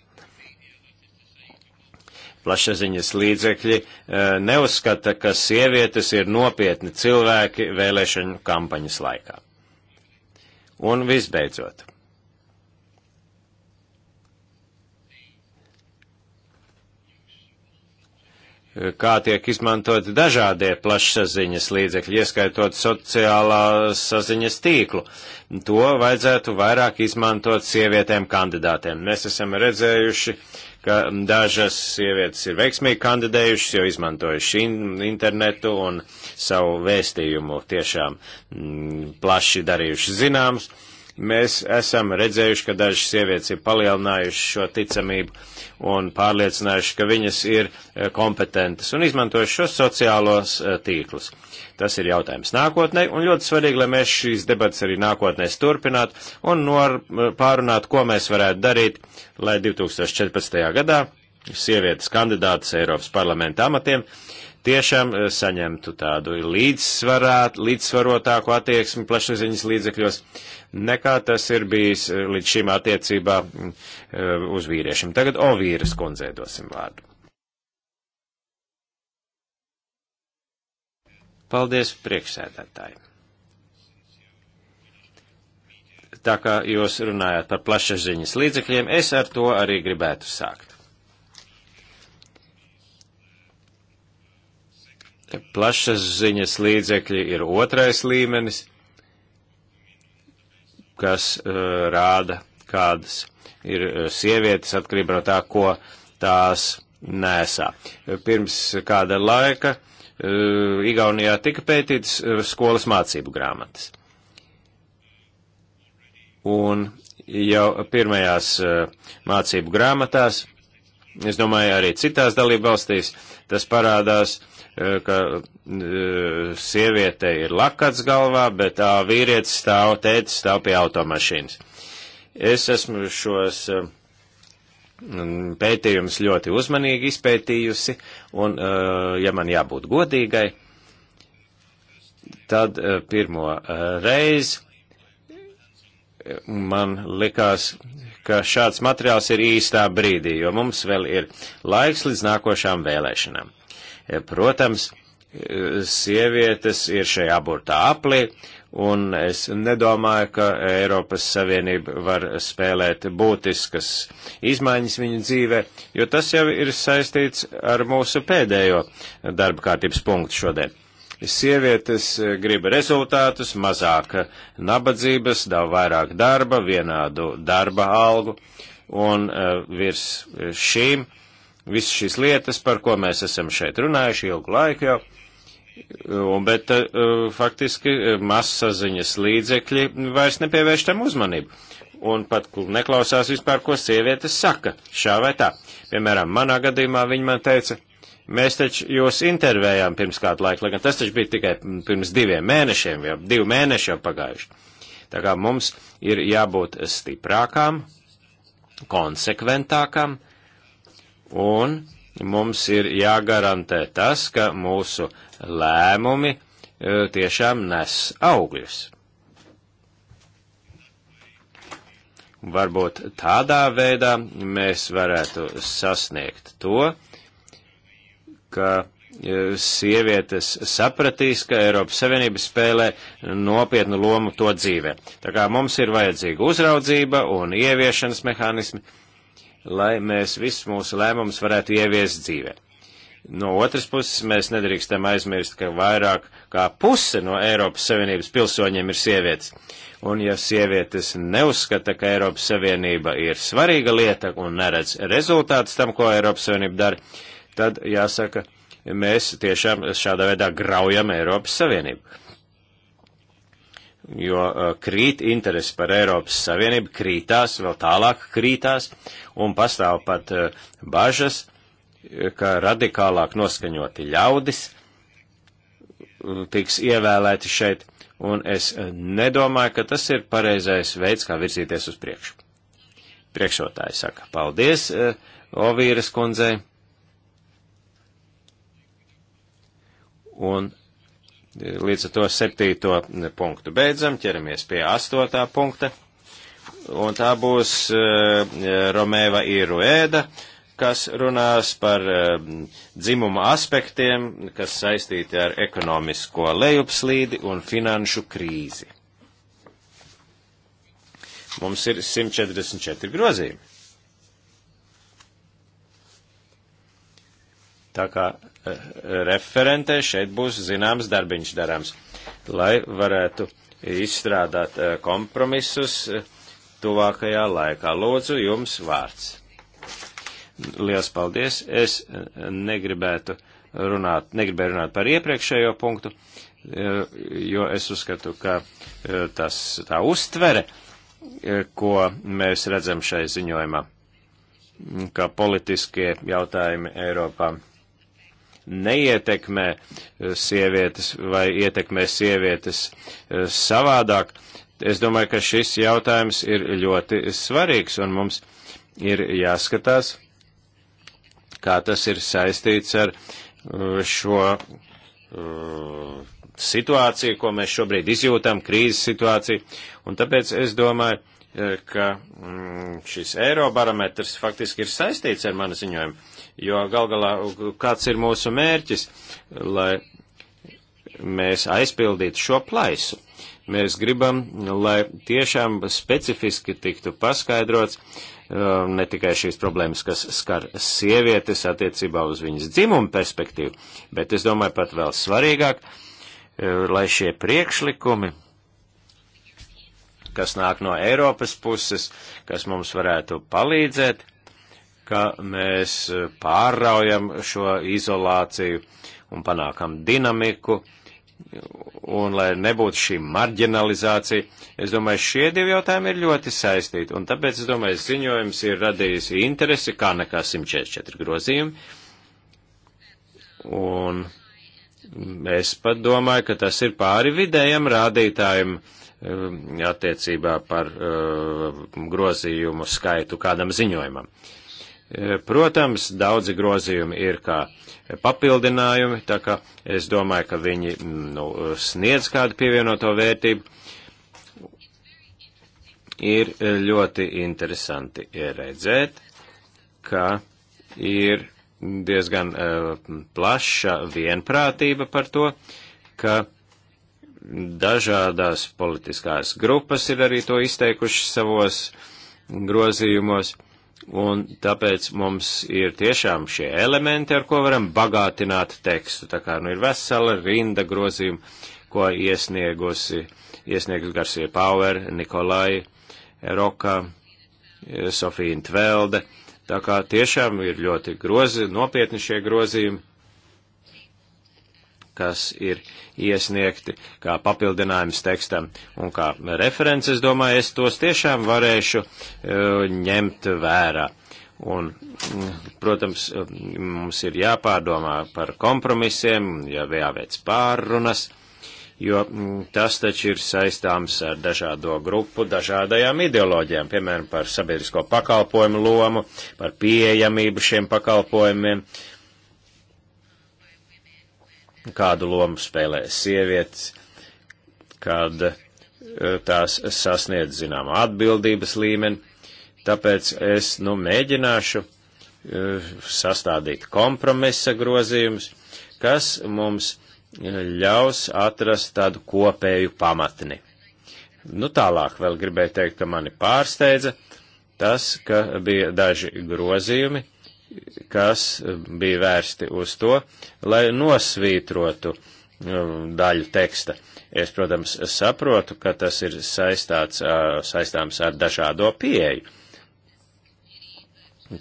Plašsaziņas līdzekļi neuzskata, ka sievietes ir nopietni cilvēki vēlēšanu kampaņas laikā. Un visbeidzot, kā tiek izmantoti dažādie plašsaziņas līdzekļi, ieskaitot sociālā saziņas tīklu. To vajadzētu vairāk izmantot sievietēm kandidātēm. Mēs esam redzējuši, ka dažas sievietes ir veiksmīgi kandidējušas, jo izmantojuši internetu un savu vēstījumu tiešām mm, plaši darījuši zināms. Uh, Mēs esam redzējuši, ka dažas sievietes ir palielinājušas šo ticamību un pārliecinājuši, ka viņas ir eh, kompetentas un izmantojuši šos sociālos eh, tīklus. Tas ir jautājums nākotnē, un ļoti svarīgi, lai mēs šīs debats arī nākotnēs turpinātu un nor, eh, pārunātu, ko mēs varētu darīt, lai 2014. gadā sievietes kandidātas Eiropas parlamenta amatiem tiešām saņemtu tādu līdzsvarātu, līdzsvarotāku attieksmi plašsaziņas līdzekļos, nekā tas ir bijis eh, līdz šim attiecībā mm, eh, uz vīriešiem. Tagad Ovīras kundzei dosim vārdu. Paldies priekšsēdētāji. Tā kā jūs runājāt par plašsaziņas līdzekļiem, es ar to arī gribētu sākt. Plašsaziņas līdzekļi ir otrais līmenis kas uh, rāda, kādas ir eh, sievietes atkarībā no tā, ko tās nesā. Pirms kāda laika uh, Igaunijā tika pētītas skolas mācību grāmatas. Un jau pirmajās uh, mācību grāmatās, es domāju, arī citās dalību valstīs, tas parādās, uh, ka sieviete ir lakats galvā, bet tā vīrietis stāv, tētis stāv pie automašīnas. Es esmu šos pētījumus ļoti uzmanīgi izpētījusi, un, ja man jābūt godīgai, tad pirmo reizi man likās, ka šāds materiāls ir īstā brīdī, jo mums vēl ir laiks līdz nākošām vēlēšanām. Protams, sievietes ir šajā burtā aplī, un es nedomāju, ka Eiropas Savienība var spēlēt būtiskas izmaiņas viņu dzīvē, jo tas jau ir saistīts ar mūsu pēdējo darba kārtības punktu šodien. Sievietes grib rezultātus, mazāk nabadzības, daudz vairāk darba, vienādu darba algu, un uh, virs šīm uh, Visas šīs lietas, par ko mēs esam šeit runājuši ilgu laiku jau, un, bet uh, faktiski masaziņas līdzekļi vairs nepievērš tam uzmanību. Un pat neklausās vispār, ko sievietes saka, šā vai tā. Piemēram, manā gadījumā viņa man teica, Mēs taču jūs intervējām pirms kādu laiku, lai gan tas taču bija tikai pirms diviem mēnešiem, jau divi mēneši jau pagājuši. Tā kā mums ir jābūt stiprākām, konsekventākām, un mums ir jāgarantē tas, ka mūsu lēmumi e, tiešām nes augļus. Varbūt tādā veidā mēs varētu sasniegt to, ka e, sievietes sapratīs, ka Eiropas Savienība spēlē nopietnu lomu to dzīvē. Tā kā mums ir vajadzīga uzraudzība un ieviešanas mehānismi lai mēs visus mūsu lēmumus varētu ieviest dzīvē. No otras puses, mēs nedrīkstam aizmirst, ka vairāk kā puse no Eiropas Savienības pilsoņiem ir sievietes. Un ja sievietes neuzskata, ka Eiropas Savienība ir svarīga lieta un neredz rezultātus tam, ko Eiropas Savienība dara, tad jāsaka, mēs tiešām šādā veidā graujam Eiropas Savienību jo eh, krīt interesi par Eiropas Savienību, krītās, vēl tālāk krītās, un pastāv pat eh, bažas, eh, ka radikālāk noskaņoti ļaudis tiks ievēlēti šeit, un es nedomāju, ka tas ir pareizais veids, kā virzīties uz priekšu. Priekšotāji saka, paldies, Ovīras kundzei. Un Līdz ar to septīto punktu beidzam, ķeramies pie astotā punkta. Un tā būs e, e, Romēva Iruēda, kas runās par e, dzimuma aspektiem, kas saistīti ar ekonomisko lejupslīdi un finanšu krīzi. Mums ir 144 grozījumi. Tā kā referentē šeit būs zināms darbiņš darāms, lai varētu izstrādāt eh, kompromisus eh, tuvākajā laikā. Lūdzu, jums vārds. Lielas paldies. Es eh, negribētu runāt, negribēju runāt par iepriekšējo punktu, jo es uzskatu, ka tas tā uztvere, ko mēs redzam šai ziņojumā, ka politiskie jautājumi Eiropā neietekmē eh, sievietes vai ietekmē sievietes eh, savādāk. Es domāju, ka šis jautājums ir ļoti svarīgs un mums ir jāskatās, kā tas ir saistīts ar eh, šo situāciju, ko mēs šobrīd izjūtam, krīzes situāciju. Un tāpēc es domāju, ka mm, šis Eirobarometrs faktiski ir saistīts ar manu ziņojumu jo gal galā kāds ir mūsu mērķis, lai mēs aizpildītu šo plaisu. Mēs gribam, lai tiešām specifiski tiktu paskaidrots um, ne tikai šīs problēmas, kas skar sievietes attiecībā uz viņas dzimumu perspektīvu, bet es domāju pat vēl svarīgāk, uh, lai šie priekšlikumi kas nāk no Eiropas puses, kas mums varētu palīdzēt, ka mēs e, pārraujam šo izolāciju un panākam dinamiku, un lai nebūtu šī marginalizācija, es domāju, šie divi jautājumi ir ļoti saistīti, un tāpēc, es domāju, ziņojums ir radījis interesi, kā nekā 144 grozījumi, un es pat domāju, ka tas ir pāri vidējam rādītājiem e, attiecībā par uh, grozījumu skaitu kādam ziņojumam. Uh, Protams, daudzi grozījumi ir kā papildinājumi, tā kā es domāju, ka viņi mm, nu, sniedz kādu pievienoto vērtību. Ir ļoti interesanti redzēt, ka ir diezgan eh, plaša vienprātība par to, ka dažādās politiskās grupas ir arī to izteikuši savos grozījumos un tāpēc mums ir tiešām šie elementi, ar ko varam bagātināt tekstu. Tā kā nu ir vesela rinda grozījumu, ko iesniegusi, iesniegus Garsie Power, Nikolai Roka, Sofija Intvelde. Tā kā tiešām ir ļoti grozi, nopietni šie grozījumi kas ir iesniegti kā papildinājums tekstam un kā references, domāju, es tos tiešām varēšu uh, ņemt vērā. Un, protams, mums ir jāpārdomā par kompromisiem, ja jāveic pārrunas, jo tas taču ir saistāms ar dažādo grupu, dažādajām ideoloģijām, piemēram, par sabiedrisko pakalpojumu lomu, par pieejamību šiem pakalpojumiem. Uh, kādu lomu spēlē sievietes, kad eh, tās sasniedz zināmā atbildības līmeni, tāpēc es nu mēģināšu eh, sastādīt kompromisa grozījumus, kas mums eh, ļaus atrast tādu kopēju pamatni. Nu tālāk vēl gribēju teikt, ka mani pārsteidza tas, ka bija daži grozījumi, kas eh, bija vērsti uz to, lai nosvītrotu eh, daļu teksta. Es, protams, saprotu, ka tas ir saistāts, saistāms ar dažādo pieeju.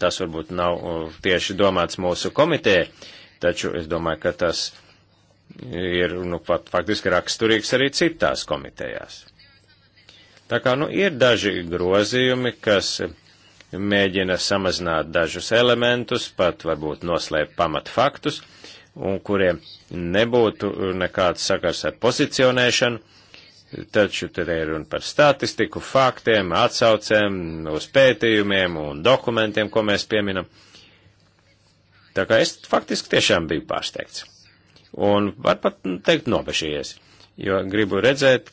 Tas varbūt nav tieši domāts mūsu komitē, taču es domāju, ka tas ir, nu, pat faktiski raksturīgs arī citās komitejās. Tā kā, nu, ir daži grozījumi, kas mēģina samazināt dažus elementus, pat varbūt noslēp pamat faktus, un kuriem nebūtu nekāds sakars ar pozicionēšanu, taču tur ir runa par statistiku, faktiem, atsaucēm, uz pētījumiem un dokumentiem, ko mēs pieminam. Tā kā es faktiski tiešām biju pārsteigts. Un var pat teikt nobežījies, jo gribu redzēt,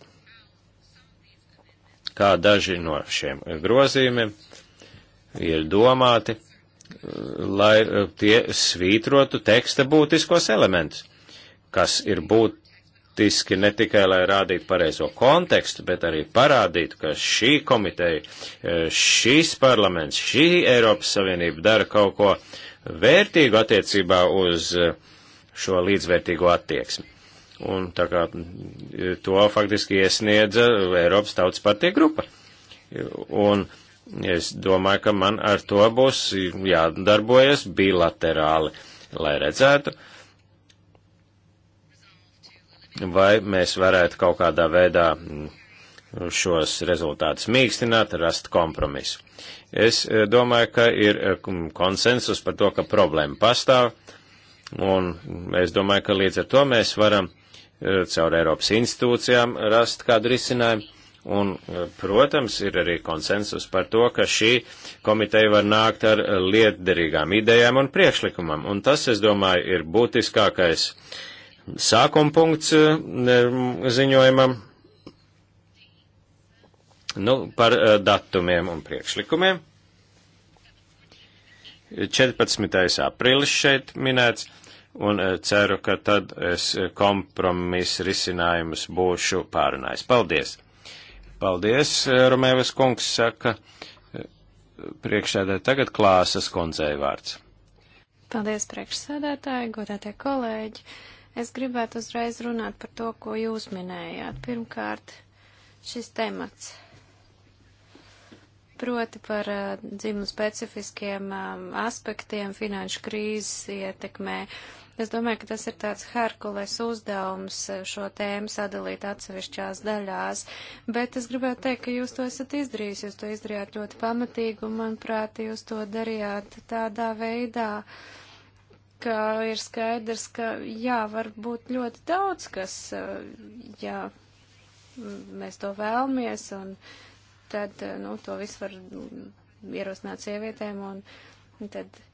kā daži no šiem grozījumiem ir domāti, lai eh, tie svītrotu teksta būtiskos elementus, kas ir būtiski ne tikai, lai rādītu pareizo kontekstu, bet arī parādītu, ka šī komiteja, eh, šīs parlaments, šī Eiropas Savienība dara kaut ko vērtīgu attiecībā uz eh, šo līdzvērtīgo attieksmi. Un tā kā to faktiski iesniedza Eiropas Tautas partija grupa. Un Es domāju, ka man ar to būs jādarbojas bilaterāli, lai redzētu, vai mēs varētu kaut kādā veidā šos rezultātus mīkstināt, rast kompromisu. Es e, domāju, ka ir e, konsensus par to, ka problēma pastāv, un es domāju, ka līdz ar to mēs varam e, caur Eiropas institūcijām rast kādu risinājumu Un, eh, protams, ir arī konsensus par to, ka šī komiteja var nākt ar eh, lietderīgām idejām un priekšlikumam. Un tas, es domāju, ir būtiskākais sākuma punkts eh, ziņojumam nu, par datumiem un priekšlikumiem. 14. aprīlis šeit minēts, un ceru, ka tad es kompromisu risinājumus būšu pārunājis. Paldies! Paldies, eh, Romēvas kungs, saka eh, priekšsēdē tagad klāsas kundzei vārds. Paldies, priekšsēdētāji, godātie kolēģi. Es gribētu uzreiz runāt par to, ko jūs minējāt. Pirmkārt, šis temats proti par uh, dzimumu specifiskiem um, aspektiem finanšu krīzes ietekmē. Uh, Es domāju, ka tas ir tāds Herkules uzdevums eh, šo tēmu sadalīt atsevišķās daļās, bet es gribētu teikt, ka jūs to esat izdarījis, jūs to izdarījāt ļoti pamatīgi un, manuprāt, jūs to darījāt tādā veidā, ka ir skaidrs, ka jā, var būt ļoti daudz, kas, eh, jā, mēs to vēlamies, un tad, eh, nu, to viss var ierosināt sievietēm, un tad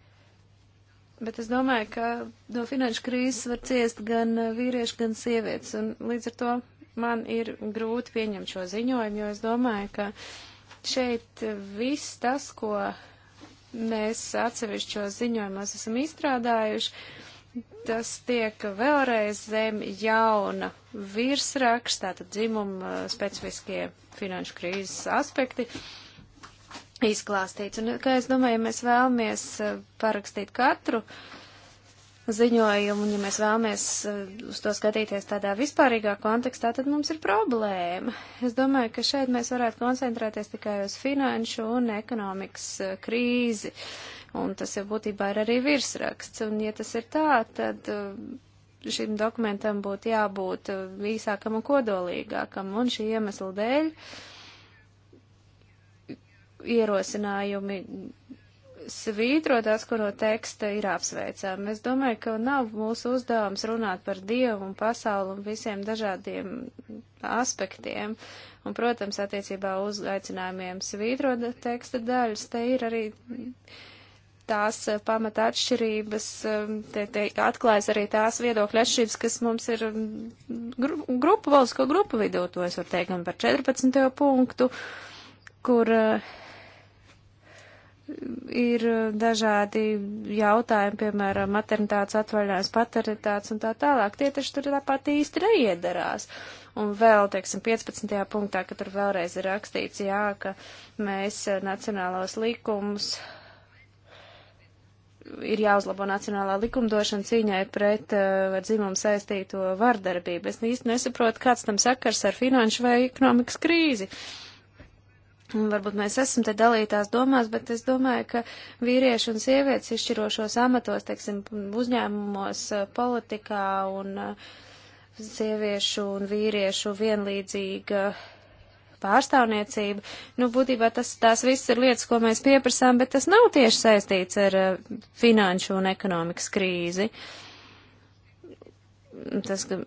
Bet es domāju, ka no finanšu krīzes var ciest gan eh, vīrieši, gan sievietes. Un līdz ar to man ir grūti pieņemt šo ziņojumu, jo es domāju, ka šeit viss tas, ko mēs atsevišķos ziņojumos esam izstrādājuši, tas tiek vēlreiz zem jauna virsrakstā, tad dzimuma eh, specifiskie finanšu krīzes aspekti. Uh, izklāstīts. Un, kā es domāju, ja mēs vēlamies eh, parakstīt katru ziņojumu, un ja mēs vēlamies eh, uz to skatīties tādā vispārīgā kontekstā, tad mums ir problēma. Es domāju, ka šeit mēs varētu koncentrēties tikai uz finanšu un ekonomikas eh, krīzi, un tas jau būtībā ir arī virsraksts. Un, ja tas ir tā, tad šim dokumentam būtu jābūt īsākam un kodolīgākam, un šī iemesla dēļ. Uh, ierosinājumi svītrotās, kuro teksta ir apsveicama. Es domāju, ka nav mūsu uzdevums runāt par Dievu un pasauli un visiem dažādiem aspektiem. Un, protams, attiecībā uz aicinājumiem svītrota teksta daļas, te ir arī tās pamata atšķirības, um, te, te atklājas arī tās viedokļa atšķirības, kas mums ir um, gru, grupu, valstisko grupu vidū, to es varu teikt, un par 14. punktu, kur uh, ir e, dažādi jautājumi, piemēram, maternitātes atvaļinājums, paternitātes un tā tālāk. Tie taču tur tāpat īsti neiedarās. Un vēl, teiksim, 15. punktā, ka tur vēlreiz ir rakstīts, jā, ka mēs e, nacionālos likumus ir jāuzlabo nacionālā likumdošana cīņai pret uh, dzimumu saistīto vardarbību. Es īsti nesaprotu, kāds tam sakars ar finanšu vai ekonomikas krīzi. Uh, Varbūt mēs esam te dalītās domās, bet es domāju, ka vīrieši un sievietes izšķirošos amatos, teiksim, uzņēmumos, eh, politikā un eh, sieviešu un vīriešu vienlīdzīga pārstāvniecība. Nu, būtībā tas, tās viss ir lietas, ko mēs pieprasām, bet tas nav tieši saistīts ar eh, finanšu un ekonomikas krīzi. Tas, ka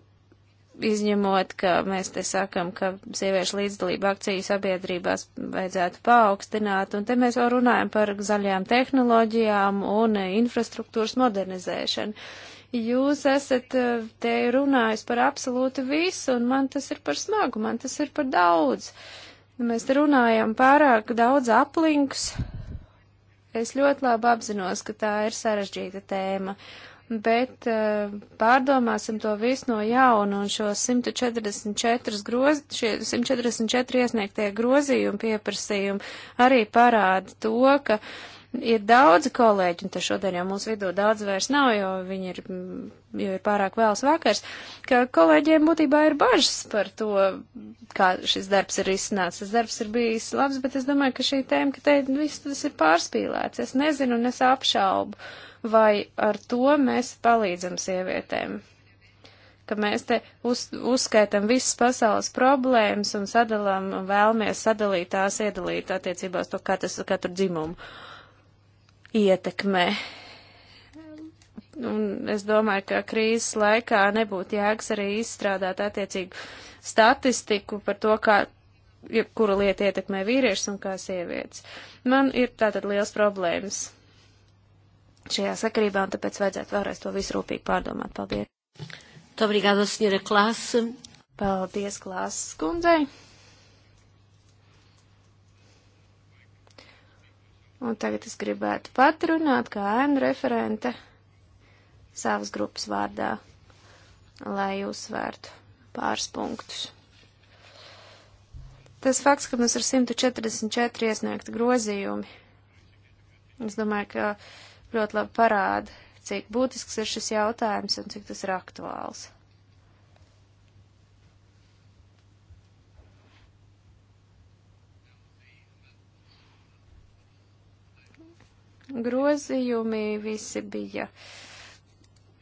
izņemot, ka mēs te sakam, ka sieviešu līdzdalība akciju sabiedrībās vajadzētu paaugstināt, un te mēs vēl runājam par zaļajām tehnoloģijām un infrastruktūras modernizēšanu. Jūs esat eh, te runājis par absolūti visu, un man tas ir par smagu, man tas ir par daudz. Mēs te runājam pārāk daudz aplinks. Es ļoti labi apzinos, ka tā ir sarežģīta tēma. Uh, bet uh, pārdomāsim to visu no jauna un šo 144, groz, šie 144 iesniegtie grozījumi pieprasījumi arī parāda to, ka ir daudzi kolēģi, un te šodien jau mūsu vidū daudz vairs nav, jo viņi ir, mm, jo ir pārāk vēls vakars, ka kolēģiem būtībā ir bažas par to, kā šis darbs ir izsnāts. Tas darbs ir bijis labs, bet es domāju, ka šī tēma, ka te viss tas ir pārspīlēts. Es nezinu un es apšaubu. Uh, vai ar to mēs palīdzam sievietēm? Ka mēs te uz, uzskaitam visas pasaules problēmas un sadalām, vēlamies sadalīt tās iedalīt attiecībās to katrs, katru dzimumu ietekmē. Un es domāju, ka krīzes laikā nebūtu jēgas arī izstrādāt attiecīgu statistiku par to, kā kura lieta ietekmē vīriešus un kā sievietes. Man ir tātad liels problēmas šajā sakarībā, un tāpēc vajadzētu vēlreiz to visu rūpīgi pārdomāt. Paldies! Obrigado, senhora Klāsa. Paldies, Klāsas kundzei. Un tagad es gribētu pat runāt kā ēnu referente savas grupas vārdā, lai uzsvērtu pāris punktus. Tas fakts, ka mums ir 144 iesniegti grozījumi, es domāju, ka ļoti labi parāda, cik būtisks ir šis jautājums un cik tas ir aktuāls. Grozījumi visi bija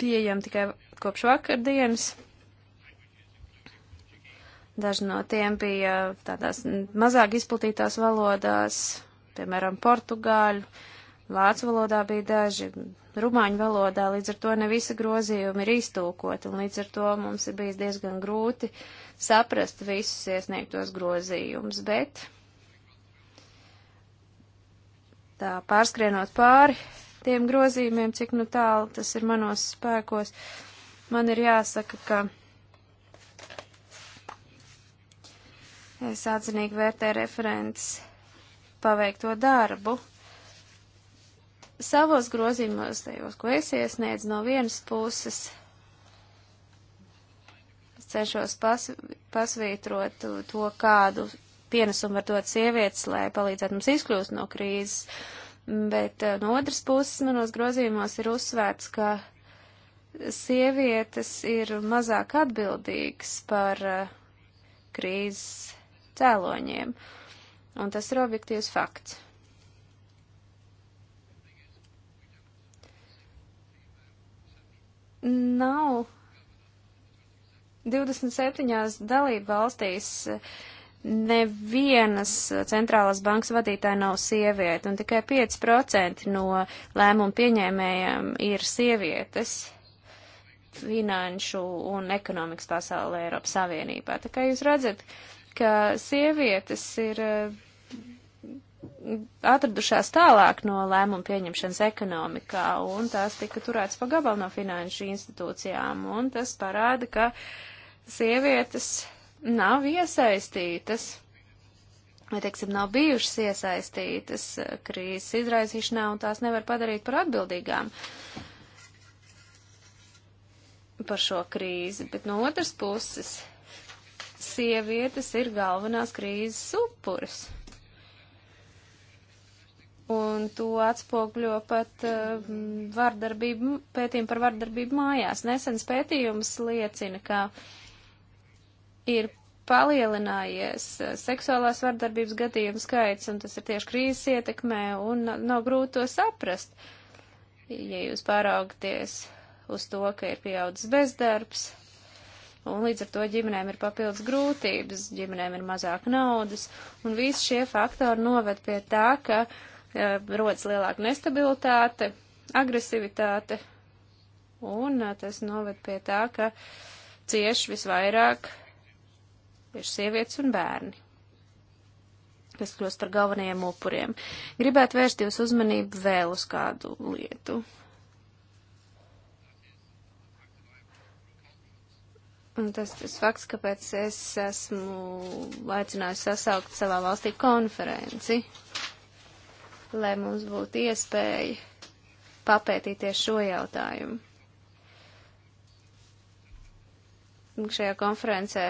pieejami tikai kopš vakardienas. Daži no tiem bija tādās mazāk izplatītās valodās, piemēram, portugāļu, uh, vācu valodā bija daži, rumāņu valodā, līdz ar to ne visi grozījumi ir iztūkoti, un līdz ar to mums ir bijis diezgan grūti saprast visus iesniegtos grozījumus, bet tā pārskrienot pāri tiem grozījumiem, cik nu tālu tas ir manos spēkos, man ir jāsaka, ka es atzinīgi vērtēju referents paveikto darbu savos grozījumos, tajos, ko es iesniedzu, no vienas puses cenšos pas, pasvītrot to, kādu pienesumu var dot sievietes, lai palīdzētu mums izkļūst no krīzes. Bet eh, no otras puses manos grozījumos ir uzsvērts, ka sievietes ir mazāk atbildīgas par eh, krīzes cēloņiem. Un tas ir objektīvs fakts. nav 27 dalība valstīs nevienas centrālās bankas vadītāja nav sieviete, un tikai 5% no lēmumu pieņēmējiem ir sievietes finanšu un ekonomikas pasaulē Eiropas Savienībā. Tā kā jūs redzat, ka sievietes ir atradušās tālāk no lēmumu pieņemšanas ekonomikā, un tās tika turētas pagabal no finanšu institūcijām, un tas parāda, ka sievietes nav iesaistītas, vai, teiksim, nav bijušas iesaistītas eh, krīzes izraisīšanā, un tās nevar padarīt par atbildīgām par šo krīzi, bet no otras puses sievietes ir galvenās krīzes upuris un to atspogļo pat uh, vardarbību, pētījumi par vardarbību mājās. Nesens pētījums liecina, ka ir palielinājies eh, seksuālās vardarbības gadījumu skaits, un tas ir tieši krīzes ietekmē, un nav grūti to saprast, ja jūs pāraugties uz to, ka ir pieaudzis bezdarbs, un līdz ar to ģimenēm ir papildus grūtības, ģimenēm ir mazāk naudas, un visi šie faktori noved pie tā, ka uh, rodas lielāka nestabilitāte, agresivitāte, un tas noved pie tā, ka cieši visvairāk ir sievietes un bērni, kas kļūst par galvenajiem upuriem. Gribētu vērst jūs uzmanību vēl uz kādu lietu. Un tas, tas fakts, kāpēc es esmu aicinājusi sasaukt savā valstī konferenci. Uh, lai mums būtu iespēja papētīties šo jautājumu. Šajā konferencē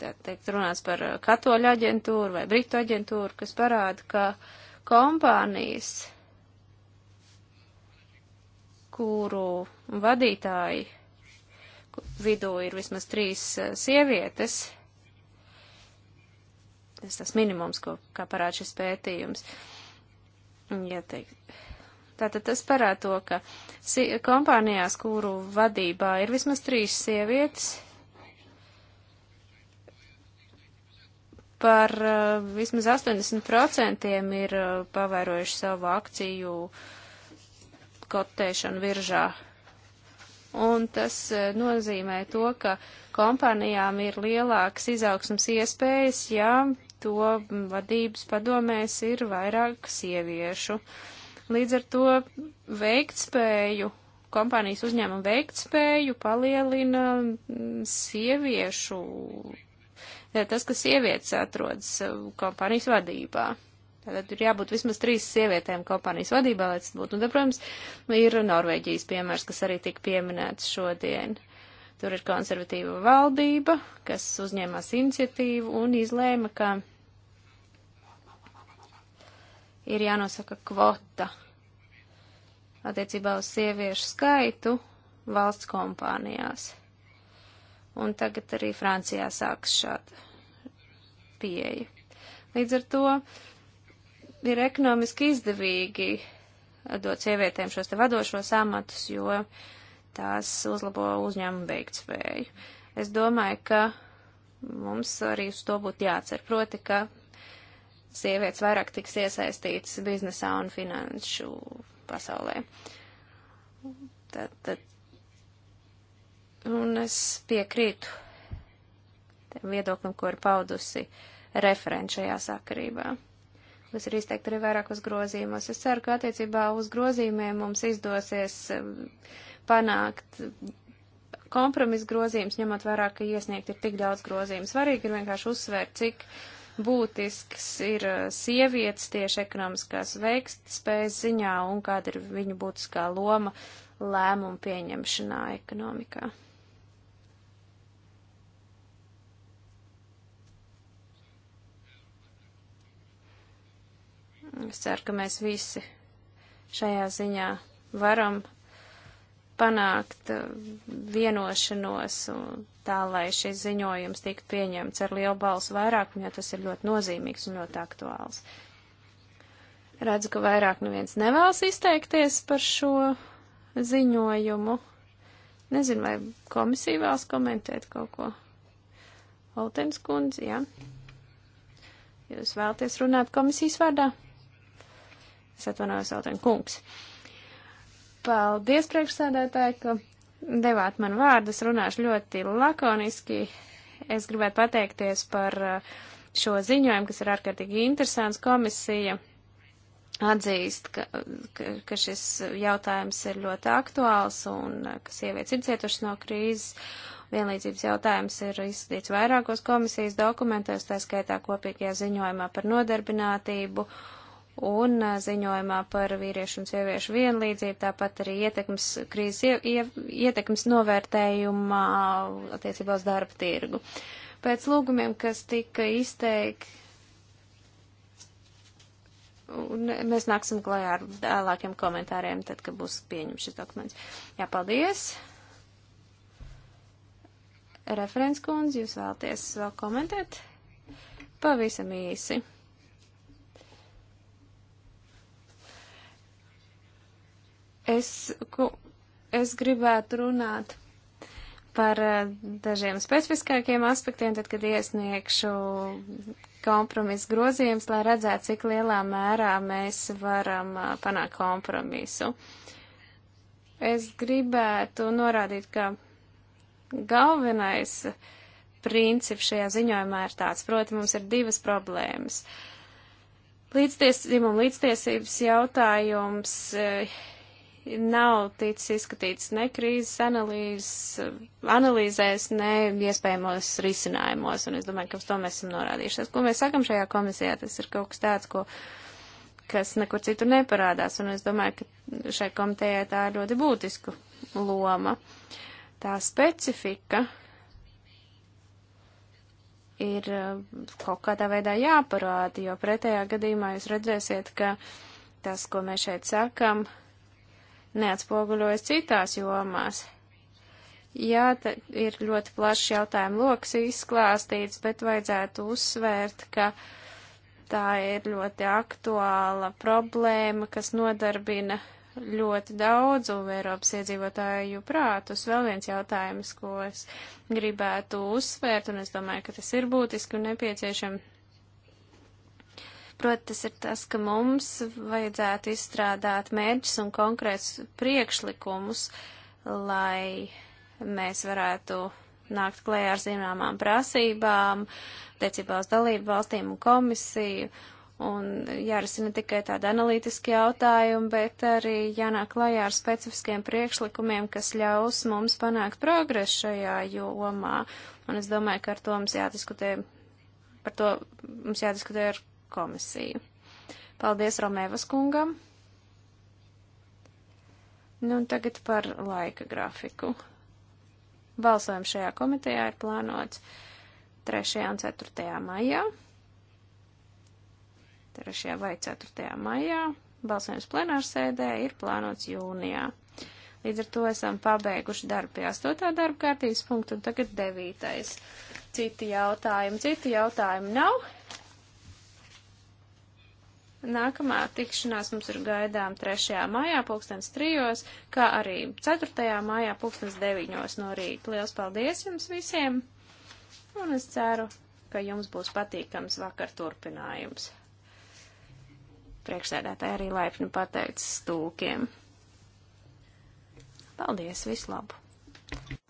teikt, runāts par katoļu aģentūru vai britu aģentūru, kas parāda, ka kompānijas, kuru vadītāji vidū ir vismaz trīs sievietes, tas, tas minimums, ko, kā parāda šis pētījums. Ja teik, tātad tas parāda to, ka si kompānijās, kuru vadībā ir vismaz trīs sievietes, par uh, vismaz 80% ir uh, pavērojuši savu akciju kotēšanu viržā. Un tas uh, nozīmē to, ka kompānijām ir lielākas izaugsmas iespējas, ja to vadības padomēs ir vairāk sieviešu. Līdz ar to veiktspēju, kompānijas uzņēmuma veiktspēju palielina sieviešu, tas, ka sievietes atrodas kompānijas vadībā. Tātad ir jābūt vismaz trīs sievietēm kompānijas vadībā, lai tas būtu. Un, tad, protams, ir Norvēģijas piemērs, kas arī tika pieminēts šodien. Tur ir konservatīva valdība, kas uzņēmās iniciatīvu un izlēma, ka ir jānosaka kvota attiecībā uz sieviešu skaitu valsts kompānijās. Un tagad arī Francijā sāks šāda pieeja. Līdz ar to ir ekonomiski izdevīgi dot sievietēm šos te vadošos amatus, jo tās uzlabo uzņēmumu veiktspēju. Es domāju, ka mums arī uz to būtu jācer, proti, ka sievietes vairāk tiks iesaistītas biznesā un finanšu pasaulē. Tad, tad, un es piekrītu viedoklim, ko ir paudusi referents šajā sakarībā. Tas ir izteikti arī vairākos grozījumos. Es ceru, ka attiecībā uz grozījumiem mums izdosies um, panākt kompromisu grozījums, ņemot vairāk, ka iesniegt ir tik daudz grozījumu. Svarīgi ir vienkārši uzsvērt, cik uh, būtisks ir uh, sievietes tieši ekonomiskās veikspējas ziņā un kāda ir viņu būtiskā loma lēmumu pieņemšanā ekonomikā. Es ceru, ka mēs visi šajā ziņā varam panākt uh, vienošanos tā, lai šis ziņojums tiktu pieņemts ar lielu balsu vairākumu, jo tas ir ļoti nozīmīgs un ļoti aktuāls. Redzu, ka vairāk neviens nevēlas izteikties par šo ziņojumu. Nezinu, vai komisija vēlas komentēt kaut ko. Oltens kundze, jā. Jūs vēlaties runāt komisijas vārdā? Es atvainojos, Olten kungs. Uh, Paldies, priekšsēdētāji, ka devāt man vārdu. Es runāšu ļoti lakoniski. Es gribētu pateikties par uh, šo ziņojumu, kas ir ārkārtīgi interesants komisija atzīst, ka, ka, ka šis jautājums ir ļoti aktuāls un uh, ka sievietes ir cietušas no krīzes. Vienlīdzības jautājums ir izskatīts vairākos komisijas dokumentos, tā skaitā kopīgajā ziņojumā par nodarbinātību un ziņojumā par vīriešu un sieviešu vienlīdzību, tāpat arī ietekmes krīzes ie, ietekmes novērtējumā attiecībā uz darba tirgu. Pēc lūgumiem, kas tika izteikti, mēs nāksim klajā ar vēlākiem komentāriem, tad, kad būs pieņemts šis dokuments. Jā, paldies! Referents kundze, jūs vēlaties vēl komentēt? Pavisam īsi. Es, ko, es gribētu runāt par eh, dažiem specifiskākiem aspektiem, tad, kad iesniegšu kompromisu grozījums, lai redzētu, cik lielā mērā mēs varam eh, panākt kompromisu. Es gribētu norādīt, ka galvenais princips šajā ziņojumā ir tāds, proti mums ir divas problēmas. Līdztiesības un līdztiesības jautājums eh, nav ticis izskatīts ne krīzes analīzes, analīzēs, ne iespējamos risinājumos, un es domāju, ka uz to mēs esam norādījuši. Tas, ko mēs sakam šajā komisijā, tas ir kaut kas tāds, ko, kas nekur citur neparādās, un es domāju, ka šai komitejai tā ir ļoti būtiska loma. Tā specifika ir uh, kaut kādā veidā jāparāda, jo pretējā gadījumā jūs redzēsiet, ka tas, ko mēs šeit sakam, neatspoguļojas citās jomās. Jā, ir ļoti plašs jautājumu lokus izklāstīts, bet vajadzētu uzsvērt, ka tā ir ļoti aktuāla problēma, kas nodarbina ļoti daudzu Eiropas iedzīvotāju prātus. Vēl viens jautājums, ko es gribētu uzsvērt, un es domāju, ka tas ir būtiski un nepieciešams Proti, tas ir tas, ka mums vajadzētu izstrādāt mērķus un konkrēts priekšlikumus, lai mēs varētu nākt klējā ar zināmām prasībām, tiecībā uz dalību valstīm un komisiju. Un jārisina tikai tāda analītiska jautājuma, bet arī jānāk klajā ar specifiskiem priekšlikumiem, kas ļaus mums panākt progresu šajā jomā. Un es domāju, ka ar to mums jādiskutē, par to mums jādiskutē ar komisiju. Paldies Romēvas kungam. Nu, un tagad par laika grafiku. Balsojums šajā komitejā ir plānots 3. un 4. maijā. 3. vai 4. maijā. Balsojums plenārsēdē ir plānots jūnijā. Līdz ar to esam pabeiguši darbu pie 8. darba kārtības punktu un tagad 9. Citi jautājumi. Citi jautājumi nav. Nākamā tikšanās mums ir gaidām 3. maijā pulkstens 3, kā arī 4. maijā pulkstens 9 no rīta. Liels paldies jums visiem, un es ceru, ka jums būs patīkams vakar turpinājums. Priekšsēdētāji arī laipni pateica stūkiem. Paldies, vislabu!